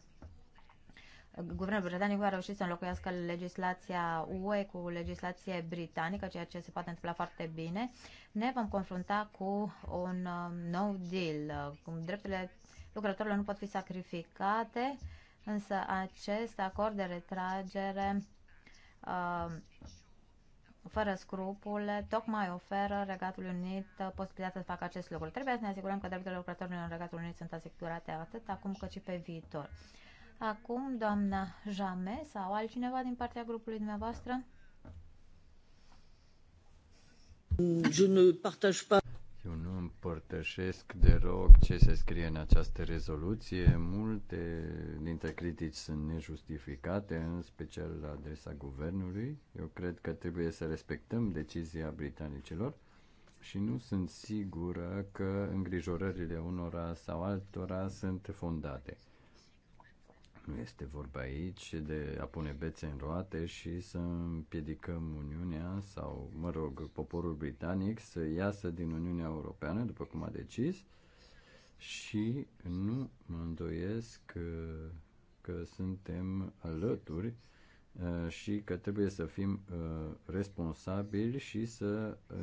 Guvernul britanic a reușit să înlocuiască legislația UE cu legislație britanică, ceea ce se poate întâmpla foarte bine. Ne vom confrunta cu un um, nou deal. Drepturile lucrătorilor nu pot fi sacrificate, însă acest acord de retragere um, fără scrupule, tocmai oferă Regatului Unit uh, posibilitatea să facă acest lucru. Trebuie să ne asigurăm că drepturile lucrătorilor în Regatul Unit sunt asigurate atât acum cât și pe viitor. Acum, doamna Jame sau altcineva din partea grupului dumneavoastră? Je ne partage pas. Eu nu împărtășesc de rog ce se scrie în această rezoluție. Multe dintre critici sunt nejustificate, în special la adresa guvernului. Eu cred că trebuie să respectăm decizia britanicilor și nu sunt sigură că îngrijorările unora sau altora sunt fondate. Nu este vorba aici de a pune bețe în roate și să împiedicăm Uniunea sau, mă rog, poporul britanic să iasă din Uniunea Europeană, după cum a decis, și nu mă îndoiesc că, că suntem alături uh, și că trebuie să fim uh, responsabili și să uh,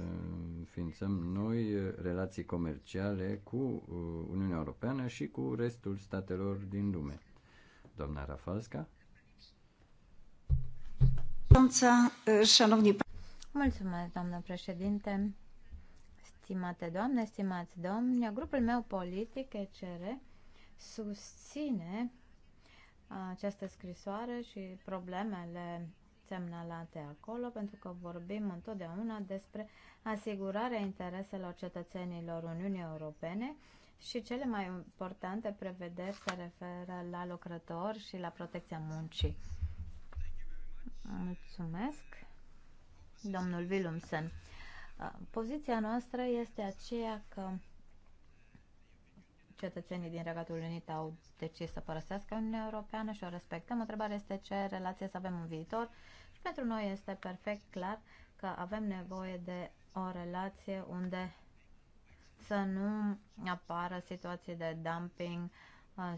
înființăm noi relații comerciale cu Uniunea Europeană și cu restul statelor din lume. Doamna Rafalska. Mulțumesc, doamnă președinte. Stimate doamne, stimați domni, grupul meu politic, ECR, susține această scrisoare și problemele semnalate acolo, pentru că vorbim întotdeauna despre asigurarea intereselor cetățenilor Uniunii Europene și cele mai importante prevederi se referă la lucrători și la protecția muncii. Mulțumesc, domnul Willumsen. Poziția noastră este aceea că cetățenii din Regatul Unit au decis să părăsească Uniunea Europeană și o respectăm. Întrebarea este ce relație să avem în viitor și pentru noi este perfect clar că avem nevoie de o relație unde să nu apară situații de dumping uh,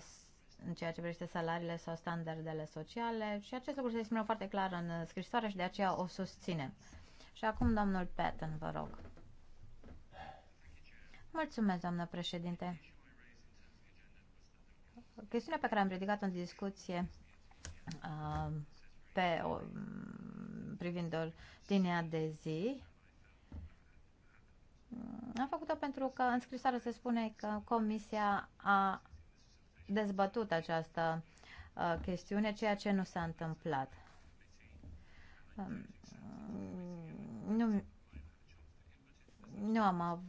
în ceea ce privește salariile sau standardele sociale și acest lucru se exprimă foarte clar în scrisoare și de aceea o susținem. Și acum, domnul Patton, vă rog. Mulțumesc, doamnă președinte. Chestiunea pe care am ridicat-o în discuție uh, pe, o, privind ordinea de zi am făcut-o pentru că în scrisoare se spune că Comisia a dezbătut această uh, chestiune, ceea ce nu s-a întâmplat. Um, nu, nu, am av-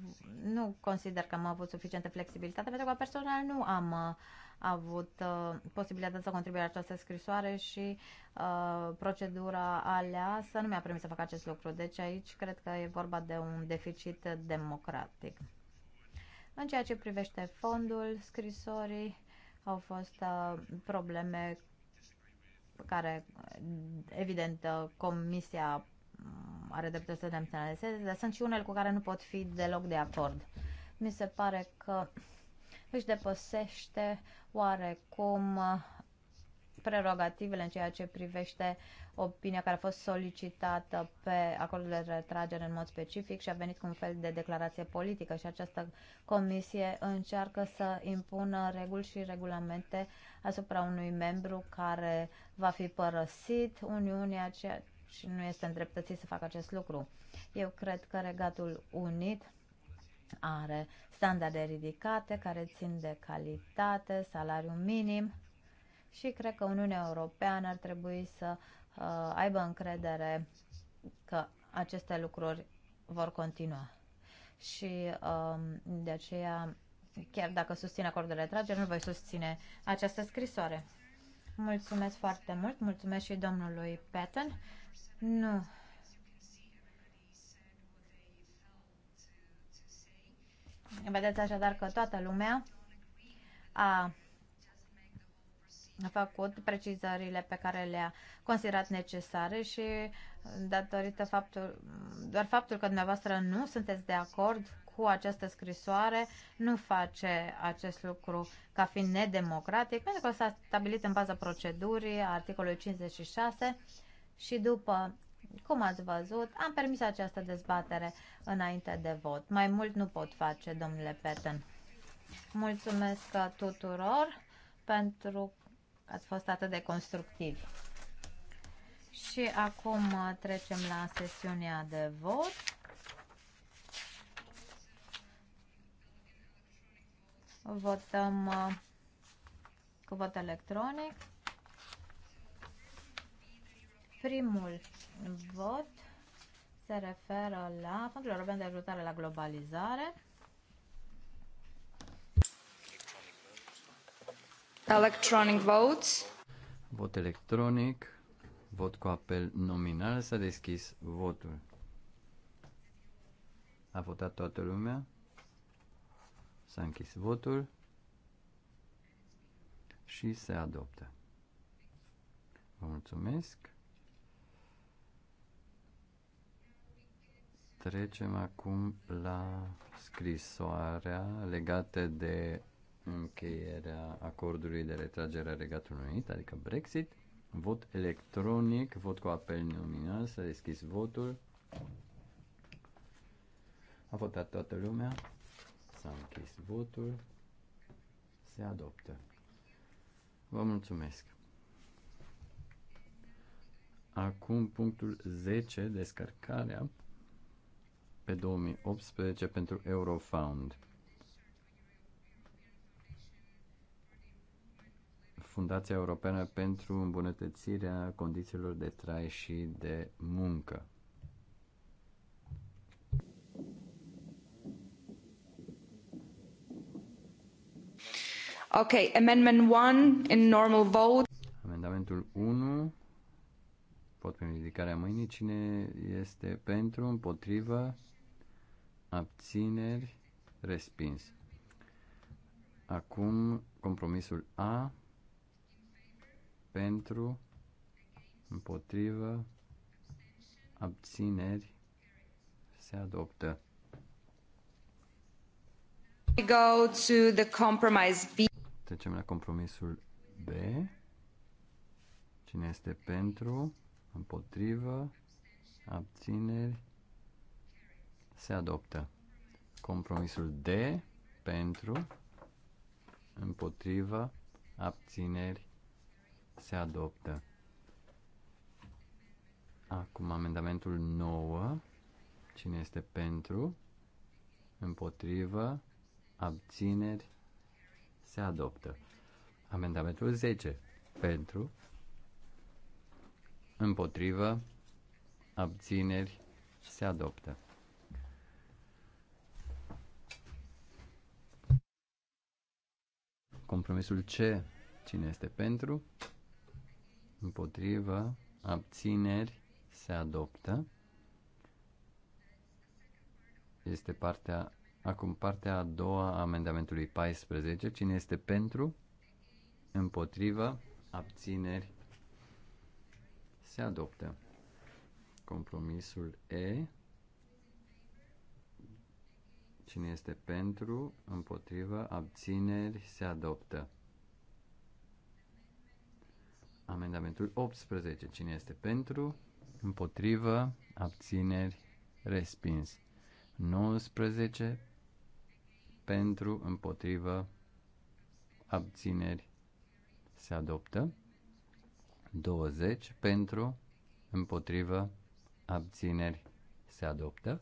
nu consider că am avut suficientă flexibilitate pentru că personal nu am uh, a avut uh, posibilitatea să contribuie la această scrisoare și uh, procedura aleasă nu mi-a permis să fac acest lucru. Deci aici cred că e vorba de un deficit democratic. În ceea ce privește fondul scrisorii, au fost uh, probleme care, evident, uh, Comisia are dreptul să le dar sunt și unele cu care nu pot fi deloc de acord. Mi se pare că uh, își depăsește oarecum uh, prerogativele în ceea ce privește opinia care a fost solicitată pe acordul de retragere în mod specific și a venit cu un fel de declarație politică și această comisie încearcă să impună reguli și regulamente asupra unui membru care va fi părăsit Uniunea, ceea ce nu este îndreptățit să facă acest lucru. Eu cred că Regatul Unit are standarde ridicate care țin de calitate, salariu minim și cred că Uniunea Europeană ar trebui să uh, aibă încredere că aceste lucruri vor continua. Și uh, de aceea, chiar dacă susțin acordul de retragere, nu voi susține această scrisoare. Mulțumesc foarte mult, mulțumesc și domnului Patton. Nu Vedeți așadar că toată lumea a a făcut precizările pe care le-a considerat necesare și datorită faptul, doar faptul că dumneavoastră nu sunteți de acord cu această scrisoare nu face acest lucru ca fiind nedemocratic, pentru că s-a stabilit în baza procedurii articolului 56 și după cum ați văzut, am permis această dezbatere înainte de vot. Mai mult nu pot face, domnule Peten. Mulțumesc tuturor pentru că ați fost atât de constructivi. Și acum uh, trecem la sesiunea de vot. Votăm uh, cu vot electronic. Primul vot se referă la pentru European de Ajutare la Globalizare. Electronic votes. Vot electronic. Vot cu apel nominal. S-a deschis votul. A votat toată lumea. S-a închis votul și se adoptă. Vă mulțumesc. Trecem acum la scrisoarea legată de încheierea acordului de retragere a Regatului Unit, adică Brexit. Vot electronic, vot cu apel nominal, s-a deschis votul. A votat toată lumea, s-a închis votul, se adoptă. Vă mulțumesc. Acum punctul 10, descărcarea pe 2018 pentru Eurofound. Fundația Europeană pentru îmbunătățirea condițiilor de trai și de muncă. Okay, amendment 1 in normal vote. Amendamentul 1 pot prin ridicarea mâinii cine este pentru, împotrivă, abțineri, respins. Acum compromisul A pentru, împotrivă, abțineri, se adoptă. We go to the compromise B. Trecem la compromisul B. Cine este pentru, împotrivă, abțineri, se adoptă. Compromisul D pentru, împotrivă, abțineri se adoptă. Acum amendamentul 9. Cine este pentru? Împotrivă? Abțineri? Se adoptă. Amendamentul 10. Pentru? Împotrivă? Abțineri? Se adoptă. Compromisul C. Cine este pentru? Împotrivă. Abțineri. Se adoptă. Este partea, acum partea a doua a amendamentului 14. Cine este pentru? Împotrivă. Abțineri. Se adoptă. Compromisul E. Cine este pentru, împotrivă, abțineri, se adoptă. Amendamentul 18. Cine este pentru, împotrivă, abțineri, respins. 19. Pentru, împotrivă, abțineri, se adoptă. 20. Pentru, împotrivă, abțineri, se adoptă.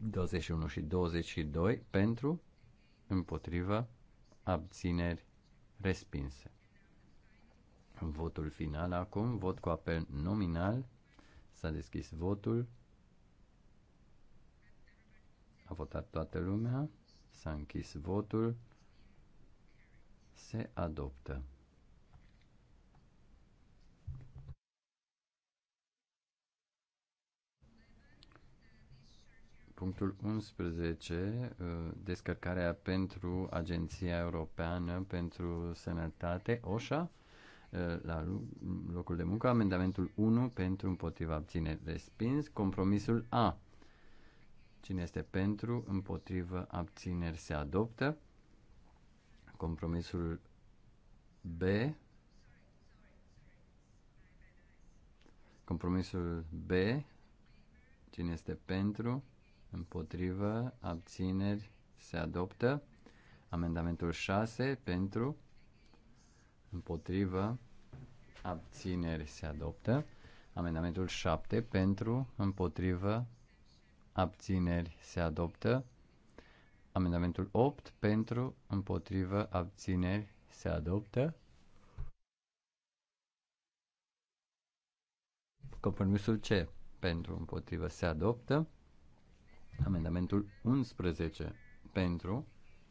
21 și 22 pentru, împotriva, abțineri, respinse. Votul final acum, vot cu apel nominal, s-a deschis votul, a votat toată lumea, s-a închis votul, se adoptă. Punctul 11, uh, descărcarea pentru Agenția Europeană pentru Sănătate, OSHA, uh, la locul de muncă, amendamentul 1 pentru împotriva abțineri respins, compromisul A. Cine este pentru, împotrivă, abțineri se adoptă. Compromisul B. Compromisul B. Cine este pentru, împotrivă, abțineri, se adoptă. Amendamentul 6 pentru, împotrivă, abțineri, se adoptă. Amendamentul 7 pentru, împotrivă, abțineri, se adoptă. Amendamentul 8 pentru, împotrivă, abțineri, se adoptă. Compromisul C pentru împotrivă se adoptă. Amendamentul 11 pentru,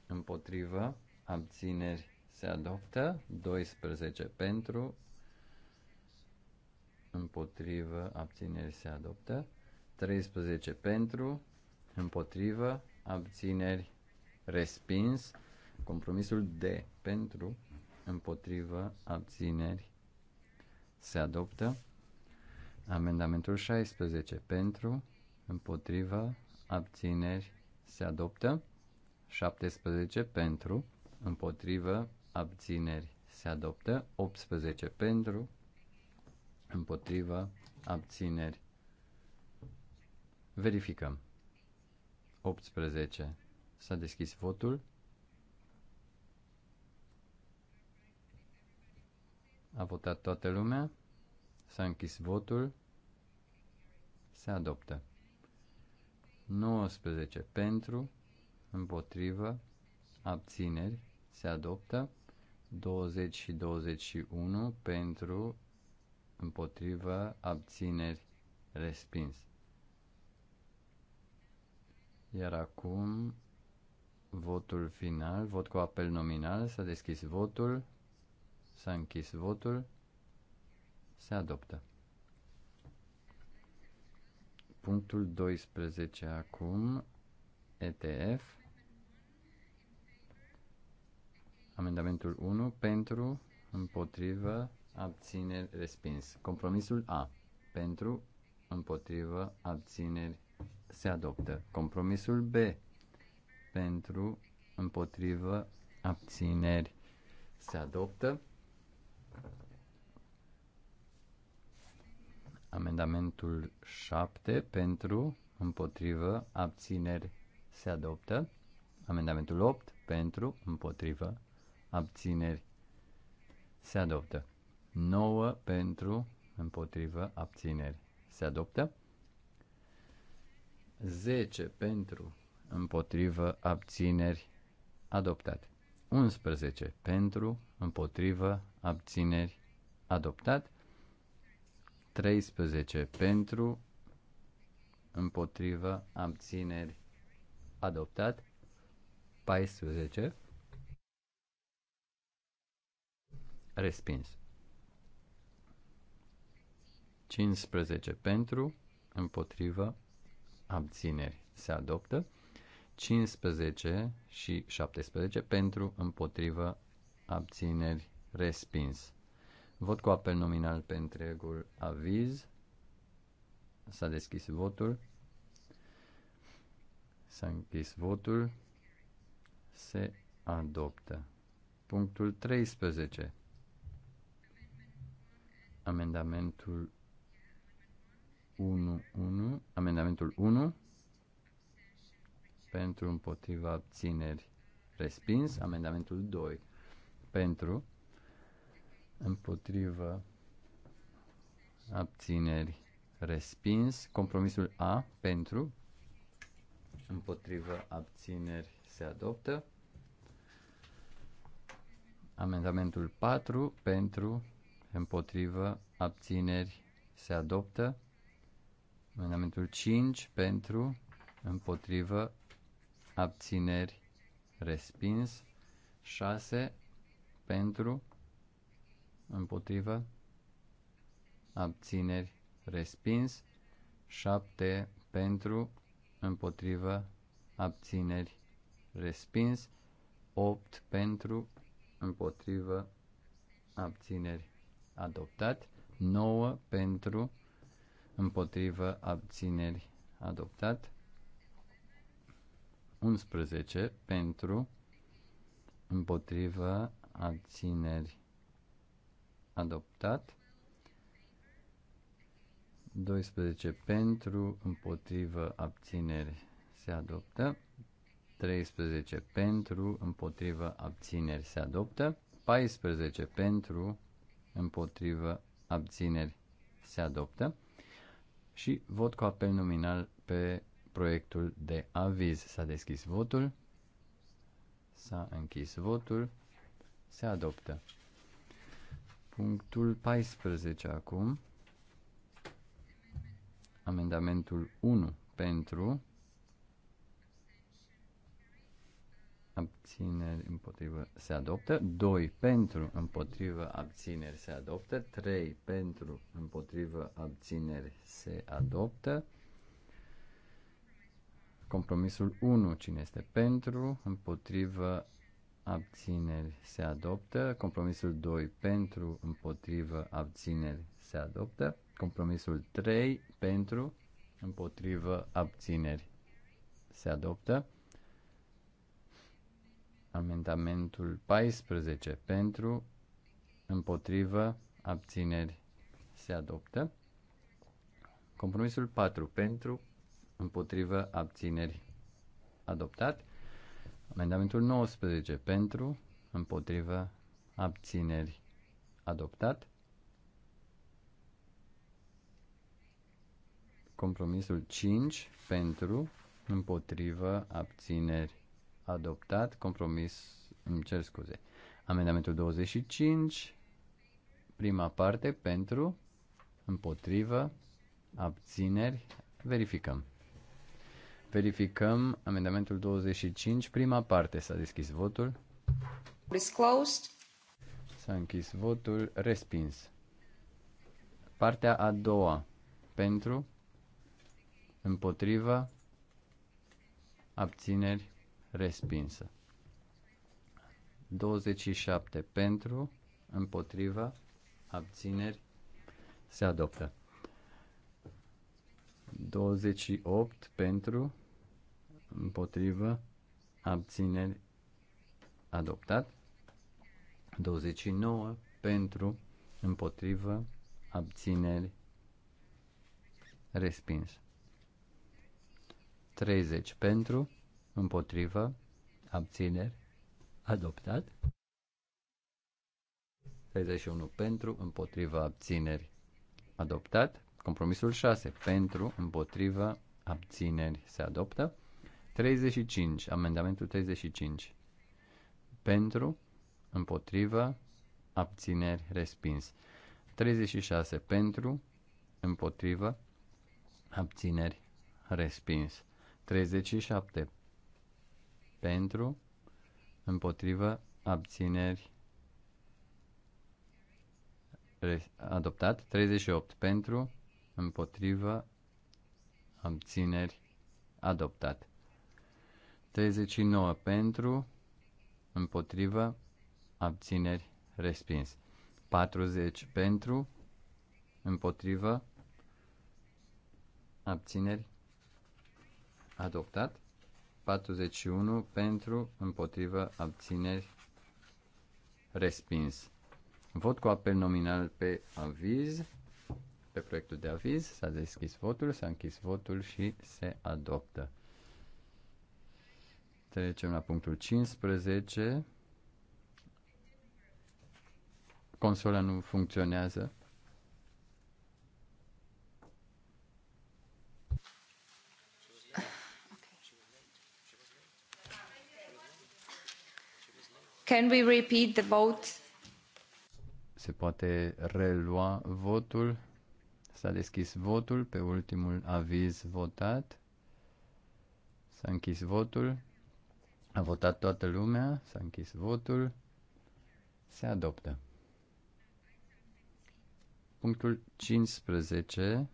împotrivă, abțineri se adoptă, 12 pentru, împotrivă, abțineri se adoptă, 13 pentru, împotrivă, abțineri respins, compromisul D pentru, împotrivă, abțineri se adoptă, amendamentul 16 pentru, împotrivă, abțineri, se adoptă. 17 pentru, împotrivă, abțineri, se adoptă. 18 pentru, împotrivă, abțineri. Verificăm. 18. S-a deschis votul. A votat toată lumea. S-a închis votul. Se adoptă. 19 pentru, împotrivă, abțineri, se adoptă. 20 și 21 pentru, împotrivă, abțineri, respins. Iar acum votul final, vot cu apel nominal, s-a deschis votul, s-a închis votul, se adoptă. Punctul 12 acum, ETF. Amendamentul 1 pentru, împotrivă, abțineri, respins. Compromisul A. Pentru, împotrivă, abțineri, se adoptă. Compromisul B. Pentru, împotrivă, abțineri, se adoptă. Amendamentul 7 pentru, împotrivă, abțineri se adoptă. Amendamentul 8 pentru, împotrivă, abțineri se adoptă. 9 pentru, împotrivă, abțineri se adoptă. 10 pentru, împotrivă, abțineri adoptat. 11 pentru, împotrivă, abțineri adoptat. 13 pentru, împotriva, abțineri, adoptat. 14 respins. 15 pentru, împotrivă, abțineri se adoptă. 15 și 17 pentru, împotrivă, abțineri respins. Vot cu apel nominal pe întregul aviz. S-a deschis votul. S-a închis votul. Se adoptă. Punctul 13. Amendamentul 1, 1, amendamentul 1 pentru împotriva abțineri respins, amendamentul 2 pentru împotrivă, abțineri, respins. Compromisul A pentru, împotrivă, abțineri, se adoptă. Amendamentul 4 pentru, împotrivă, abțineri, se adoptă. Amendamentul 5 pentru, împotrivă, abțineri, respins. 6 pentru, împotrivă, abțineri, respins, 7 pentru, împotrivă, abțineri, respins, 8 pentru, împotrivă, abțineri, adoptat, 9 pentru, împotrivă, abțineri, adoptat, 11 pentru, împotrivă, abțineri, adoptat. 12 pentru, împotrivă, abțineri se adoptă. 13 pentru, împotrivă, abțineri se adoptă. 14 pentru, împotrivă, abțineri se adoptă. Și vot cu apel nominal pe proiectul de aviz. S-a deschis votul. S-a închis votul. Se adoptă. Punctul 14 acum. Amendamentul 1 pentru abțineri împotrivă se adoptă, 2 pentru împotrivă abțineri se adoptă, 3 pentru împotrivă abțineri se adoptă, compromisul 1 cine este pentru, împotrivă abțineri se adoptă, compromisul 2 pentru, împotrivă, abțineri se adoptă, compromisul 3 pentru, împotrivă, abțineri se adoptă, amendamentul 14 pentru, împotrivă, abțineri se adoptă, compromisul 4 pentru, împotrivă, abțineri adoptat, Amendamentul 19 pentru, împotrivă, abțineri adoptat. Compromisul 5 pentru, împotrivă, abțineri adoptat. Compromis, îmi cer scuze. Amendamentul 25, prima parte pentru, împotrivă, abțineri, verificăm. Verificăm amendamentul 25, prima parte. S-a deschis votul. Disclosed. S-a închis votul. Respins. Partea a doua. Pentru. Împotriva. Abțineri. Respinsă. 27. Pentru. Împotriva. Abțineri. Se adoptă. 28 pentru, împotrivă, abțineri, adoptat. 29 pentru, împotrivă, abțineri, respins. 30 pentru, împotrivă, abțineri, adoptat. 31 pentru, împotriva, abțineri, adoptat. Compromisul 6 pentru, împotriva, abțineri, se adoptă. 35, amendamentul 35. Pentru, împotrivă, abțineri, respins. 36. Pentru, împotrivă, abțineri, respins. 37. Pentru, împotrivă, abțineri, adoptat. 38. Pentru, împotrivă, abțineri, adoptat. 39 pentru, împotrivă, abțineri, respins. 40 pentru, împotrivă, abțineri, adoptat. 41 pentru, împotrivă, abțineri, respins. Vot cu apel nominal pe aviz, pe proiectul de aviz, s-a deschis votul, s-a închis votul și se adoptă. Trecem la punctul 15. Consola nu funcționează. Can we repeat the vote? Se poate relua votul. S-a deschis votul pe ultimul aviz votat. S-a închis votul. A votat toată lumea, s-a închis votul, se adoptă. Punctul 15,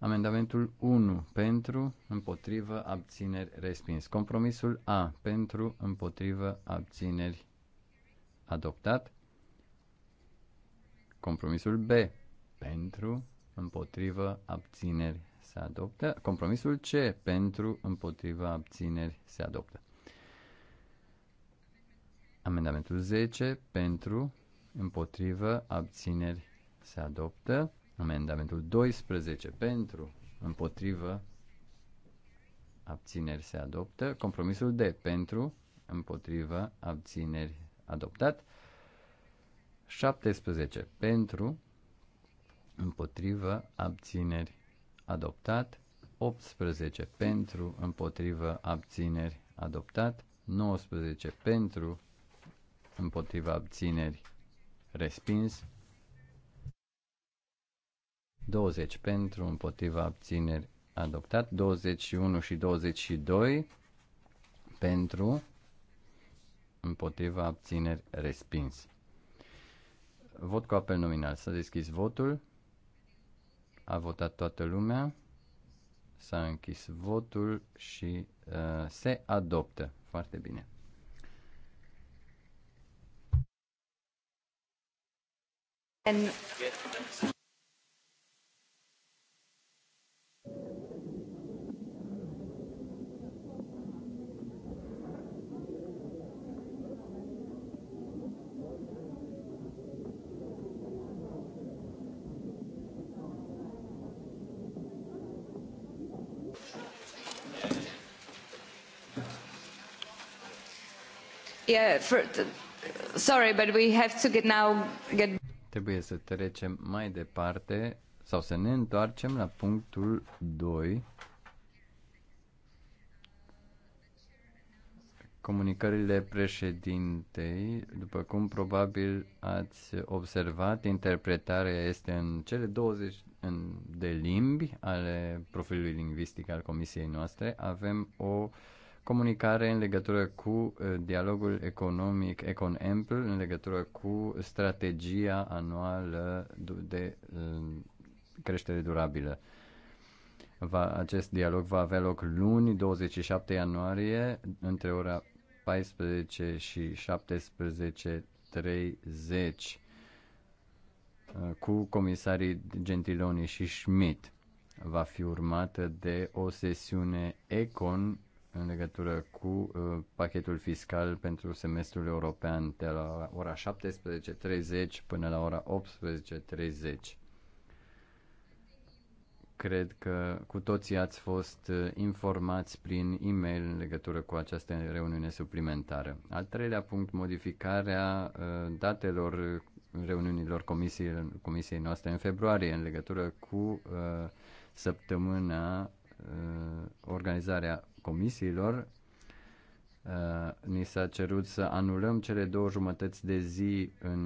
amendamentul 1 pentru, împotrivă, abțineri, respins. Compromisul A pentru, împotrivă, abțineri, adoptat. Compromisul B pentru, împotrivă, abțineri, se adoptă. Compromisul C pentru, împotrivă, abțineri, se adoptă. Amendamentul 10 pentru, împotrivă, abțineri se adoptă. Amendamentul 12 pentru, împotrivă, abțineri se adoptă. Compromisul D pentru, împotrivă, abțineri adoptat. 17 pentru, împotrivă, abțineri adoptat. 18 pentru, împotrivă, abțineri adoptat. 19 pentru, împotriva abțineri, respins. 20 pentru, împotriva abțineri, adoptat. 21 și 22 pentru, împotriva abțineri, respins. Vot cu apel nominal. S-a deschis votul. A votat toată lumea. S-a închis votul și uh, se adoptă. Foarte bine. yeah, for, sorry, but we have to get now get. Trebuie să trecem mai departe sau să ne întoarcem la punctul 2. Comunicările președintei, după cum probabil ați observat, interpretarea este în cele 20 de limbi ale profilului lingvistic al comisiei noastre. Avem o uh, comunicare în legătură cu uh, dialogul economic Econ Ample, în legătură cu strategia anuală de um, creștere durabilă. Va, acest dialog va avea loc luni, 27 ianuarie, între ora 14 și 17.30 uh, cu comisarii Gentiloni și Schmidt. Va fi urmată de o sesiune Econ în legătură cu uh, pachetul fiscal pentru semestrul european de la ora 17.30 până la ora 18.30. Cred că cu toții ați fost uh, informați prin e-mail în legătură cu această reuniune suplimentară. Al treilea punct, modificarea uh, datelor reuniunilor comisiei, comisiei noastre în februarie în legătură cu uh, săptămâna organizarea comisiilor, uh, ni s-a cerut să anulăm cele două jumătăți de zi în,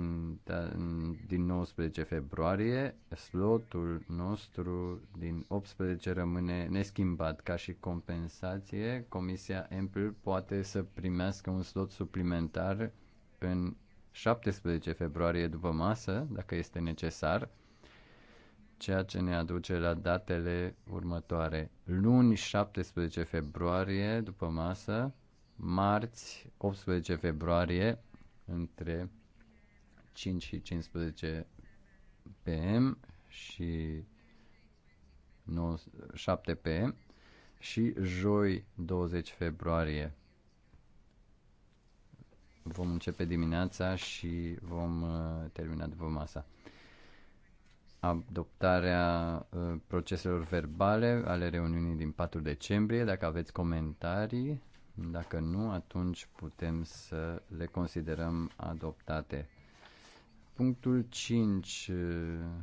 da, în, din 19 februarie. Slotul nostru din 18 rămâne neschimbat ca și compensație. Comisia Ample poate să primească un slot suplimentar în 17 februarie după masă, dacă este necesar ceea ce ne aduce la datele următoare. Luni 17 februarie după masă, marți 18 februarie între 5 și 15 pm și 9, 7 pm și joi 20 februarie. Vom începe dimineața și vom uh, termina după masa adoptarea uh, proceselor verbale ale reuniunii din 4 decembrie. Dacă aveți comentarii, dacă nu, atunci putem să le considerăm adoptate. Punctul 5. Uh,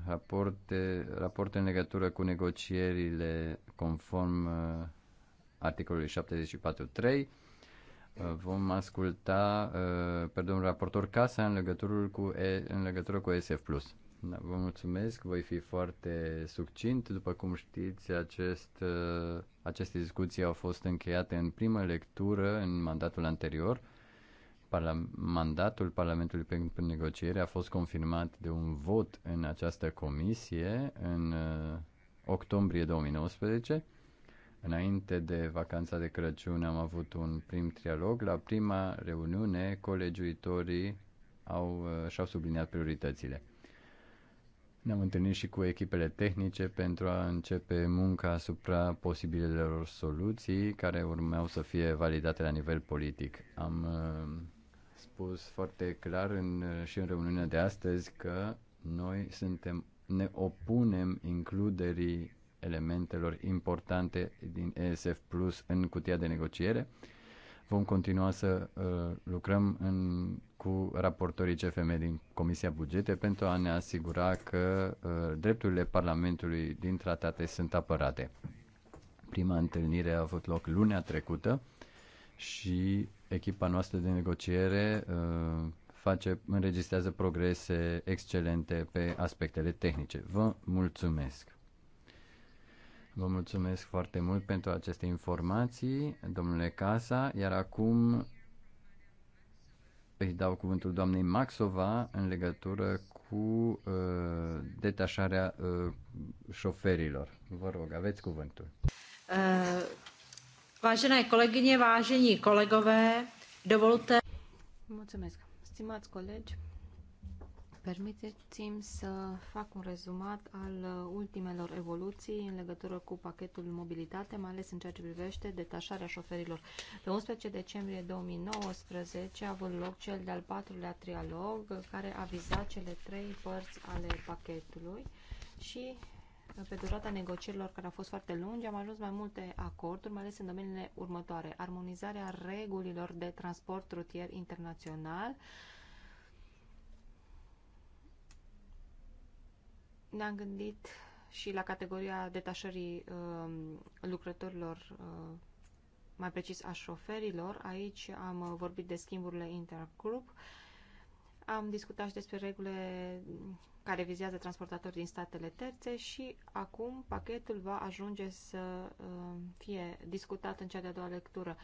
raporte, raporte în legătură cu negocierile conform uh, articolului 74.3. Vom asculta pe domnul raportor Casa în legătură cu, în legătură cu SF+. Da, vă mulțumesc, voi fi foarte succint. După cum știți, acest, uh, aceste discuții au fost încheiate în prima lectură în mandatul anterior. Parla- mandatul Parlamentului pentru negociere a fost confirmat de un vot în această comisie în uh, octombrie 2019. Înainte de vacanța de Crăciun am avut un prim trialog. La prima reuniune, colegiuitorii au, uh, și-au subliniat prioritățile ne-am întâlnit și cu echipele tehnice pentru a începe munca asupra posibilelor soluții care urmeau să fie validate la nivel politic. Am uh, spus foarte clar în, uh, și în reuniunea de astăzi că noi suntem, ne opunem includerii elementelor importante din ESF Plus în cutia de negociere Vom continua să uh, lucrăm în, cu raportorii CFM din Comisia Bugete pentru a ne asigura că uh, drepturile Parlamentului din tratate sunt apărate. Prima întâlnire a avut loc lunea trecută și echipa noastră de negociere uh, face, înregistrează progrese excelente pe aspectele tehnice. Vă mulțumesc! Vă mulțumesc foarte mult pentru aceste informații, domnule Casa, iar acum îi dau cuvântul doamnei Maxova în legătură cu uh, detașarea uh, șoferilor. Vă rog, aveți cuvântul. Uh, vážené kolegyně, vážení kolegové, dovolte... Mulțumesc. Stimați colegi, Permiteți-mi să fac un rezumat al uh, ultimelor evoluții în legătură cu pachetul mobilitate, mai ales în ceea ce privește detașarea șoferilor. Pe 11 decembrie 2019 a avut loc cel de-al patrulea trialog uh, care a vizat cele trei părți ale pachetului și uh, pe durata negocierilor care au fost foarte lungi, am ajuns mai multe acorduri, mai ales în domeniile următoare. Armonizarea regulilor de transport rutier internațional, Ne-am gândit și la categoria detașării uh, lucrătorilor, uh, mai precis a șoferilor. Aici am uh, vorbit de schimburile intergrup. Am discutat și despre regulile care vizează transportatori din statele terțe și acum pachetul va ajunge să uh, fie discutat în cea de-a doua lectură. Uh,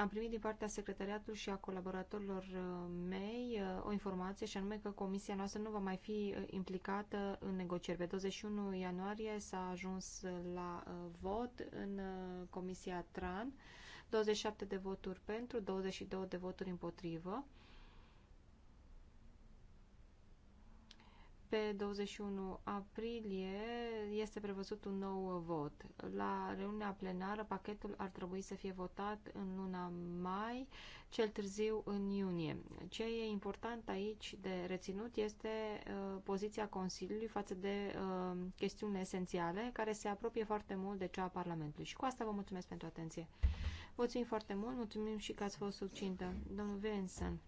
am primit din partea secretariatului și a colaboratorilor uh, mei uh, o informație și anume că comisia noastră nu va mai fi uh, implicată în negocieri. Pe 21 ianuarie s-a ajuns la vot în comisia TRAN, 27 de voturi pentru, 22 de voturi împotrivă Pe 21 aprilie este prevăzut un nou vot. La reuniunea plenară, pachetul ar trebui să fie votat în luna mai, cel târziu în iunie. Ce e important aici de reținut este uh, poziția Consiliului față de uh, chestiunile esențiale, care se apropie foarte mult de cea a Parlamentului. Și cu asta vă mulțumesc pentru atenție. Mulțumim foarte mult, mulțumim și că ați fost succintă. Domnul Vincent,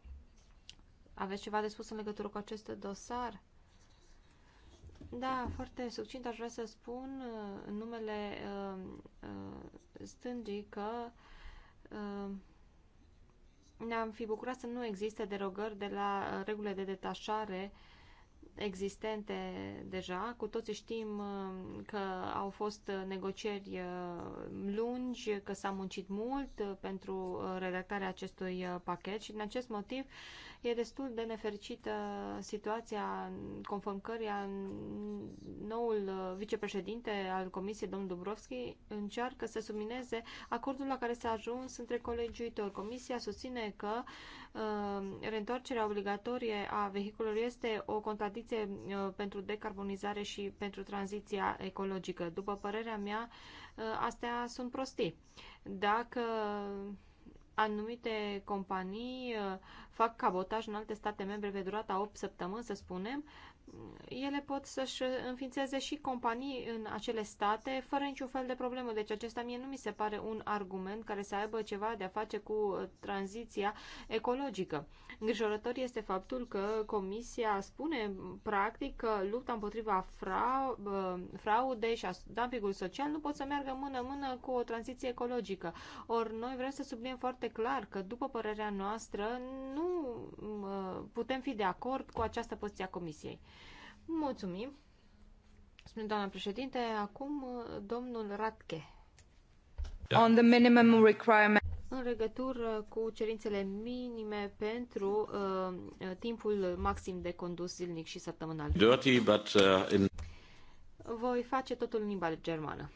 aveți ceva de spus în legătură cu acest dosar? Da, foarte succint aș vrea să spun uh, în numele uh, uh, stângii că ne-am fi bucurat să nu existe derogări de la regulile de detașare existente deja. Cu toții știm că au fost negocieri lungi, că s-a muncit mult pentru redactarea acestui pachet și din acest motiv E destul de nefericită situația conform căreia noul uh, vicepreședinte al Comisiei, domnul Dubrovski, încearcă să submineze acordul la care s-a ajuns între colegiuitori. Comisia susține că uh, reîntoarcerea obligatorie a vehiculelor este o contradicție uh, pentru decarbonizare și pentru tranziția ecologică. După părerea mea, astea sunt prostii. Dacă anumite companii uh, fac cabotaj în alte state membre pe durata 8 săptămâni, să spunem, ele pot să-și înființeze și companii în acele state fără niciun fel de problemă. Deci acesta mie nu mi se pare un argument care să aibă ceva de a face cu tranziția ecologică. Îngrijorător este faptul că Comisia spune practic că lupta împotriva fraudei și a dumpingului social nu pot să meargă mână-mână cu o tranziție ecologică. Ori noi vrem să subliniem foarte clar că, după părerea noastră, nu putem fi de acord cu această poziție a Comisiei. Mulțumim. Spune doamna președinte, acum uh, domnul Ratke. Da. On the minimum requirement. În legătură cu cerințele minime pentru uh, timpul maxim de condus zilnic și săptămânal. Dirty, but, uh, in... Voi face totul în limba germană.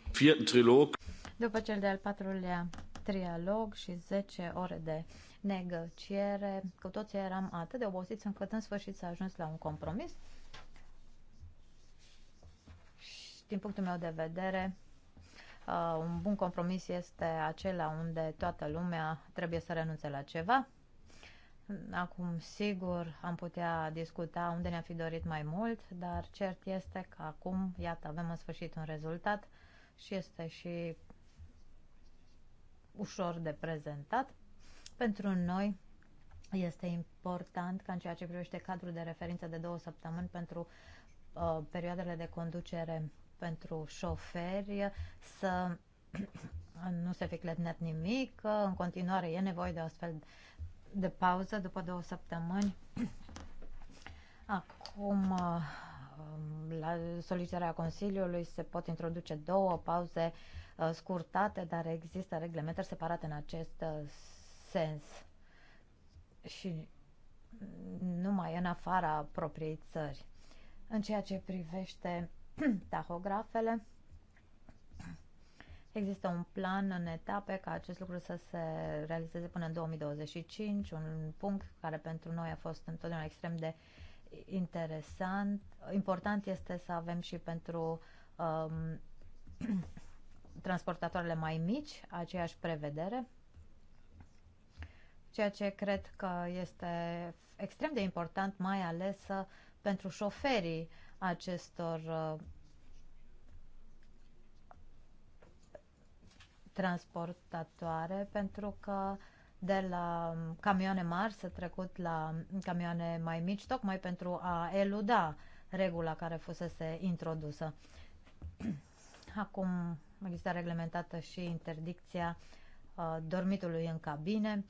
Trilog. După cel de-al patrulea trialog și 10 ore de negociere, cu toții eram atât de obosiți încât în sfârșit s-a ajuns la un compromis Deci, din punctul meu de vedere, uh, un bun compromis este acela unde toată lumea trebuie să renunțe la ceva. Acum, sigur, am putea discuta unde ne-am fi dorit mai mult, dar cert este că acum, iată, avem în sfârșit un rezultat și este și ușor de prezentat. Pentru noi este important ca în ceea ce privește cadrul de referință de două săptămâni pentru uh, perioadele de conducere pentru șoferi să [CLEARS THROAT] nu se fi clătnat nimic, în continuare e nevoie de astfel de pauză după două săptămâni. [CLEARS THROAT] Acum, um, la solicitarea Consiliului se pot introduce două pauze uh, scurtate, dar există reglementări separate în acest uh, sens. Și numai în afara propriei țări. În ceea ce privește [CLEARS THROAT] tahografele. Există un plan în etape ca acest lucru să se realizeze până în 2025, un punct care pentru noi a fost întotdeauna extrem de interesant. Important este să avem și pentru um, [CLEARS THROAT] transportatoarele mai mici aceeași prevedere, ceea ce cred că este extrem de important, mai ales uh, pentru șoferii uh, acestor uh, transportatoare pentru că de la camioane mari s-a trecut la camioane mai mici tocmai pentru a eluda regula care fusese introdusă. [CLEARS THROAT] Acum există reglementată și interdicția uh, dormitului în cabine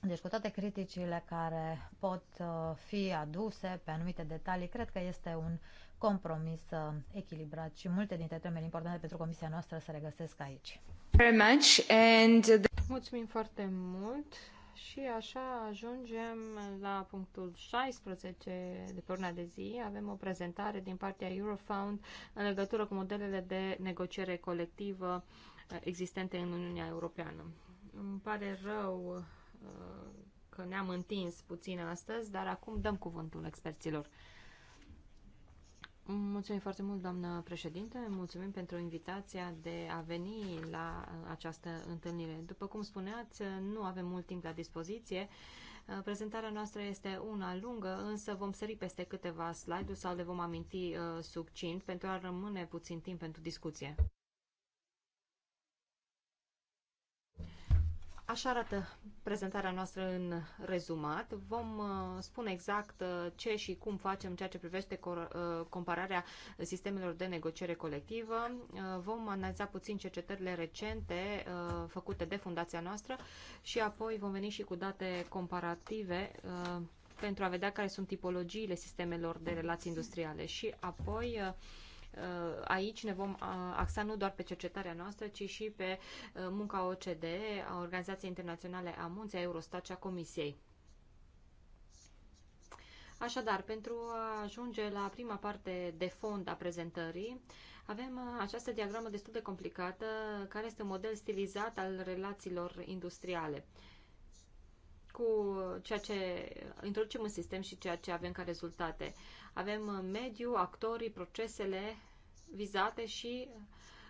deci cu toate criticile care pot uh, fi aduse pe anumite detalii, cred că este un compromis uh, echilibrat și multe dintre temele importante pentru comisia noastră se regăsesc aici. Very much and Mulțumim foarte mult și așa ajungem la punctul 16 de pe urna de zi. Avem o prezentare din partea Eurofound în legătură cu modelele de negociere colectivă uh, existente în Uniunea Europeană. Îmi pare rău că ne-am întins puțin astăzi, dar acum dăm cuvântul experților. Mulțumim foarte mult, doamnă președinte. Mulțumim pentru invitația de a veni la această întâlnire. După cum spuneați, nu avem mult timp la dispoziție. Prezentarea noastră este una lungă, însă vom sări peste câteva slide-uri sau le vom aminti uh, succint pentru a rămâne puțin timp pentru discuție. Așa arată prezentarea noastră în rezumat. Vom uh, spune exact uh, ce și cum facem ceea ce privește uh, compararea sistemelor de negociere colectivă. Vom analiza puțin cercetările recente făcute de fundația noastră și apoi vom veni și cu date comparative pentru a vedea care sunt tipologiile sistemelor de relații industriale și apoi uh, Uh, aici ne vom uh, axa nu doar pe cercetarea noastră, ci și pe uh, munca OCD, a Organizației Internaționale a Munții, a Eurostat și a Comisiei. Așadar, pentru a ajunge la prima parte de fond a prezentării, avem această diagramă destul de complicată, care este un model stilizat al relațiilor industriale cu ceea ce introducem în sistem și ceea ce avem ca rezultate. Avem uh, mediu, actorii, procesele vizate și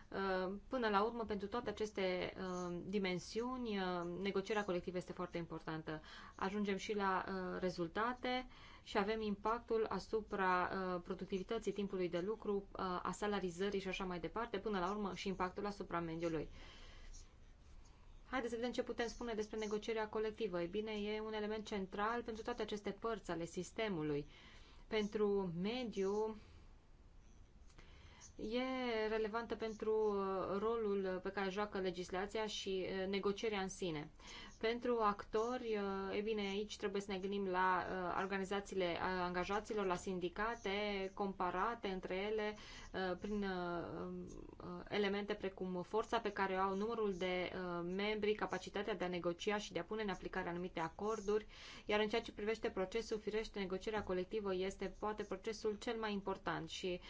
uh, Până la urmă, pentru toate aceste uh, dimensiuni, negocierea colectivă este foarte importantă. Ajungem și la rezultate și avem impactul asupra productivității timpului de lucru, a salarizării și așa mai departe, până la urmă și impactul asupra mediului. Haideți să vedem ce putem spune despre negocierea colectivă. Ei bine, e un element central pentru toate aceste părți ale sistemului. Uh, pentru mediu e relevantă pentru uh, rolul pe care joacă legislația și uh, negocierea în sine. Pentru actori, uh, e bine, aici trebuie să ne gândim la organizațiile angajaților, la sindicate, comparate între ele, Uh, prin uh, um, uh, elemente precum forța pe care o au, numărul de membri, capacitatea de a negocia și de a pune în aplicare anumite acorduri, iar în ceea ce privește procesul, firește, negocierea colectivă este poate procesul cel mai important și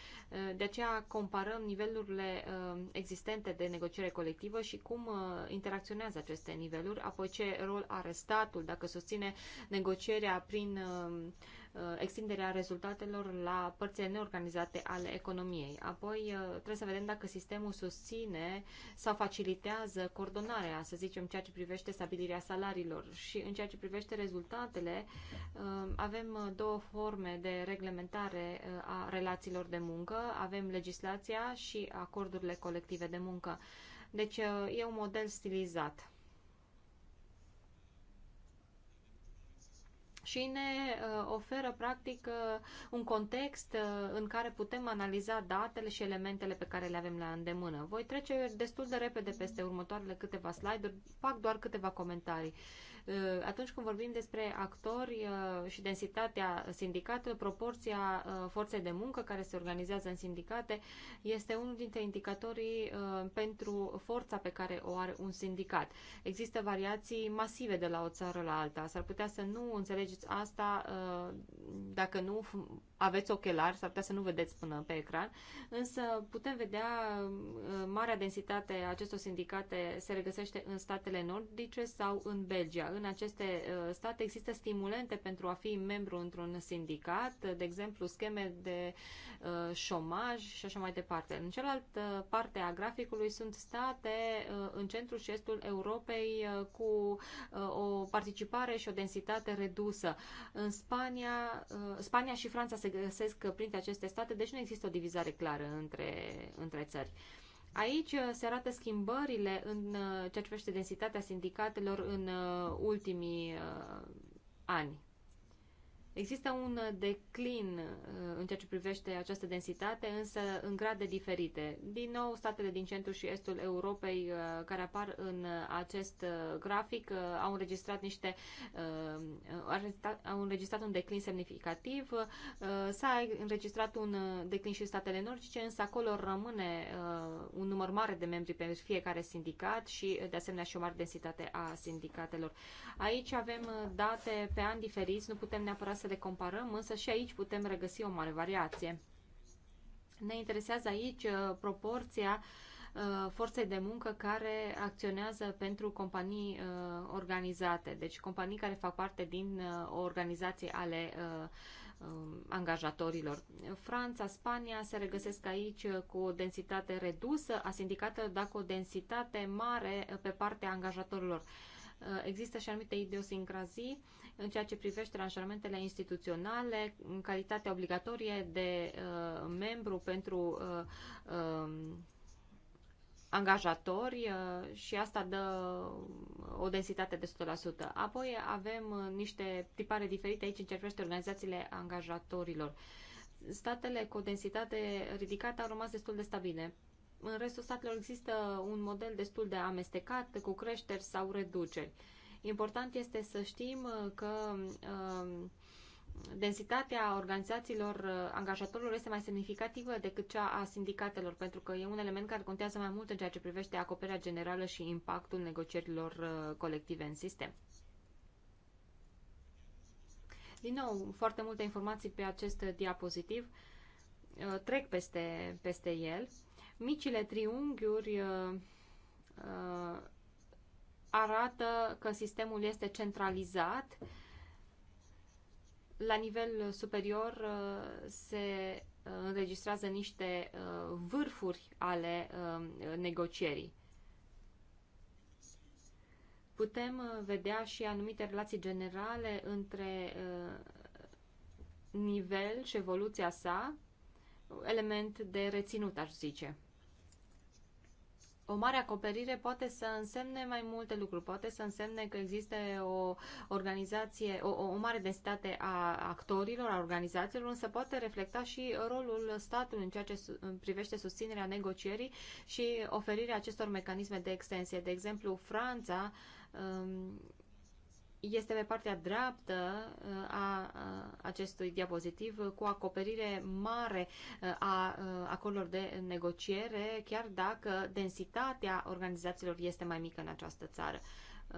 de aceea comparăm nivelurile existente de negociere colectivă și cum interacționează aceste niveluri, apoi ce rol are statul, dacă susține negocierea prin uh, Uh, extinderea rezultatelor la părțile neorganizate ale economiei. Apoi uh, trebuie să vedem dacă sistemul susține sau facilitează coordonarea, să zicem, ceea ce privește stabilirea salariilor. Și în ceea ce privește rezultatele, uh, avem două forme de reglementare a relațiilor de muncă. Avem legislația și acordurile colective de muncă. Deci e un model stilizat. și ne uh, oferă practic uh, un context uh, în care putem analiza datele și elementele pe care le avem la îndemână. Voi trece destul de repede peste următoarele câteva slide-uri, fac doar câteva comentarii. Eh, atunci când vorbim despre actori eh, și densitatea sindicată, proporția eh, forței de muncă care se organizează în sindicate este unul dintre indicatorii pentru forța pe care o are un sindicat. Există variații masive de la o țară la alta. S-ar putea să nu înțelegeți asta dacă nu aveți ochelari, s-ar putea să nu vedeți până pe ecran, însă putem vedea uh, marea densitate a acestor sindicate se regăsește în statele nordice sau în Belgia. În aceste uh, state există stimulente pentru a fi membru într-un sindicat, de exemplu scheme de uh, șomaj și așa mai departe. În cealaltă parte a graficului sunt state în centrul și estul Europei cu o participare și o densitate redusă. În Spania, Spania și Franța se se găsesc printre aceste state, deci nu există o divizare clară între, între țări. Aici uh, se arată schimbările în uh, ceea ce privește densitatea sindicatelor în uh, ultimii ani. Există un uh, declin uh, în ceea ce privește această densitate, însă în grade diferite. Din nou, statele din centrul și estul Europei uh, care apar în acest grafic au înregistrat niște au înregistrat un declin semnificativ. S-a înregistrat un declin și în statele nordice, însă acolo rămâne un număr mare de membri pe fiecare sindicat și de asemenea și o mare densitate a sindicatelor. Aici avem date pe ani diferiți, nu putem neapărat să să le comparăm, însă și aici putem regăsi o mare variație. Ne interesează aici uh, proporția uh, forței de muncă care acționează pentru companii uh, organizate, deci companii care fac parte din o organizație ale um, angajatorilor. Franța, Spania se regăsesc aici cu o densitate redusă a sindicatelor, dar cu o densitate mare pe partea angajatorilor. Există și anumite idiosincrazii în ceea ce privește aranjamentele instituționale, calitatea obligatorie de uh, membru pentru uh, um, uh, angajatori și asta dă o densitate de 100%. Apoi avem uh, niște tipare diferite aici în ce privește organizațiile angajatorilor. Statele cu o densitate ridicată au rămas destul de stabile. În restul statelor există un model destul de amestecat cu creșteri sau reduceri. Uh, Important este să știm uh, că um, densitatea organizațiilor uh, angajatorilor este mai semnificativă decât cea a sindicatelor, pentru că e un element care contează mai mult în ceea ce privește acoperirea generală și impactul negocierilor uh, colective în sistem. Din nou, foarte multe informații pe acest diapozitiv. Trec peste, peste el. Micile triunghiuri arată că sistemul este centralizat. La nivel superior uh, se uh, înregistrează niște uh, vârfuri ale um, negocierii. Putem vedea și anumite relații generale între nivel și evoluția sa, element de reținut, aș zice o mare acoperire poate să însemne mai multe lucruri. Poate să însemne că există o organizație, o, o mare densitate a actorilor, a organizațiilor, însă poate reflecta și rolul statului în ceea ce privește susținerea negocierii și oferirea acestor mecanisme de extensie. De exemplu, Franța um, este pe partea dreaptă uh, a uh, acestui diapozitiv cu acoperire mare uh, a acordurilor de negociere, chiar dacă densitatea organizațiilor este mai mică în această țară.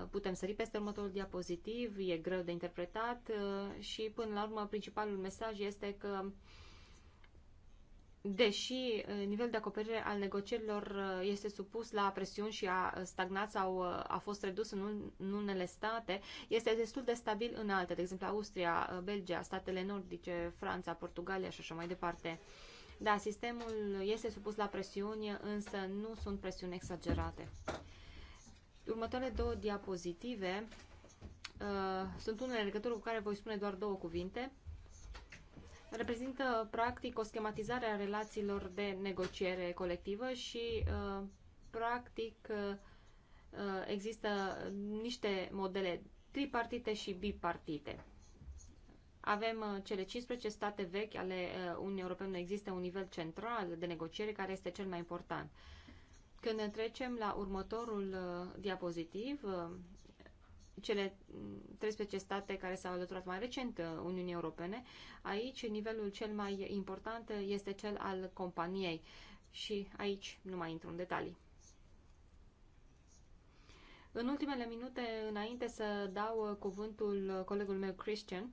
Putem sări peste următorul diapozitiv, e greu de interpretat și până la urmă principalul mesaj este că deși uh, nivelul de acoperire al negocierilor uh, este supus la presiuni și a uh, stagnat sau a fost redus în unele state, este destul de stabil în alte, de exemplu Austria, Belgia, statele nordice, Franța, Portugalia și așa mai departe. Da, sistemul este supus la presiuni, însă nu sunt presiuni exagerate. Următoarele două diapozitive uh, sunt unele legături cu care voi spune doar două cuvinte reprezintă practic o schematizare a relațiilor de negociere colectivă și uh, practic uh, uh, există niște modele tripartite și bipartite. Avem cele 15 state vechi ale Uniunii Europene, există un nivel central de negociere care este cel mai important. Când ne trecem la următorul diapozitiv, cele 13 state care s-au alăturat mai recent uh, Uniunii Europene, aici nivelul cel mai important uh, este cel al companiei și aici nu mai intru în detalii. În ultimele minute, înainte să dau uh, cuvântul colegul meu Christian,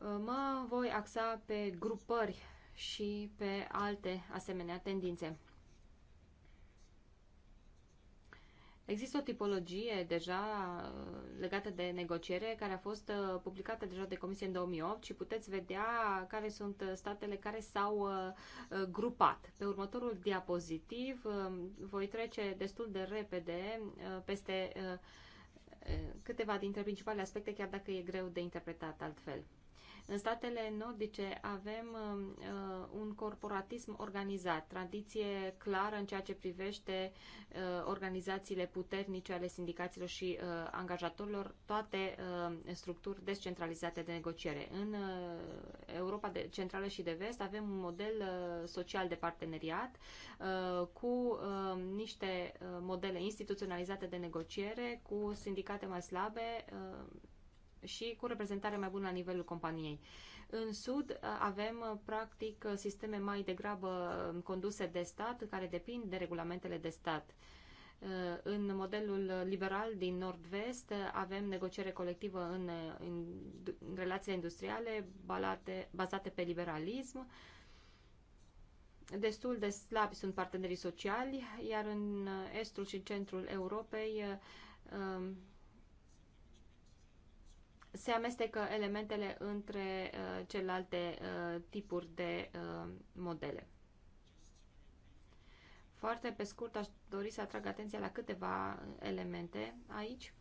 mă voi axa pe grupări și pe alte asemenea tendințe. Există o tipologie deja uh, legată de negociere care a fost uh, publicată deja de Comisie în 2008 și puteți vedea care sunt uh, statele care s-au grupat. Pe următorul diapozitiv voi trece destul de repede peste câteva dintre principalele aspecte, chiar dacă e greu de interpretat altfel. În statele nordice avem uh, uh, un corporatism organizat, tradiție clară în ceea ce privește uh, organizațiile puternice ale sindicaților și uh, angajatorilor, toate uh, structuri descentralizate de negociere. În uh, Europa de, Centrală și de Vest avem un model uh, social de parteneriat uh, cu uh, niște uh, modele instituționalizate de negociere, cu sindicate mai slabe. Uh, și cu reprezentare mai bună la nivelul companiei. În Sud uh, avem, uh, practic, uh, sisteme mai degrabă conduse de stat, care depind de regulamentele de stat. În modelul liberal din nord-vest avem negociere colectivă în, în, în relațiile industriale balate, bazate pe liberalism, destul de slabi sunt partenerii sociali, iar în estul și centrul Europei um, se amestecă elementele între uh, celelalte uh, tipuri de uh, modele. Foarte pe scurt aș dori să atrag atenția la câteva elemente aici.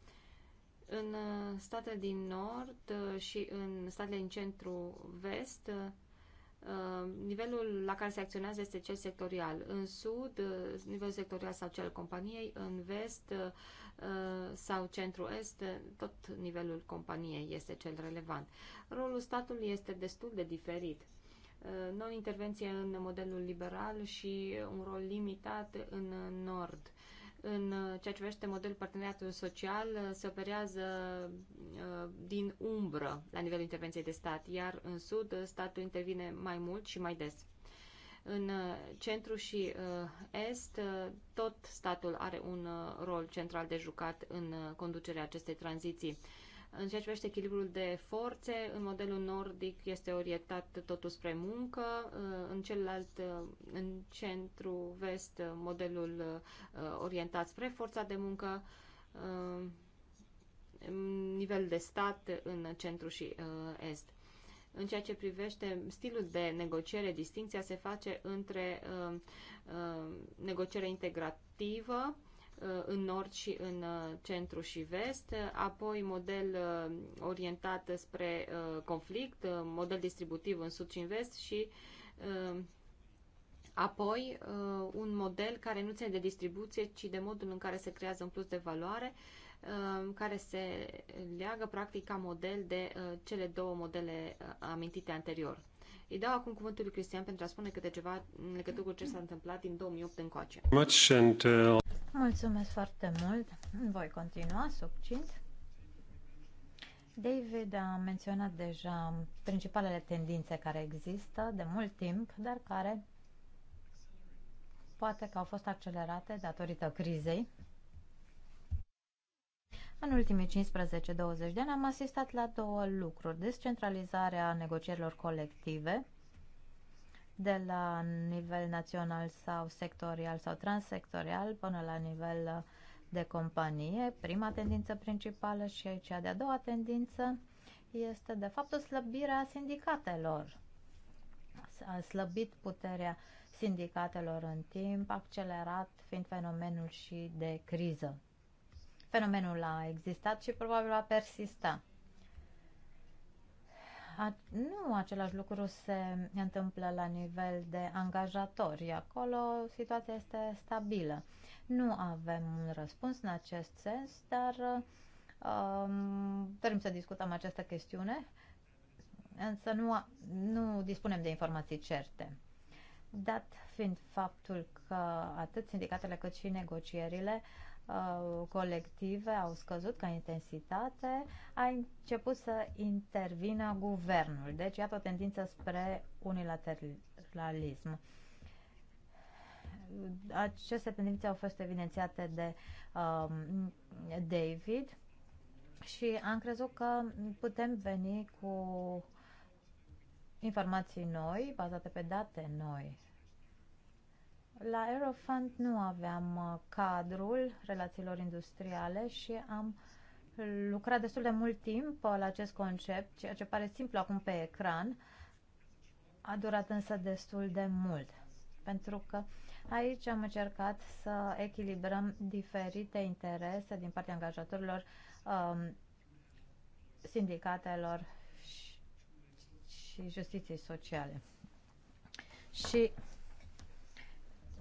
În uh, statele din nord uh, și în statele din centru-vest, uh, nivelul la care se acționează este cel sectorial. În sud, nivelul sectorial sau cel companiei, în vest, Uh, sau centru-est, tot nivelul companiei este cel relevant. Rolul statului este destul de diferit. Uh, Non-intervenție în modelul liberal și un rol limitat în nord. În ceea ce privește modelul parteneriatului social, uh, se operează din umbră la nivelul intervenției de stat, iar în sud statul intervine mai mult și mai des. În uh, centru și uh, est, uh, tot statul are un rol central de jucat în conducerea acestei tranziții. În ceea ce privește echilibrul de forțe, în modelul nordic este orientat totul spre muncă, în celălalt, în centru-vest, modelul orientat spre forța de muncă, nivel de stat în centru și est. În ceea ce privește stilul de negociere, distinția se face între uh, uh, negociere integrativă uh, în nord și în uh, centru și vest, apoi model uh, orientat spre uh, conflict, model distributiv în sud și în vest și apoi un model care nu ține de distribuție, ci de modul în care se creează un plus de valoare uh, Um, care se leagă practic ca model de uh, cele două modele uh, amintite anterior. Îi dau acum cuvântul lui Cristian pentru a spune câte ceva în legătură cu ce s-a întâmplat din 2008 încoace. Mulțumesc foarte mult. Voi continua succint. David a menționat deja principalele tendințe care există de mult timp, dar care poate că au fost accelerate datorită crizei în ultimii 15-20 de ani am asistat la două lucruri. Descentralizarea negocierilor colective de la nivel național sau sectorial sau transsectorial până la nivel de companie, prima tendință principală și cea de-a doua tendință este de fapt o slăbire a sindicatelor. a slăbit puterea sindicatelor în timp, accelerat fiind fenomenul și de criză. Fenomenul a existat și probabil a persista. A, nu același lucru se întâmplă la nivel de angajatori. Acolo situația este stabilă. Nu avem un răspuns în acest sens, dar um, să discutăm această chestiune, însă nu, nu dispunem de informații certe. Dat fiind faptul că atât sindicatele cât și negocierile uh, Uh, colective au scăzut ca intensitate, a început să intervină guvernul. Deci, iată o tendință spre unilateralism. Aceste tendințe au fost evidențiate de um, David și am crezut că putem veni cu informații noi, bazate pe date noi la Eurofund nu aveam uh, cadrul relațiilor industriale și am lucrat destul de mult timp uh, la acest concept, ceea ce pare simplu acum pe ecran, a durat însă destul de mult, pentru că aici am încercat să echilibrăm diferite interese din partea angajatorilor, um, sindicatelor și, și justiției sociale. Și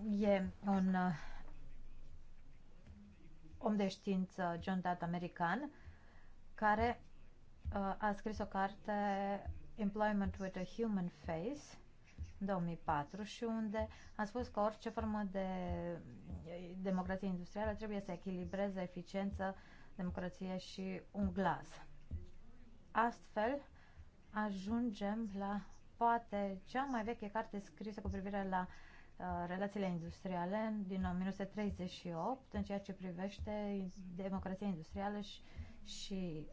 E un uh, om de știință, John Dutt, american, care uh, a scris o carte Employment with a Human Face în 2004 și unde a spus că orice formă de uh, democrație industrială trebuie să echilibreze eficiență, democrație și un glas. Astfel, ajungem la poate cea mai veche carte scrisă cu privire la uh, Uh, relațiile industriale din 1938 în ceea ce privește democrația industrială și, și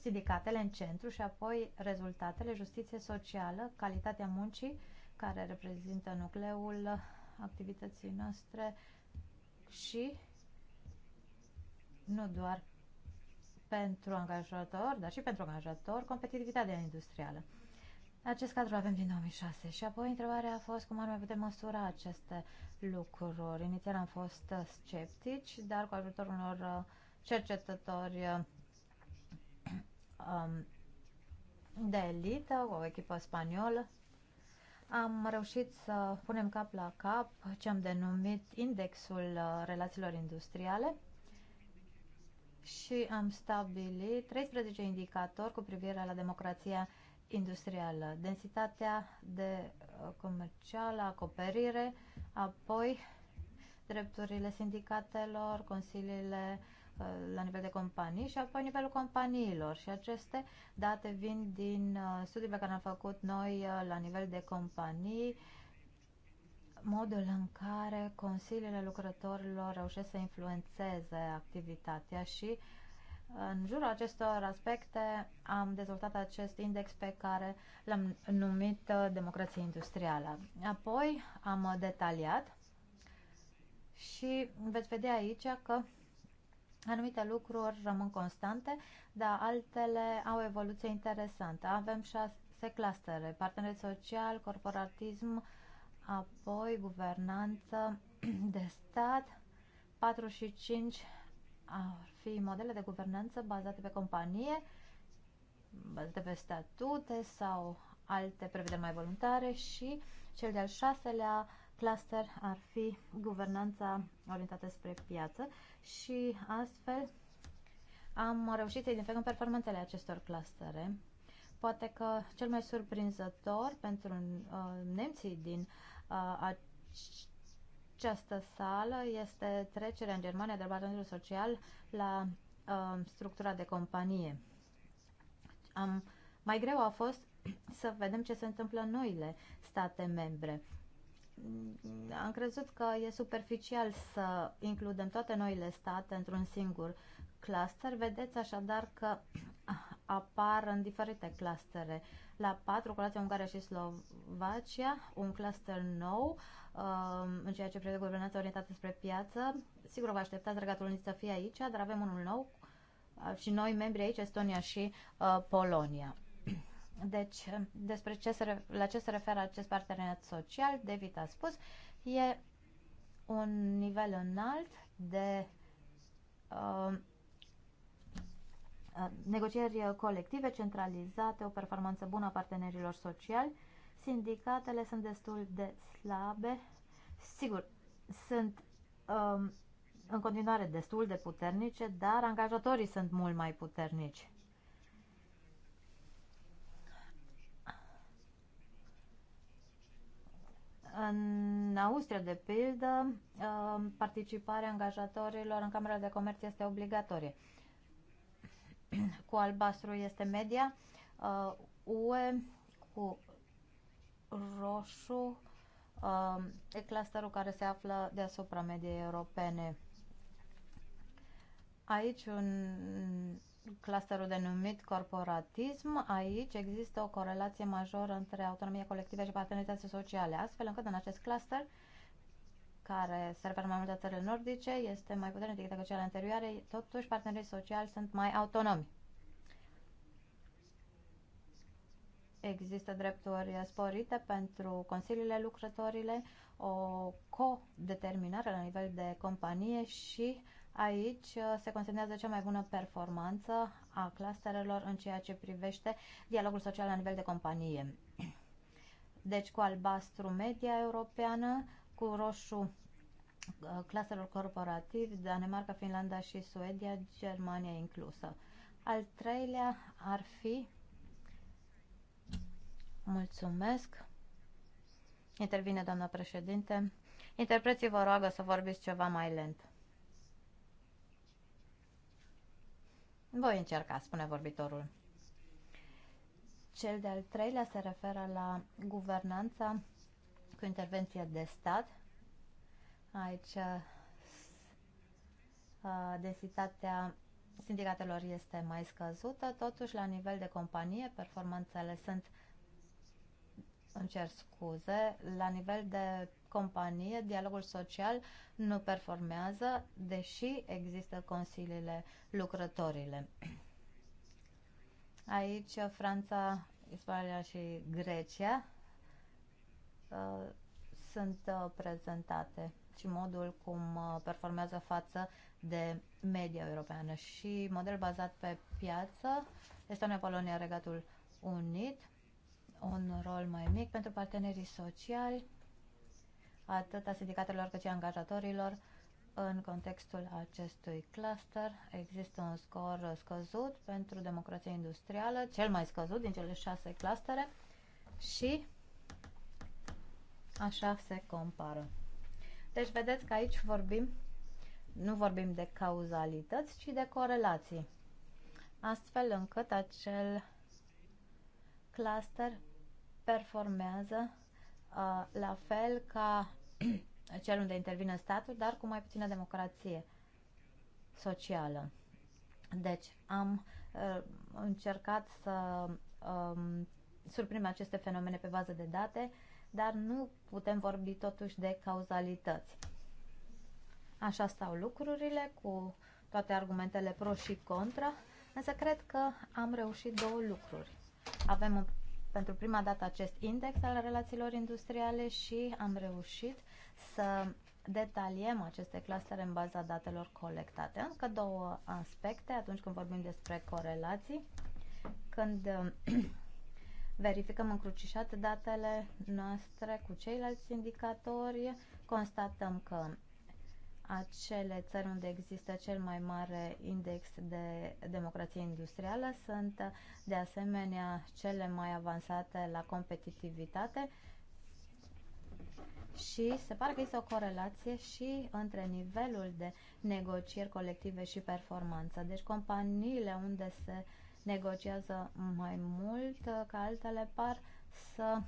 sindicatele în centru și apoi rezultatele, justiție socială, calitatea muncii, care reprezintă nucleul activității noastre și nu doar pentru angajator, dar și pentru angajator, competitivitatea industrială. Acest cadru avem din 2006 și apoi întrebarea a fost cum ar mai putea măsura aceste lucruri. Inițial am fost uh, sceptici, dar cu ajutorul unor uh, cercetători uh, [CLEARS THROAT] um, de elită, o echipă spaniolă, am reușit să punem cap la cap ce am denumit indexul relațiilor industriale și am stabilit 13 indicatori cu privire la democrația industrială, densitatea de uh, comercială, acoperire, apoi drepturile sindicatelor, consiliile uh, la nivel de companii și apoi nivelul companiilor. Și aceste date vin din uh, studiile pe care am făcut noi la nivel de companii, modul în care consiliile lucrătorilor reușesc să influențeze activitatea și uh, în jurul acestor aspecte am dezvoltat acest index pe care l-am numit uh, democrație industrială. Apoi am detaliat și veți vedea aici că anumite lucruri rămân constante, dar altele au evoluție interesantă. Avem șase clustere, parteneri social, corporatism, apoi guvernanță de stat, 4 și 5 ar fi modele de guvernanță bazate pe companie, bazate pe statute sau alte prevederi mai voluntare și cel de-al șaselea cluster ar fi guvernanța orientată spre piață și astfel am reușit să identificăm performanțele acestor clustere. Poate că cel mai surprinzător pentru uh, nemții din uh, această sală este trecerea în Germania de la social la uh, structura de companie. Am, mai greu a fost [CLEARS THROAT] să vedem ce se întâmplă în noile state membre. Mm, am crezut că e superficial să includem toate noile state într-un singur cluster. Vedeți așadar că [CLEARS THROAT] apar în diferite clustere uh, la 4 Croația, Ungaria și Slovacia, un cluster nou um, în ceea ce privește guvernanța orientată spre piață. Sigur, vă așteptați dragă unit să fie aici, dar avem unul nou uh, și noi membri aici, Estonia și uh, Polonia. [CLEARS THROAT] Deci, despre ce se, la ce se referă acest parteneriat social, David a spus, e un nivel înalt de uh, negocieri colective centralizate, o performanță bună a partenerilor sociali. Sindicatele sunt destul de slabe. Sigur, sunt um, în continuare destul de puternice, dar angajatorii sunt mult mai puternici. În Austria, de pildă, um, participarea angajatorilor în Camera de Comerț este obligatorie cu albastru este media uh, UE, cu roșu uh, e clusterul care se află deasupra mediei europene. Aici un clusterul denumit corporatism, aici există o corelație majoră între autonomie colectivă și parteneriate sociale, astfel încât în acest cluster uh, care se referă mai multe țările nordice este mai puternic decât cele anterioare, totuși partenerii sociali sunt mai autonomi. Există drepturi sporite pentru consiliile lucrătorile, o codeterminare la nivel de companie și aici uh, se consemnează cea mai bună performanță a clusterelor în ceea ce privește dialogul social la nivel de companie. [CLEARS THROAT] Deci cu albastru media europeană cu roșu uh, claselor corporativ, Danemarca, Finlanda și Suedia, Germania inclusă. Al treilea ar fi Mulțumesc. Intervine doamna președinte. Interpreții vă roagă să vorbiți ceva mai lent. Voi încerca, spune vorbitorul. Cel de-al treilea se referă la guvernanța cu intervenție de stat. Aici uh, densitatea sindicatelor este mai scăzută, totuși la nivel de companie performanțele sunt, îmi cer scuze, la nivel de companie dialogul social nu performează, deși există consiliile lucrătorile. Aici Franța, Israel și Grecia Uh, sunt uh, prezentate și modul cum uh, performează față de media europeană și model bazat pe piață, Estonia, Polonia, Regatul Unit, un rol mai mic pentru partenerii sociali, atât a sindicatelor cât și a angajatorilor. În contextul acestui cluster există un scor scăzut pentru democrația industrială, cel mai scăzut din cele șase clustere și Așa se compară. Deci vedeți că aici vorbim, nu vorbim de cauzalități, ci de corelații. Astfel încât acel cluster performează uh, la fel ca [CLEARS THROAT] cel unde intervine statul, dar cu mai puțină democrație socială. Deci am uh, încercat să uh, surprim aceste fenomene pe bază de date, dar nu putem vorbi totuși de cauzalități. Așa stau lucrurile cu toate argumentele pro și contra, însă cred că am reușit două lucruri. Avem pentru prima dată acest index al relațiilor industriale și am reușit să detaliem aceste clastere în baza datelor colectate. Încă două aspecte atunci când vorbim despre corelații. Când [CLEARS THROAT] verificăm încrucișate datele noastre cu ceilalți indicatori, constatăm că acele țări unde există cel mai mare index de democrație industrială sunt de asemenea cele mai avansate la competitivitate și se pare că este o corelație și între nivelul de negocieri colective și performanță. Deci companiile unde se uh, negociază mai mult uh, ca altele par să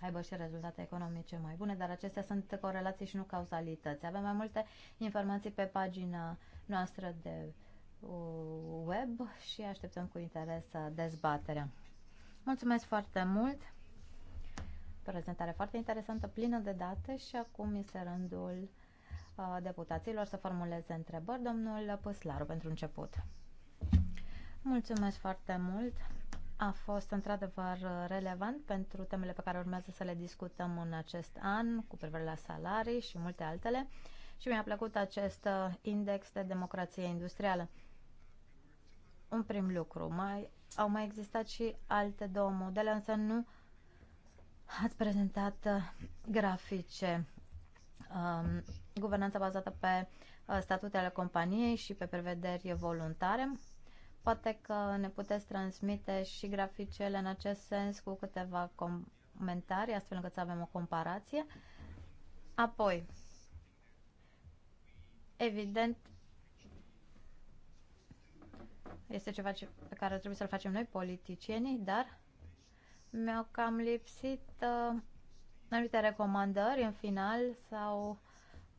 aibă și rezultate economice mai bune, dar acestea sunt corelații și nu cauzalități. Avem mai multe informații pe pagina noastră de uh, web și așteptăm cu interes uh, dezbaterea. Mulțumesc foarte mult! Prezentare foarte interesantă, plină de date și acum este rândul deputaților să formuleze întrebări. Domnul Păslaru, pentru început. Mulțumesc foarte mult! A fost într-adevăr uh, relevant pentru temele pe care urmează să le discutăm în acest an, cu privire la salarii și multe altele. Și mi-a plăcut acest uh, index de democrație industrială. Un prim lucru, mai, au mai existat și alte două modele, însă nu ați prezentat uh, grafice. Um, guvernanța bazată pe statutele companiei și pe prevederi voluntare. Poate că ne puteți transmite și graficele în acest sens cu câteva comentarii, astfel încât să avem o comparație. Apoi, evident, este ceva ce, pe care trebuie să-l facem noi, politicienii, dar mi-au cam lipsit uh, anumite recomandări în final sau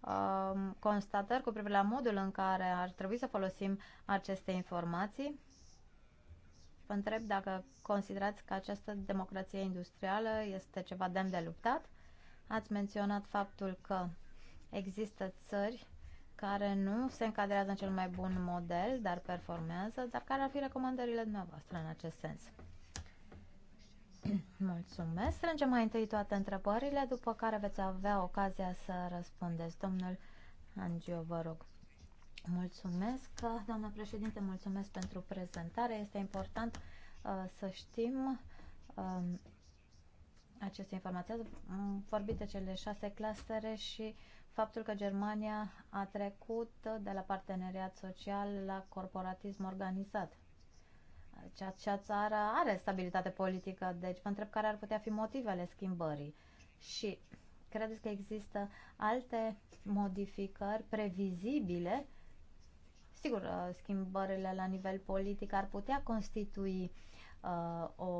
Um, constatări cu privire la modul în care ar trebui să folosim aceste informații. Vă întreb dacă considerați că această democrație industrială este ceva demn de luptat. Ați menționat faptul că există țări care nu se încadrează în cel mai bun model, dar performează, dar care ar fi recomandările dumneavoastră în acest sens? Mulțumesc. Strângem mai întâi toate întrebările, după care veți avea ocazia să răspundeți. Domnul Angio, vă rog. Mulțumesc, doamnă președinte, mulțumesc pentru prezentare. Este important uh, să știm uh, aceste informații. vorbit de cele șase clastere și faptul că Germania a trecut de la parteneriat social la corporatism organizat. Acea țară are stabilitate politică, deci mă întreb care ar putea fi motivele schimbării. Și credeți că există alte modificări previzibile? Sigur, uh, schimbările la nivel politic ar putea constitui uh, o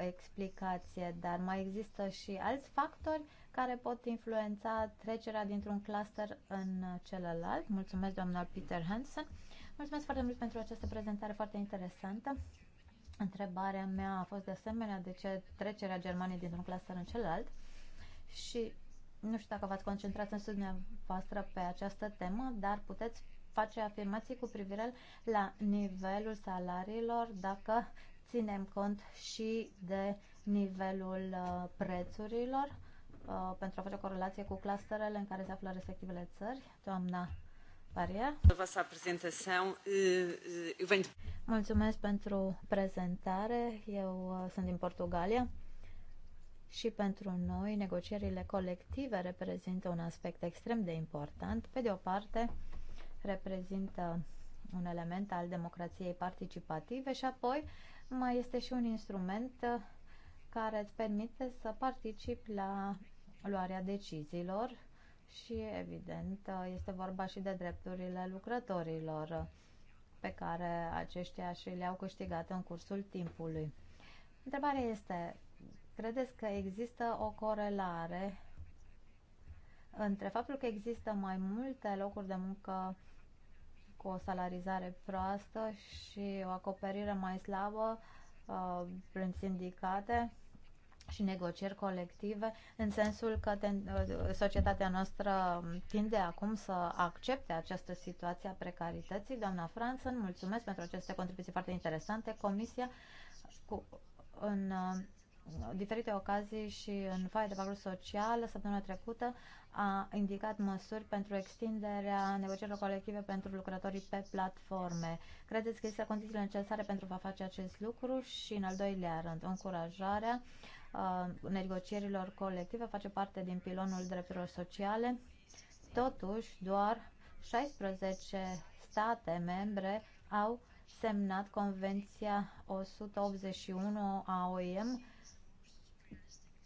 explicație, dar mai există și alți factori care pot influența trecerea dintr-un cluster în celălalt. Mulțumesc, doamna Peter Hansen. Mulțumesc foarte mult pentru această prezentare foarte interesantă. Întrebarea mea a fost de asemenea de ce trecerea Germaniei dintr-un cluster în celălalt și nu știu dacă v-ați concentrat în studiul voastră pe această temă, dar puteți face afirmații cu privire la nivelul salariilor dacă ținem cont și de nivelul uh, prețurilor uh, pentru a face o corelație cu clusterele în care se află respectivele țări. Doamna Maria? Uh, uh, Mulțumesc pentru prezentare. Eu uh, sunt din Portugalia și pentru noi negocierile colective reprezintă un aspect extrem de important. Pe de o parte, reprezintă un element al democrației participative și apoi mai este și un instrument care îți permite să participi la luarea deciziilor și, evident, este vorba și de drepturile lucrătorilor pe care aceștia și le-au câștigat în cursul timpului. Întrebarea este, credeți că există o corelare între faptul că există mai multe locuri de muncă cu o salarizare proastă și o acoperire mai slabă uh, prin sindicate și negocieri colective, în sensul că societatea noastră tinde acum să accepte această situație a precarității. Doamna Franță, mulțumesc pentru aceste contribuții foarte interesante. Comisia cu, în uh, diferite ocazii și în foaia de valori socială săptămâna trecută a indicat măsuri pentru extinderea negocierilor colective pentru lucrătorii pe platforme. Credeți că există condițiile necesare pentru a face acest lucru și, în al doilea rând, încurajarea Uh, negocierilor colective face parte din pilonul drepturilor sociale. Totuși, doar 16 state membre au semnat Convenția 181 a OIM.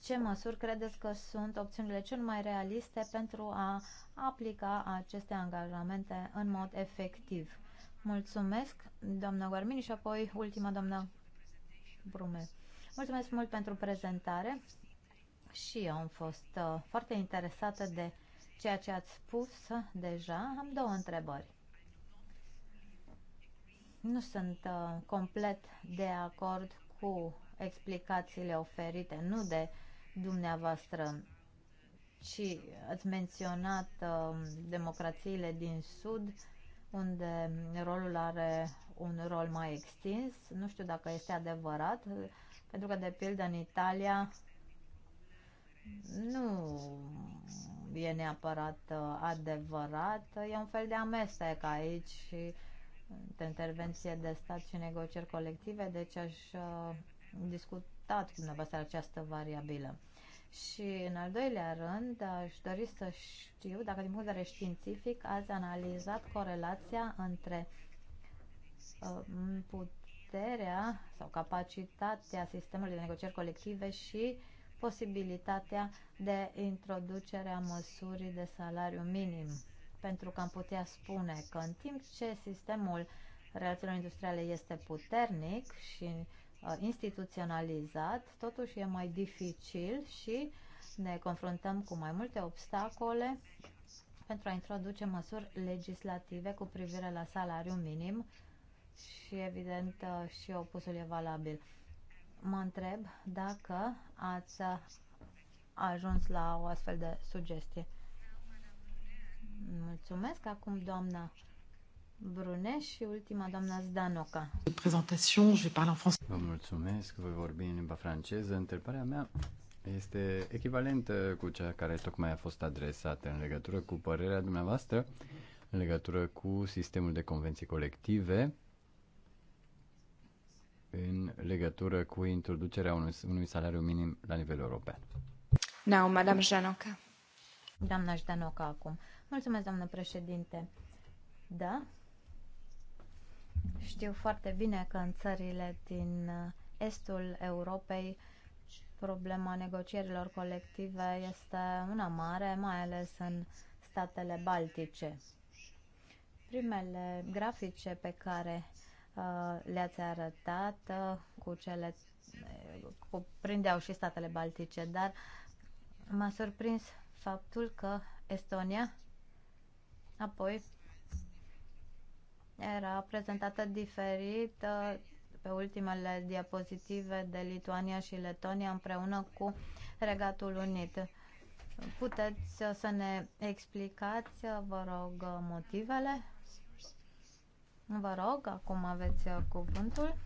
Ce măsuri credeți că sunt opțiunile cel mai realiste pentru a aplica aceste angajamente în mod efectiv? Mulțumesc, doamna Guarmini, și apoi ultima doamna Brume. Mulțumesc mult pentru prezentare și eu am fost uh, foarte interesată de ceea ce ați spus uh, deja. Am două întrebări. Nu sunt uh, complet de acord cu explicațiile oferite, nu de dumneavoastră, ci ați menționat uh, democrațiile din Sud, unde rolul are un rol mai extins. Nu știu dacă este adevărat. Uh, pentru că, de pildă, în Italia nu e neapărat uh, adevărat, e un fel de amestec aici și de intervenție de stat și negocieri colective, deci aș uh, discuta cu dumneavoastră această variabilă. Și în al doilea rând, aș dori să știu dacă din punct de vedere științific ați analizat corelația între uh, puterea sau capacitatea sistemului de negocieri colective și posibilitatea de introducere a măsurii de salariu minim. Pentru că am putea spune că în timp ce sistemul relațiilor industriale este puternic și uh, instituționalizat, totuși e mai dificil și ne confruntăm cu mai multe obstacole pentru a introduce măsuri legislative cu privire la salariu minim și evident și opusul e valabil. Mă întreb dacă ați ajuns la o astfel de sugestie. Mulțumesc. Acum doamna Bruneș și ultima doamna Zdanoca. Vă mulțumesc, voi vorbi în limba franceză. Întrebarea mea este echivalentă cu cea care tocmai a fost adresată în legătură cu părerea dumneavoastră în legătură cu sistemul de convenții colective în legătură cu introducerea unui, unui salariu minim la nivel european. Now, Madame Janoca. Doamna Jdanoca acum. Mulțumesc, doamnă președinte. Da? Știu foarte bine că în țările din uh, estul Europei problema negocierilor colective este una mare, mai ales în statele baltice. Primele grafice pe care Uh, le-ați arătat uh, cu cele cuprindeau și statele baltice, dar m-a surprins faptul că Estonia apoi era prezentată diferit uh, pe ultimele diapozitive de Lituania și Letonia împreună cu Regatul Unit. Puteți să ne explicați, vă rog, motivele? Vă rog, acum aveți uh, cuvântul.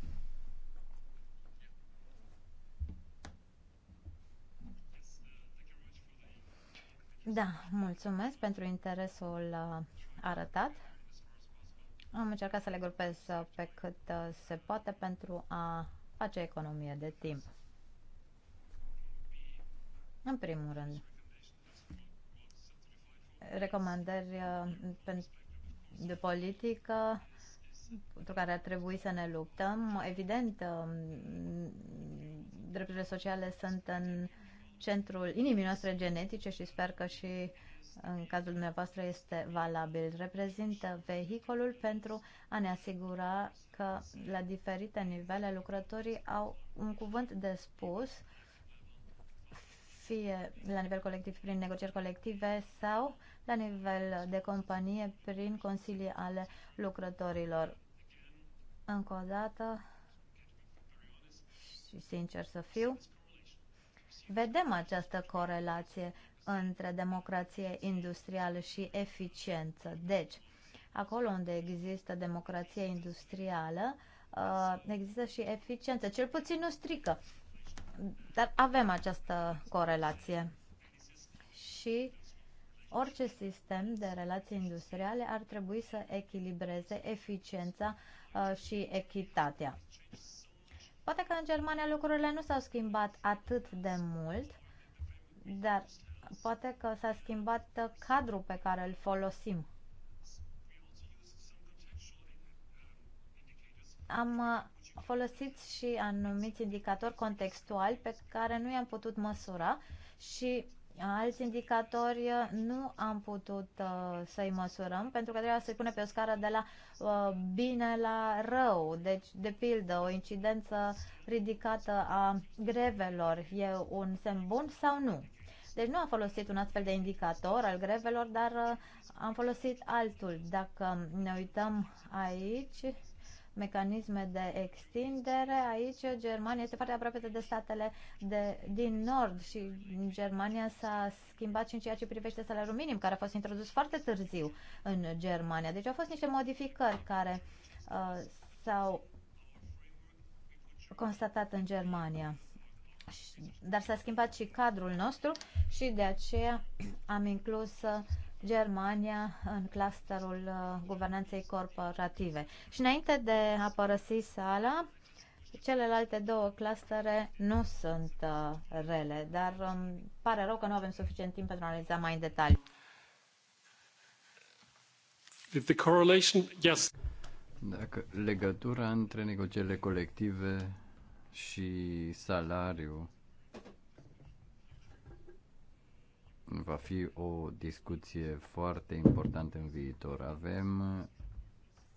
Da, mulțumesc pentru interesul uh, arătat. Am încercat să le grupez uh, pe cât se poate pentru a face economie de timp. În primul rând, recomandări de politică pentru care ar trebui să ne luptăm. Evident, um, drepturile sociale sunt în centrul inimii noastre genetice și sper că și în cazul dumneavoastră este valabil. Reprezintă vehiculul pentru a ne asigura că la diferite nivele lucrătorii au un cuvânt de spus, fie la nivel colectiv prin negocieri colective sau la nivel de companie prin consilii ale lucrătorilor. Încă o dată, și sincer să fiu, vedem această corelație între democrație industrială și eficiență. Deci, acolo unde există democrație industrială, uh, există și eficiență. Cel puțin nu strică. Dar avem această corelație. Și orice sistem de relații industriale ar trebui să echilibreze eficiența Uh, și echitatea. Poate că în Germania lucrurile nu s-au schimbat atât de mult, dar poate că s-a schimbat cadrul pe care îl folosim. Am uh, folosit și anumiți indicatori contextuali pe care nu i-am putut măsura și alți indicatori uh, nu am putut uh, să-i măsurăm pentru că trebuia să-i pune pe o scară de la uh, bine la rău. Deci, de pildă, o incidență ridicată a grevelor e un semn bun sau nu? Deci nu am folosit un astfel de indicator al grevelor, dar uh, am folosit altul. Dacă ne uităm aici, mecanisme de extindere. Aici Germania este foarte aproape de statele de, din nord și Germania s-a schimbat și în ceea ce privește salariul minim, care a fost introdus foarte târziu în Germania. Deci au fost niște modificări care uh, s-au constatat în Germania. Dar s-a schimbat și cadrul nostru și de aceea am inclus uh, Germania în clusterul uh, guvernanței corporative. Și înainte de a părăsi sala, celelalte două clustere nu sunt uh, rele, dar îmi pare rău că nu avem suficient timp pentru a analiza mai în detaliu. The correlation, yes. Dacă legătura între negocierile colective și salariu va fi o discuție foarte importantă în viitor. Avem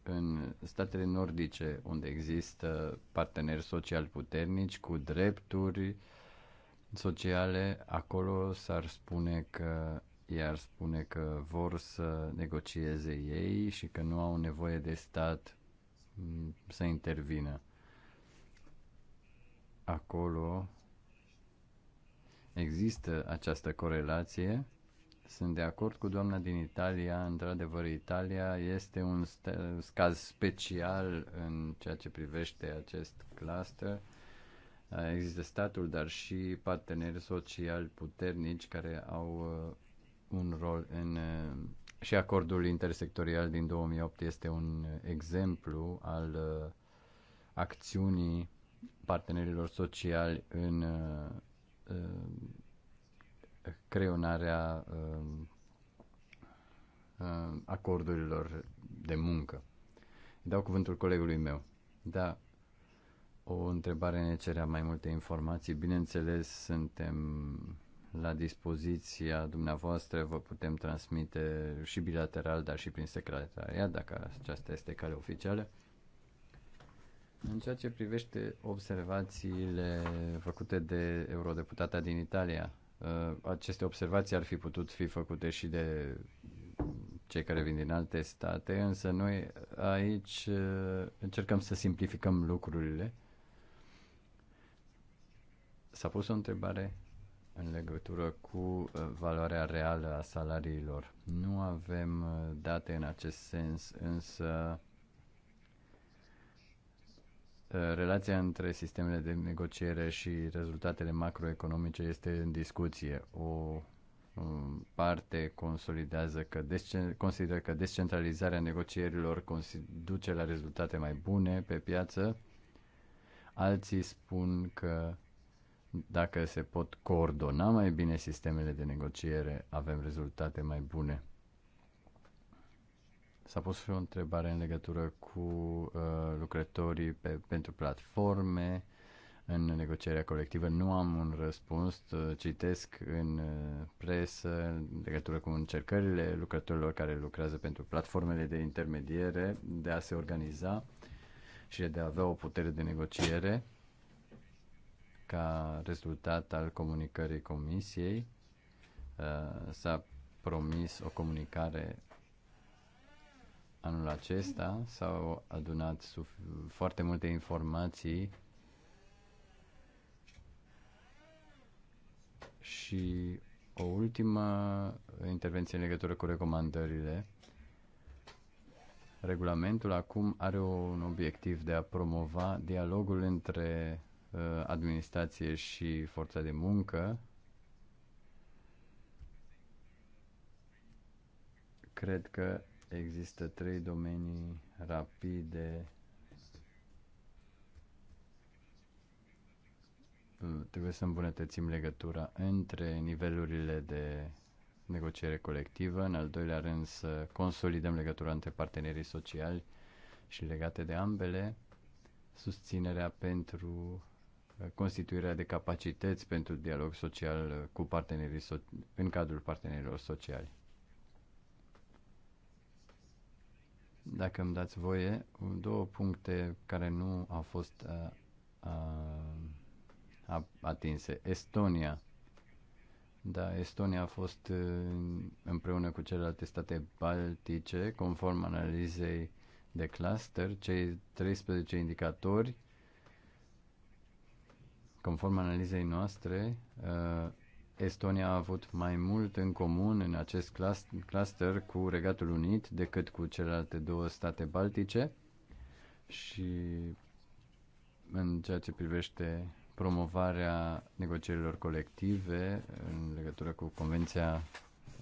în statele nordice, unde există parteneri sociali puternici cu drepturi sociale, acolo s-ar spune că iar spune că vor să negocieze ei și că nu au nevoie de stat mm, să intervină. Acolo Există această corelație. Sunt de acord cu doamna din Italia. Într-adevăr, Italia este un caz special în ceea ce privește acest cluster. Există statul, dar și parteneri sociali puternici care au uh, un rol în. Uh, și acordul intersectorial din 2008 este un exemplu al uh, acțiunii partenerilor sociali în Uh, creionarea um, um, acordurilor de muncă. Dau cuvântul colegului meu. Da, o întrebare ne cerea mai multe informații. Bineînțeles, suntem la dispoziția dumneavoastră, vă putem transmite și bilateral, dar și prin secretariat, dacă aceasta este cale oficială. În ceea ce privește observațiile făcute de eurodeputata din Italia, uh, aceste observații ar fi putut fi făcute și de cei care vin din alte state, însă noi aici uh, încercăm să simplificăm lucrurile. S-a pus o întrebare în legătură cu uh, valoarea reală a salariilor. Nu avem date în acest sens, însă Uh, relația între sistemele de negociere și rezultatele macroeconomice este în discuție. O parte consolidează că consideră că descentralizarea negocierilor duce la rezultate mai bune pe piață. Alții spun că dacă se pot coordona mai bine sistemele de negociere, avem rezultate mai bune. S-a pus și o întrebare în legătură cu uh, lucrătorii pe, pentru platforme. În negocierea colectivă nu am un răspuns. Uh, citesc în uh, presă în legătură cu încercările lucrătorilor care lucrează pentru platformele de intermediere de a se organiza și de a avea o putere de negociere ca rezultat al comunicării comisiei. Uh, s-a promis o comunicare Anul acesta s-au adunat foarte multe informații și o ultimă intervenție în legătură cu recomandările. Regulamentul acum are un obiectiv de a promova dialogul între uh, administrație și forța de muncă. Cred că există trei domenii rapide trebuie să îmbunătățim legătura între nivelurile de negociere colectivă, în al doilea rând să consolidăm legătura între partenerii sociali și legate de ambele, susținerea pentru uh, constituirea de capacități pentru dialog social cu partenerii so- în cadrul partenerilor sociali. Dacă îmi dați voie, două puncte care nu au fost a, uh, uh, a, atinse. Estonia. Da, Estonia a fost uh, împreună cu celelalte state baltice, conform analizei de cluster, cei 13 indicatori, conform analizei noastre, Estonia a avut mai mult în comun în acest cluster cu Regatul Unit decât cu celelalte două state baltice și în ceea ce privește promovarea negocierilor colective în legătură cu Convenția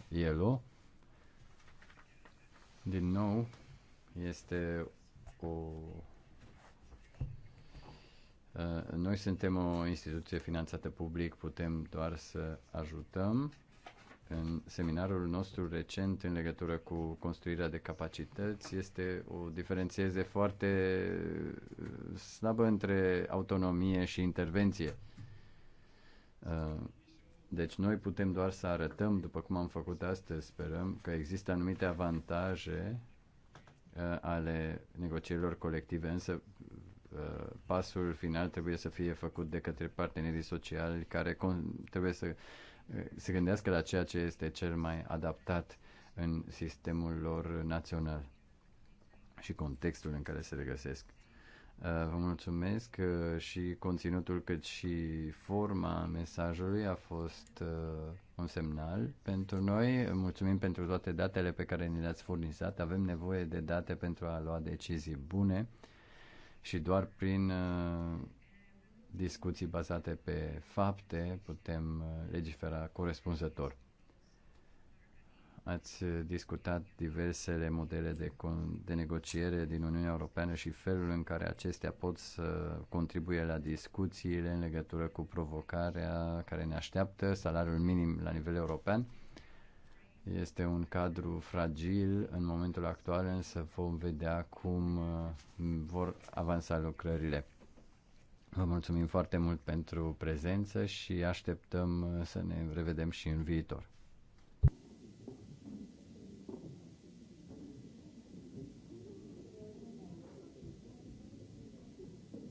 ILO. Din nou, este o Uh, noi suntem o instituție finanțată public, putem doar să ajutăm. În seminarul nostru recent în legătură cu construirea de capacități este o diferențieze foarte uh, slabă între autonomie și intervenție. Uh, deci noi putem doar să arătăm, după cum am făcut astăzi, sperăm că există anumite avantaje ale negocierilor colective, însă Uh, pasul final trebuie să fie făcut de către partenerii sociali care trebuie să uh, se gândească la ceea ce este cel mai adaptat în sistemul lor național și contextul în care se regăsesc. Uh, vă mulțumesc și conținutul cât și forma mesajului a fost un semnal pentru noi. Mulțumim pentru toate datele pe care ni le-ați furnizat. Avem nevoie de date pentru a lua decizii bune și doar prin uh, discuții bazate pe fapte putem uh, legifera corespunzător. Ați uh, discutat diversele modele de, con- de negociere din Uniunea Europeană și felul în care acestea pot să contribuie la discuțiile în legătură cu provocarea care ne așteaptă, salariul minim la nivel european. Este un cadru fragil în momentul actual, însă vom vedea cum uh, vor avansa lucrările. Vă mulțumim foarte mult pentru prezență și așteptăm uh, să ne revedem și în viitor.